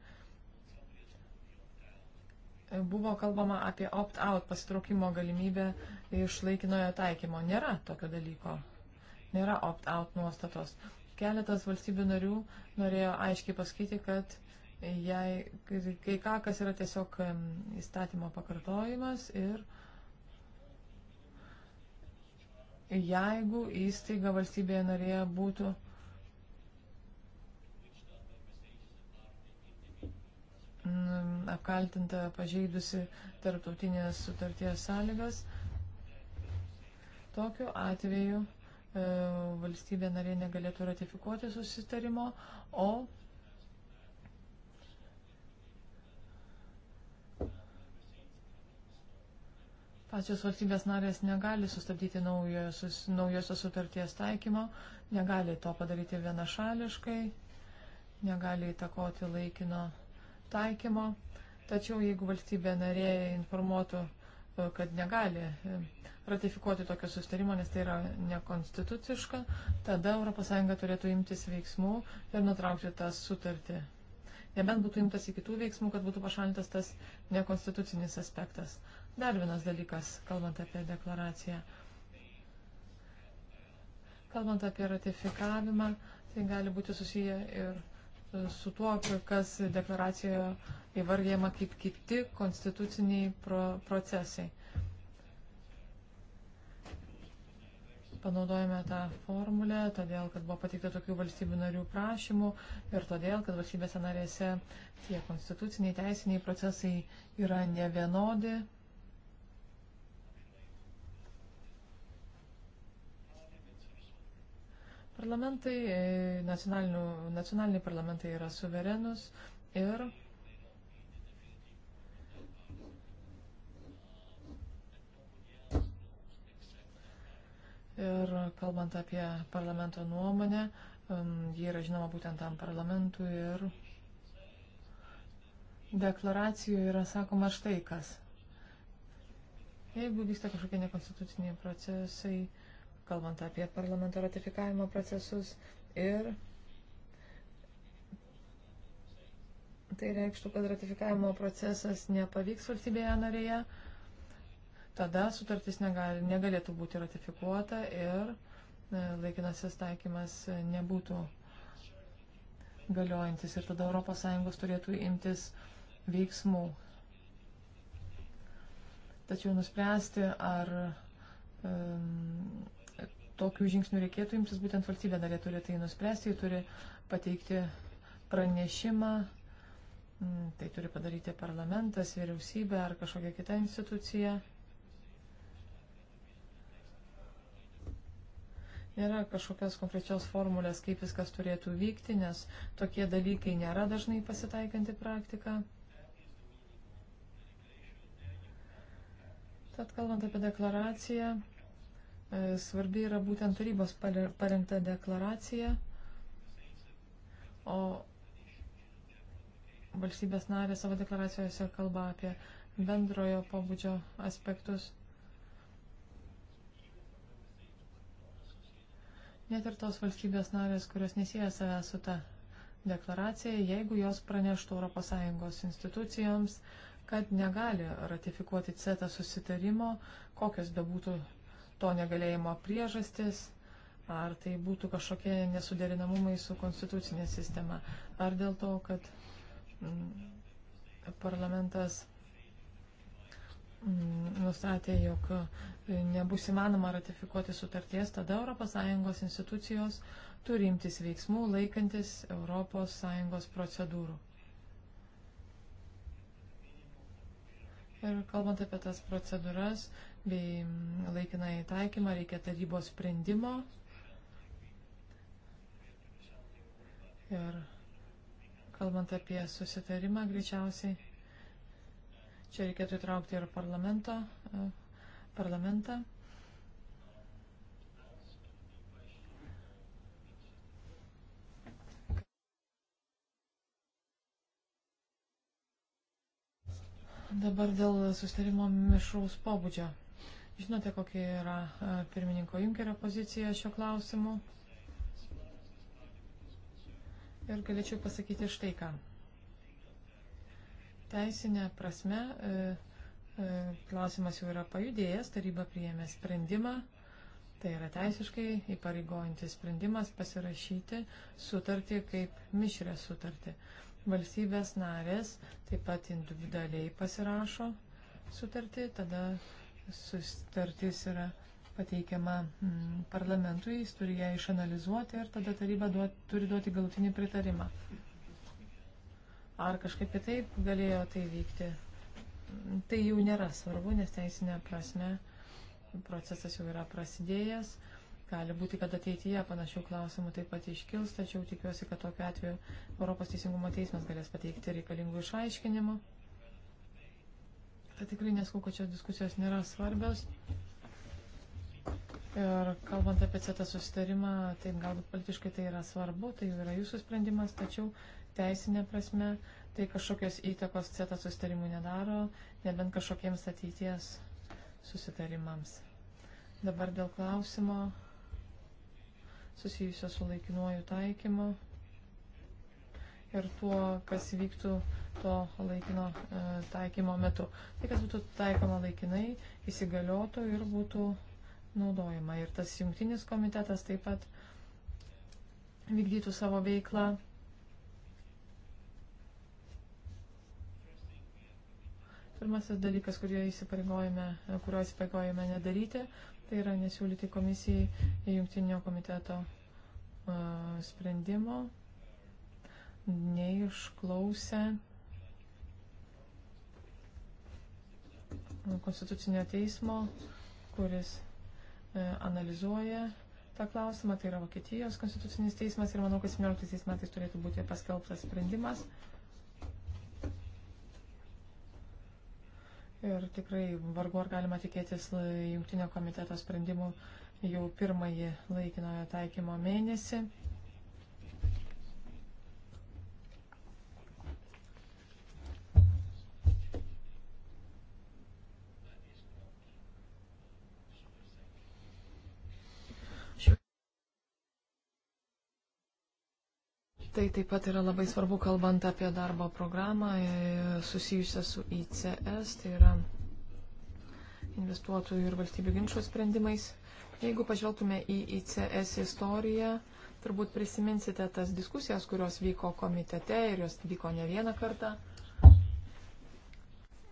Buvo kalbama apie opt-out pasitraukimo galimybę iš laikinojo taikymo. Nėra tokio dalyko. Nėra opt-out nuostatos. Keletas valstybių narių norėjo aiškiai pasakyti, kad jei kai ką, kas yra tiesiog įstatymo pakartojimas ir uh, jeigu įstaiga valstybėje narėje būtų apkaltinta pažeidusi tarptautinės sutarties sąlygas, tokiu atveju e, valstybė narė negalėtų ratifikuoti susitarimo, o Pačios valstybės narės negali sustabdyti naujosios, naujosios sutarties taikymo, negali to padaryti vienašališkai, negali įtakoti laikino taikymo. Tačiau jeigu valstybė narė informuotų, e, kad negali e, ratifikuoti tokio sustarimo, nes tai yra nekonstituciška, tada ES turėtų imtis veiksmų ir nutraukti tą sutartį. Nebent būtų imtas į kitų veiksmų, kad būtų pašalintas tas nekonstitucinis aspektas. Dar vienas dalykas, kalbant apie deklaraciją. Kalbant apie ratifikavimą, tai gali būti susiję ir su tuo, kas deklaracijoje įvardyjama kaip kiti konstituciniai pro procesai. Panaudojame tą formulę, todėl, kad buvo patikta tokių valstybių narių prašymų ir todėl, kad valstybėse narėse tie konstituciniai teisiniai procesai yra nevienodi. Parlamentai, e, nacionaliniai parlamentai yra suverenus ir Ir kalbant apie parlamento nuomonę, um, jie yra žinoma būtent tam parlamentui ir deklaracijoje yra sakoma štai kas. Jeigu vyksta kažkokie nekonstituciniai procesai, kalbant apie parlamento ratifikavimo procesus ir tai reikštų, kad ratifikavimo procesas nepavyks valstybėje narėje, tada sutartis negali, negalėtų būti ratifikuota ir e, laikinasis taikymas nebūtų galiojantis ir tada ES turėtų imtis veiksmų. Tačiau nuspręsti, ar um, tokių žingsnių reikėtų imtis, būtent valstybė narė turi tai nuspręsti, turi pateikti pranešimą, mm, tai turi padaryti parlamentas, vyriausybė ar kažkokia kita institucija. Nėra kažkokios konkrečios formulės, kaip viskas turėtų vykti, nes tokie dalykai nėra dažnai pasitaikanti praktika. Tad kalbant apie deklaraciją, E, svarbi yra būtent tarybos parengta deklaracija, o valstybės narė savo deklaracijose kalba apie bendrojo pobūdžio aspektus. Net ir tos valstybės narės, kurios nesieja save su ta deklaracija, jeigu jos praneštų ES institucijoms, kad negali ratifikuoti CETA susitarimo, kokios bebūtų to negalėjimo priežastis, ar tai būtų kažkokie nesuderinamumai su konstitucinė sistema, ar dėl to, kad mm, parlamentas mm, nustatė, jog e, nebus įmanoma ratifikuoti sutarties, tada ES institucijos turi imtis veiksmų laikantis ES procedūrų. Ir kalbant apie tas procedūras, bei laikinai taikymą, reikia tarybos sprendimo. Ir kalbant apie susitarimą, greičiausiai čia reikėtų įtraukti ir parlamento, parlamentą. Dabar dėl sustarimo mišraus pobūdžio. Žinote, kokia yra e, pirmininko Junkerio pozicija šio klausimu. Ir galėčiau pasakyti štai ką. Teisinė prasme e, e, klausimas jau yra pajudėjęs, taryba priėmė sprendimą. Tai yra teisiškai įpareigojantis sprendimas pasirašyti sutartį kaip mišrę sutartį. Valstybės narės taip pat individualiai pasirašo sutartį, tada sustartis yra pateikiama mm, parlamentui, jis turi ją išanalizuoti ir tada taryba duot, turi duoti galutinį pritarimą. Ar kažkaip kitaip galėjo tai vykti? Tai jau nėra svarbu, nes teisinė prasme procesas jau yra prasidėjęs. Gali būti, kad ateityje panašių klausimų taip pat iškils, tačiau tikiuosi, kad tokiu atveju Europos Teisingumo teismas galės pateikti reikalingų išaiškinimų. Tai tikrai neskau, kad šios diskusijos nėra svarbios. Ir kalbant apie CETA susitarimą, taip galbūt politiškai tai yra svarbu, tai jau yra jūsų sprendimas, tačiau teisinė prasme tai kažkokios įtakos CETA susitarimų nedaro, nebent kažkokiems ateities susitarimams. Dabar dėl klausimo susijusio su laikinuoju taikymu ir tuo, kas vyktų to laikino e, taikymo metu. Tai, kas būtų taikoma laikinai, įsigaliotų ir būtų naudojama. Ir tas jungtinis komitetas taip pat vykdytų savo veiklą. Pirmasis dalykas, kurio įsipareigojame, kurio įsipareigojame nedaryti, tai yra nesiūlyti komisijai jungtinio komiteto uh, sprendimo nei išklausę Konstitucinio teismo, kuris e, analizuoja tą klausimą, tai yra Vokietijos konstitucinis teismas ir manau, kad 17 metais turėtų būti paskelbtas sprendimas. Ir tikrai vargu ar galima tikėtis jungtinio komiteto sprendimų jau pirmąjį laikinojo taikymo mėnesį. Tai taip pat yra labai svarbu, kalbant apie darbo programą e, susijusią su ICS, tai yra investuotojų ir valstybių ginčių sprendimais. Jeigu pažvelgtume į ICS istoriją, turbūt prisiminsite tas diskusijas, kurios vyko komitete ir jos vyko ne vieną kartą.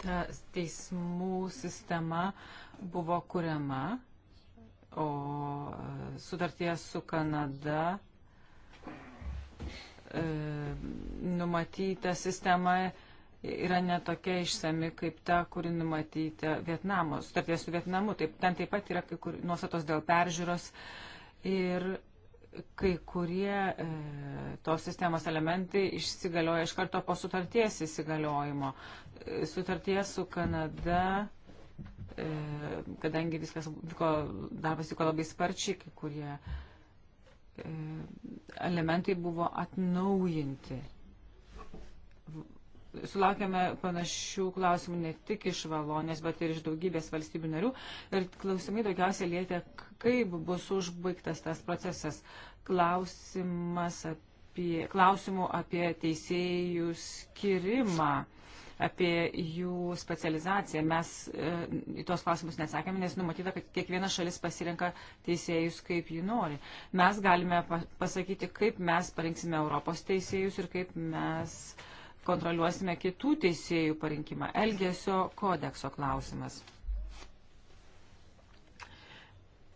Ta teismų sistema buvo kuriama, o e, sutarties su Kanada E, numatyta sistema yra netokia išsami kaip ta, kuri numatyta Vietnamo, sutarties su Vietnamu. Taip, ten taip pat yra kai kur nuostatos dėl peržiūros ir kai kurie e, tos sistemos elementai išsigalioja iš karto po sutarties įsigaliojimo. E, sutarties su Kanada, e, kadangi viskas vyko, darbas vyko labai sparčiai, kai kurie e, E, elementai buvo atnaujinti. Sulaukėme panašių klausimų ne tik iš Valonės, bet ir iš daugybės valstybių narių. Ir klausimai daugiausiai lietė, kaip bus užbaigtas tas procesas. Klausimas apie, klausimų apie teisėjų skirimą apie jų specializaciją. Mes e, į tuos klausimus nesakėme, nes numatyta, kad kiekviena šalis pasirenka teisėjus, kaip jų nori. Mes galime pasakyti, kaip mes parinksime Europos teisėjus ir kaip mes kontroliuosime kitų teisėjų parinkimą. Elgesio kodekso klausimas.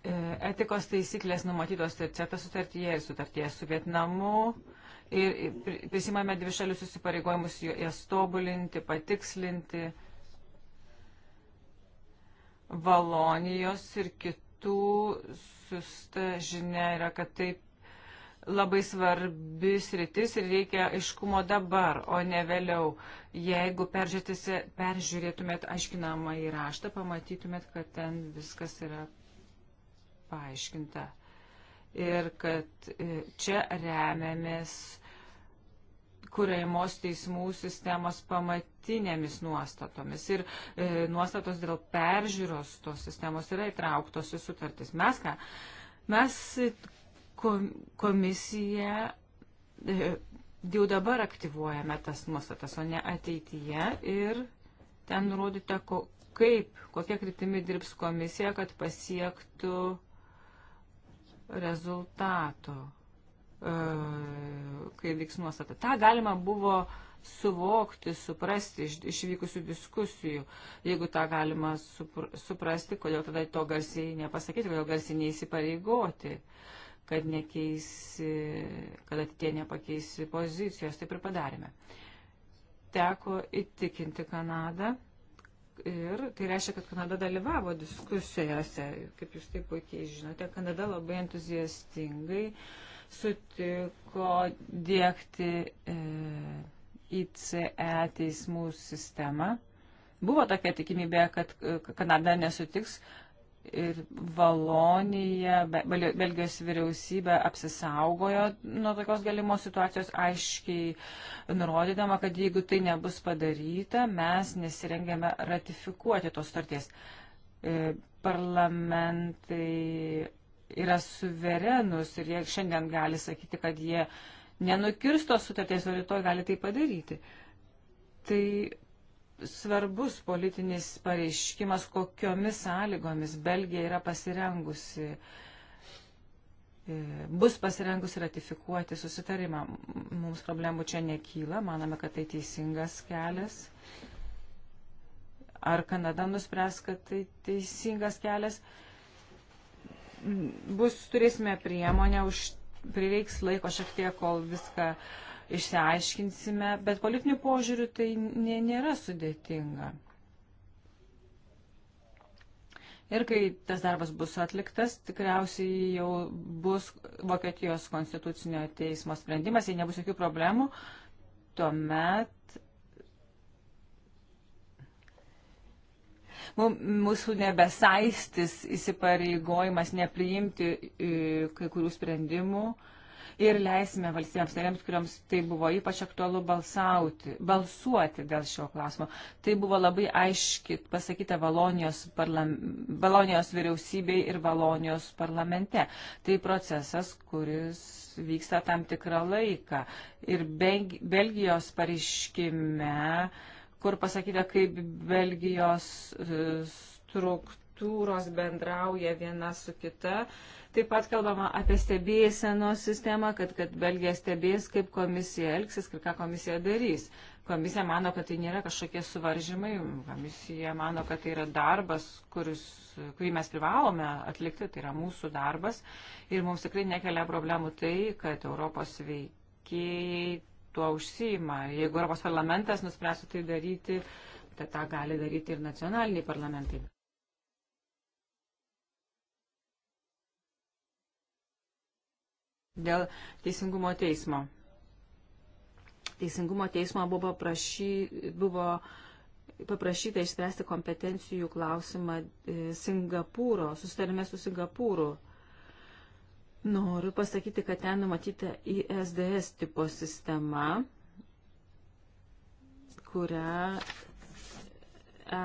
E, etikos taisyklės numatytos CETA sutartyje ir sutartyje su Vietnamu. E, ir prisimame dvišalius susipareigojimus jas tobulinti, patikslinti. Valonijos ir kitų susta žinia yra, kad taip labai svarbi sritis ir reikia aiškumo dabar, o ne vėliau. Jeigu peržiūrėtumėt aiškinamą įraštą, pamatytumėt, kad ten viskas yra paaiškinta ir kad e, čia remiamės kuriamos teismų sistemos pamatinėmis nuostatomis. Ir e, nuostatos dėl peržiūros tos sistemos yra įtrauktos į sutartis. Mes ką? Mes komisija e, jau dabar aktyvuojame tas nuostatas, o ne ateityje. Ir ten nurodyta, ko, kaip, kokia kryptimi dirbs komisija, kad pasiektų rezultato, e, kai vyks nuostata. Ta galima buvo suvokti, suprasti iš, išvykusių diskusijų. Jeigu tą galima supr suprasti, kodėl tada to garsiai nepasakyti, kodėl garsiai neįsipareigoti, kad, nekeisi, kad atitie nepakeisi pozicijos, taip ir padarėme. Teko įtikinti Kanadą ir tai reiškia, kad Kanada dalyvavo diskusijose, kaip jūs taip puikiai žinote, Kanada labai entuziastingai sutiko dėkti e, ICE teismų sistemą. Buvo tokia tikimybė, kad e, Kanada nesutiks, ir Valonija, Belgijos vyriausybė apsisaugojo nuo tokios galimos situacijos, aiškiai nurodydama, kad jeigu tai nebus padaryta, mes nesirengėme ratifikuoti tos starties. E, parlamentai yra suverenus ir jie šiandien gali sakyti, kad jie nenukirsto sutarties, o rytoj gali tai padaryti. Tai svarbus politinis pareiškimas, kokiomis sąlygomis Belgija yra pasirengusi, e, bus pasirengusi ratifikuoti susitarimą. Mums problemų čia nekyla, manome, kad tai teisingas kelias. Ar Kanada nuspręs, kad tai teisingas kelias? Bus, turėsime priemonę, už, prireiks laiko šiek tiek, kol viską uh, išsiaiškinsime, bet politinių požiūrių tai nė, nėra sudėtinga. Ir kai tas darbas bus atliktas, tikriausiai jau bus Vokietijos konstitucinio teismo sprendimas, jei nebus jokių problemų, tuomet mūsų nebesaistis įsipareigojimas nepriimti e, kai kurių sprendimų ir leisime valstybėms narėms, kuriams tai buvo ypač aktualu balsauti, balsuoti dėl šio klausimo. Tai buvo labai aiški pasakyta Valonijos, parlam, Valonijos vyriausybei ir Valonijos parlamente. Tai procesas, kuris vyksta tam tikrą laiką. Ir Belgijos pareiškime kur pasakyta, kaip Belgijos e, struktūra agentūros bendrauja viena su kita. Taip pat kalbama apie stebėsenos sistemą, kad, kad Belgija stebės, kaip komisija elgsis ir ką komisija darys. Komisija mano, kad tai nėra kažkokie suvaržymai, komisija mano, kad tai yra darbas, kuris, kurį mes privalome atlikti, tai yra mūsų darbas ir mums tikrai nekelia problemų tai, kad Europos veikėjai tuo užsima. Jeigu Europos parlamentas nuspręstų tai daryti, tai tą gali daryti ir nacionaliniai parlamentai. dėl teisingumo teismo. Teisingumo teismo buvo, prašy, buvo paprašyta išspręsti kompetencijų klausimą e, Singapūro, susitarime su Singapūru. Noriu pasakyti, kad ten numatyta ISDS tipo sistema, kurią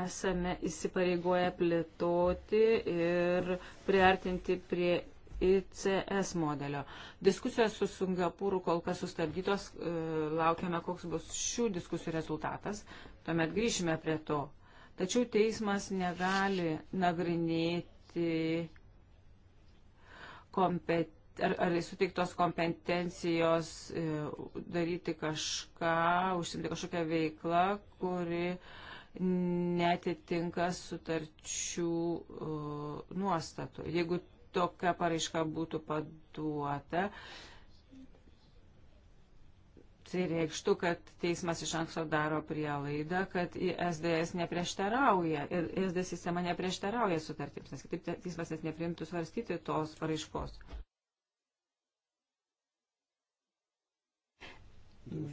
esame įsipareigoję plėtoti ir priartinti prie ICS modelio. Diskusijos su Singapūru kol kas sustabdytos, e, laukiame, koks bus šių diskusijų rezultatas, tuomet grįšime prie to. Tačiau teismas negali nagrinėti kompetencijų ar, ar suteiktos kompetencijos e, daryti kažką, užsimti kažkokią veiklą, kuri netitinka sutarčių e, nuostatų. Jeigu tokia paraiška būtų paduota, tai reikštų, kad teismas iš anksto daro prielaidą, kad SDS neprieštarauja ir SDS sistema neprieštarauja sutartims, nes kitaip teismas net neprimtų svarstyti tos paraiškos.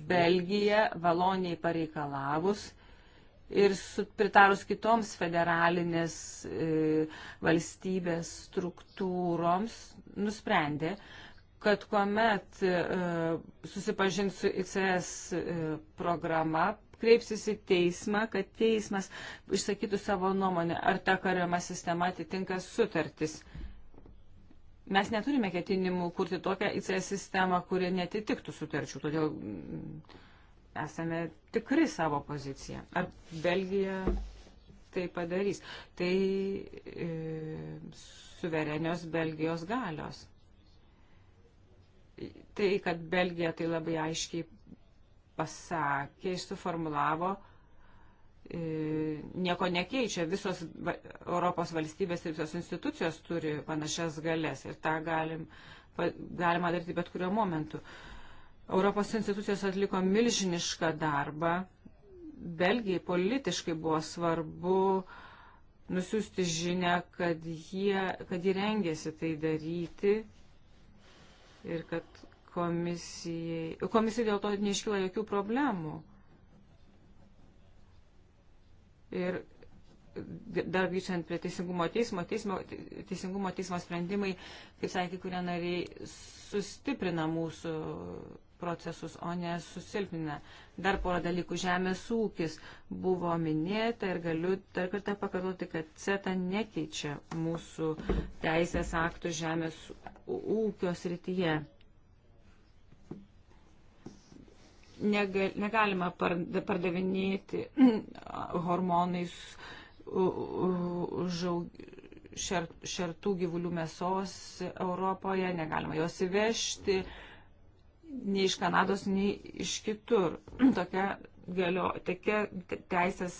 Belgija Valonijai pareikalavus ir pritarus kitoms federalinės e, valstybės struktūroms nusprendė, kad kuomet e, susipažins su ICS e, programa, kreipsis į teismą, kad teismas išsakytų savo nuomonę, ar ta kariama sistema atitinka sutartis. Mes neturime ketinimų kurti tokią ICS sistemą, kuri netitiktų sutarčių, todėl mm, esame tikri savo poziciją. Ar Belgija tai padarys? Tai e, suverenios Belgijos galios. Tai, kad Belgija tai labai aiškiai pasakė, suformulavo, e, nieko nekeičia. Visos Europos valstybės ir visos institucijos turi panašias galės ir tą galim, galima daryti bet kuriuo momentu. E, Europos institucijos atliko milžinišką darbą. Belgijai politiškai buvo svarbu nusiųsti žinę, kad jie, kad jie rengėsi tai daryti ir kad komisijai, komisijai dėl to neiškyla jokių problemų. Ir dar grįžtant prie teisingumo teismo, teismo, teisingumo teismo sprendimai, kaip sakė, kurie nariai sustiprina mūsų procesus, o ne susilpnina. Dar porą dalykų. Žemės ūkis buvo minėta ir galiu dar kartą pakartoti, kad CETA nekeičia mūsų teisės aktų žemės ūkio srityje. Negalima pardavinėti hormonais šertų gyvulių mėsos Europoje, negalima jos įvežti nei iš Kanados, nei iš kitur. Tokia, galio, tokia teisės,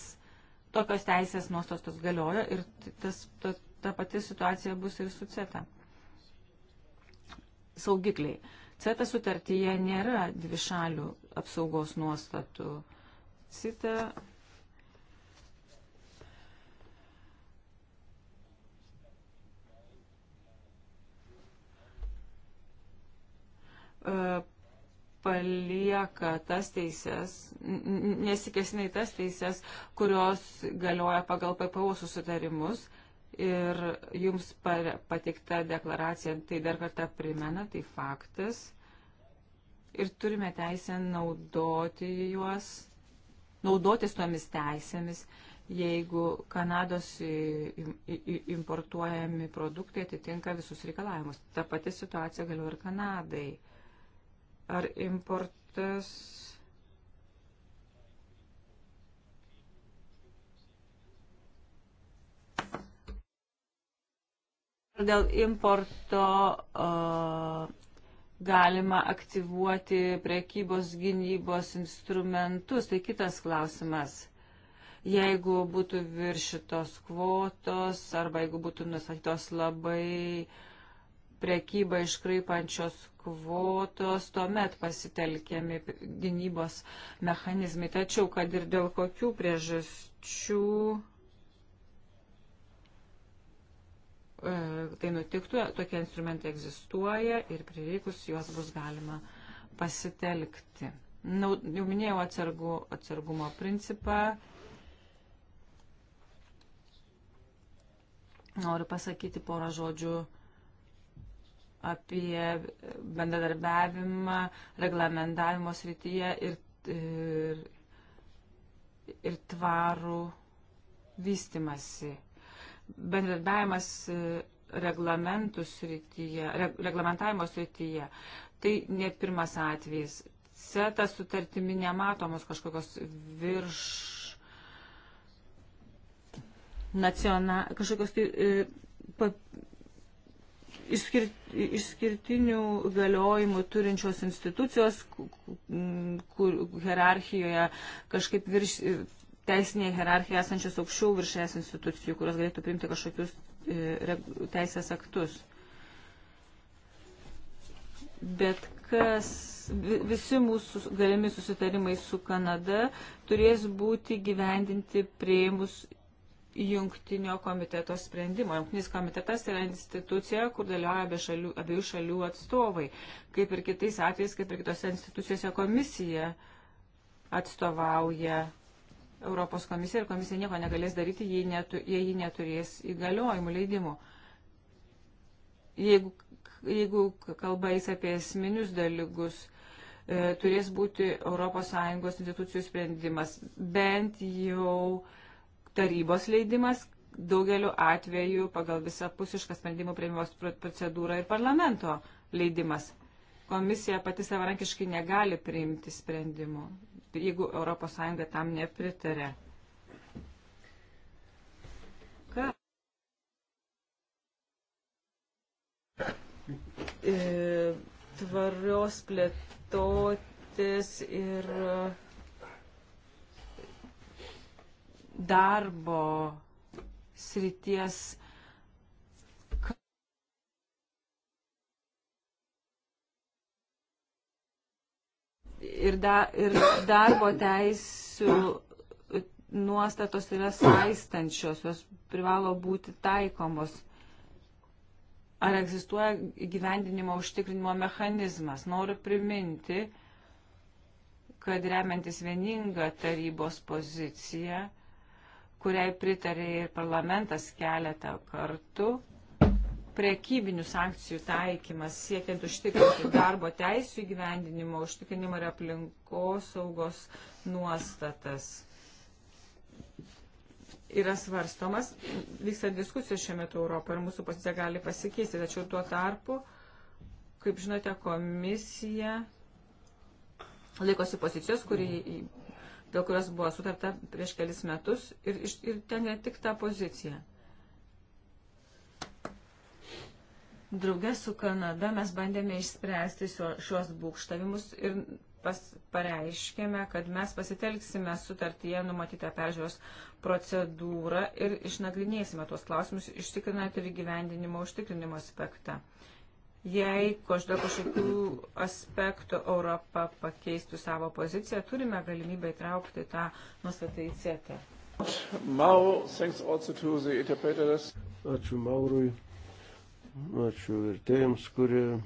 tokios teisės nuostatos galioja ir tas, ta, ta pati situacija bus ir su CETA. Saugikliai. CETA sutartyje nėra dvišalių apsaugos nuostatų. CETA uh, palieka tas teises, nesikesina į tas teises, kurios galioja pagal PPO susitarimus. Ir jums patikta deklaracija tai dar kartą primena, tai faktas. Ir turime teisę naudoti juos, naudotis tomis teisėmis, jeigu Kanados importuojami produktai atitinka visus reikalavimus. Ta pati situacija galiu ir Kanadai ar importas dėl importo uh, galima aktyvuoti prekybos gynybos instrumentus, tai kitas klausimas. Jeigu būtų viršytos kvotos arba jeigu būtų nusakytos labai uh, priekybą iškraipančios kvotos, tuomet pasitelkiami gynybos mechanizmai. Tačiau, kad ir dėl kokių priežasčių e, tai nutiktų, tokie instrumentai egzistuoja ir prireikus juos bus galima pasitelkti. Na, jau minėjau atsargu, atsargumo principą. Noriu pasakyti porą žodžių apie bendradarbiavimą reglamentavimo srityje ir, ir, ir tvarų vystimasi. Bendradarbiavimas reglamentų srityje, reglamentavimo srityje, tai ne pirmas atvejis. CETA sutartimi nematomos kažkokios virš nacional, kažkokios tai, e, pa, išskir, išskirtinių galiojimų turinčios institucijos, kur hierarchijoje kažkaip virš teisinėje hierarchijoje esančios aukščiau viršės institucijų, kurios galėtų priimti kažkokius e, teisės aktus. Bet kas, visi mūsų galimi susitarimai su Kanada turės būti gyvendinti prieimus jungtinio komiteto sprendimo. Jungtinis komitetas yra institucija, kur dalyvauja šalių, abiejų šalių atstovai. Kaip ir kitais atvejais, kaip ir kitose institucijose komisija atstovauja Europos komisija ir komisija nieko negalės daryti, jei, netu, jei ji neturės įgaliojimų leidimų. Jeigu, jeigu kalba eis apie esminius dalykus, e, turės būti ES institucijų sprendimas. Bent jau e, tarybos leidimas, daugeliu atveju pagal visapusišką sprendimų prieimimos procedūrą ir parlamento leidimas. Komisija pati savarankiškai negali priimti sprendimų, jeigu ES tam nepritarė. Ką? E, tvarios plėtotės ir. Uh, darbo srities. Ir, da, ir darbo teisų nuostatos yra saistančios, jos privalo būti taikomos. Ar egzistuoja gyvendinimo užtikrinimo mechanizmas? Noriu priminti, kad remiantis vieningą tarybos poziciją, kuriai pritarė ir parlamentas keletą kartų. Prekybinių sankcijų taikymas siekiant užtikrinti darbo teisų įgyvendinimo, užtikrinimo ir aplinkos saugos nuostatas yra svarstomas. Vyksta diskusijos šiuo metu Europoje ir mūsų pozicija gali pasikeisti. Tačiau tuo tarpu, kaip žinote, komisija laikosi pozicijos, kuri dėl kurios buvo sutarta prieš kelis metus ir, ir ten yra tik ta pozicija. Drauge su Kanada mes bandėme išspręsti šios būkštavimus ir pas, pareiškėme, kad mes pasitelksime sutartyje numatytą peržiūros procedūrą ir išnagrinėsime tuos klausimus, ištikrinant ir gyvendinimo užtikrinimo aspektą. Jei dėl kažkokių aspektų Europa pakeistų savo poziciją, turime galimybę įtraukti tą nuostatą į CETA. Ačiū Maurui, ačiū vertėjams, kurie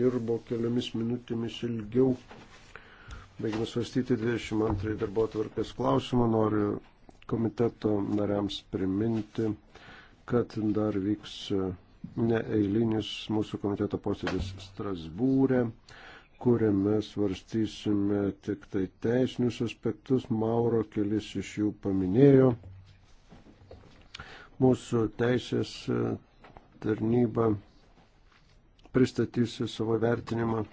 dirbo keliomis minutėmis ilgiau. Baigime svarstyti 22 darbo atvarkės klausimą. Noriu komiteto nariams priminti, kad dar vyks neeilinis mūsų komiteto posėdis Strasbūrė, kuriame svarstysime tik tai teisinius aspektus. Mauro kelis iš jų paminėjo. Mūsų teisės tarnyba pristatysi savo vertinimą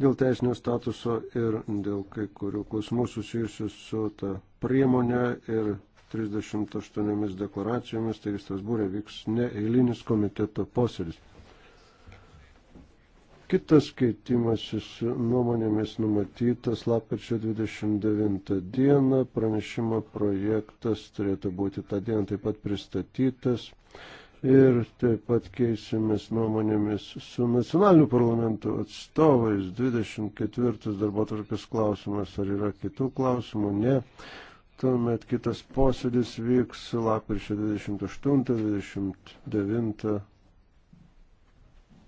dėl teisinio statuso ir dėl kai kurių klausimų susijusių su ta priemonė ir 38 deklaracijomis, taigi Strasbūrė vyks neeilinis komiteto posėdis. Kitas keitimasis nuomonėmis numatytas lapkričio 29 dieną, pranešimo projektas turėtų būti tą dieną taip pat pristatytas ir taip pat keisimės nuomonėmis su nacionaliniu parlamentu atstovais. 24 darbo tvarkas klausimas, ar yra kitų klausimų, ne. Tuomet kitas posėdis vyks lapkričio 28-29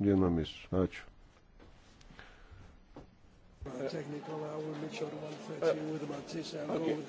dienomis. Ačiū. Uh, technical hour, make sure 1.30 uh, with Matisse and okay.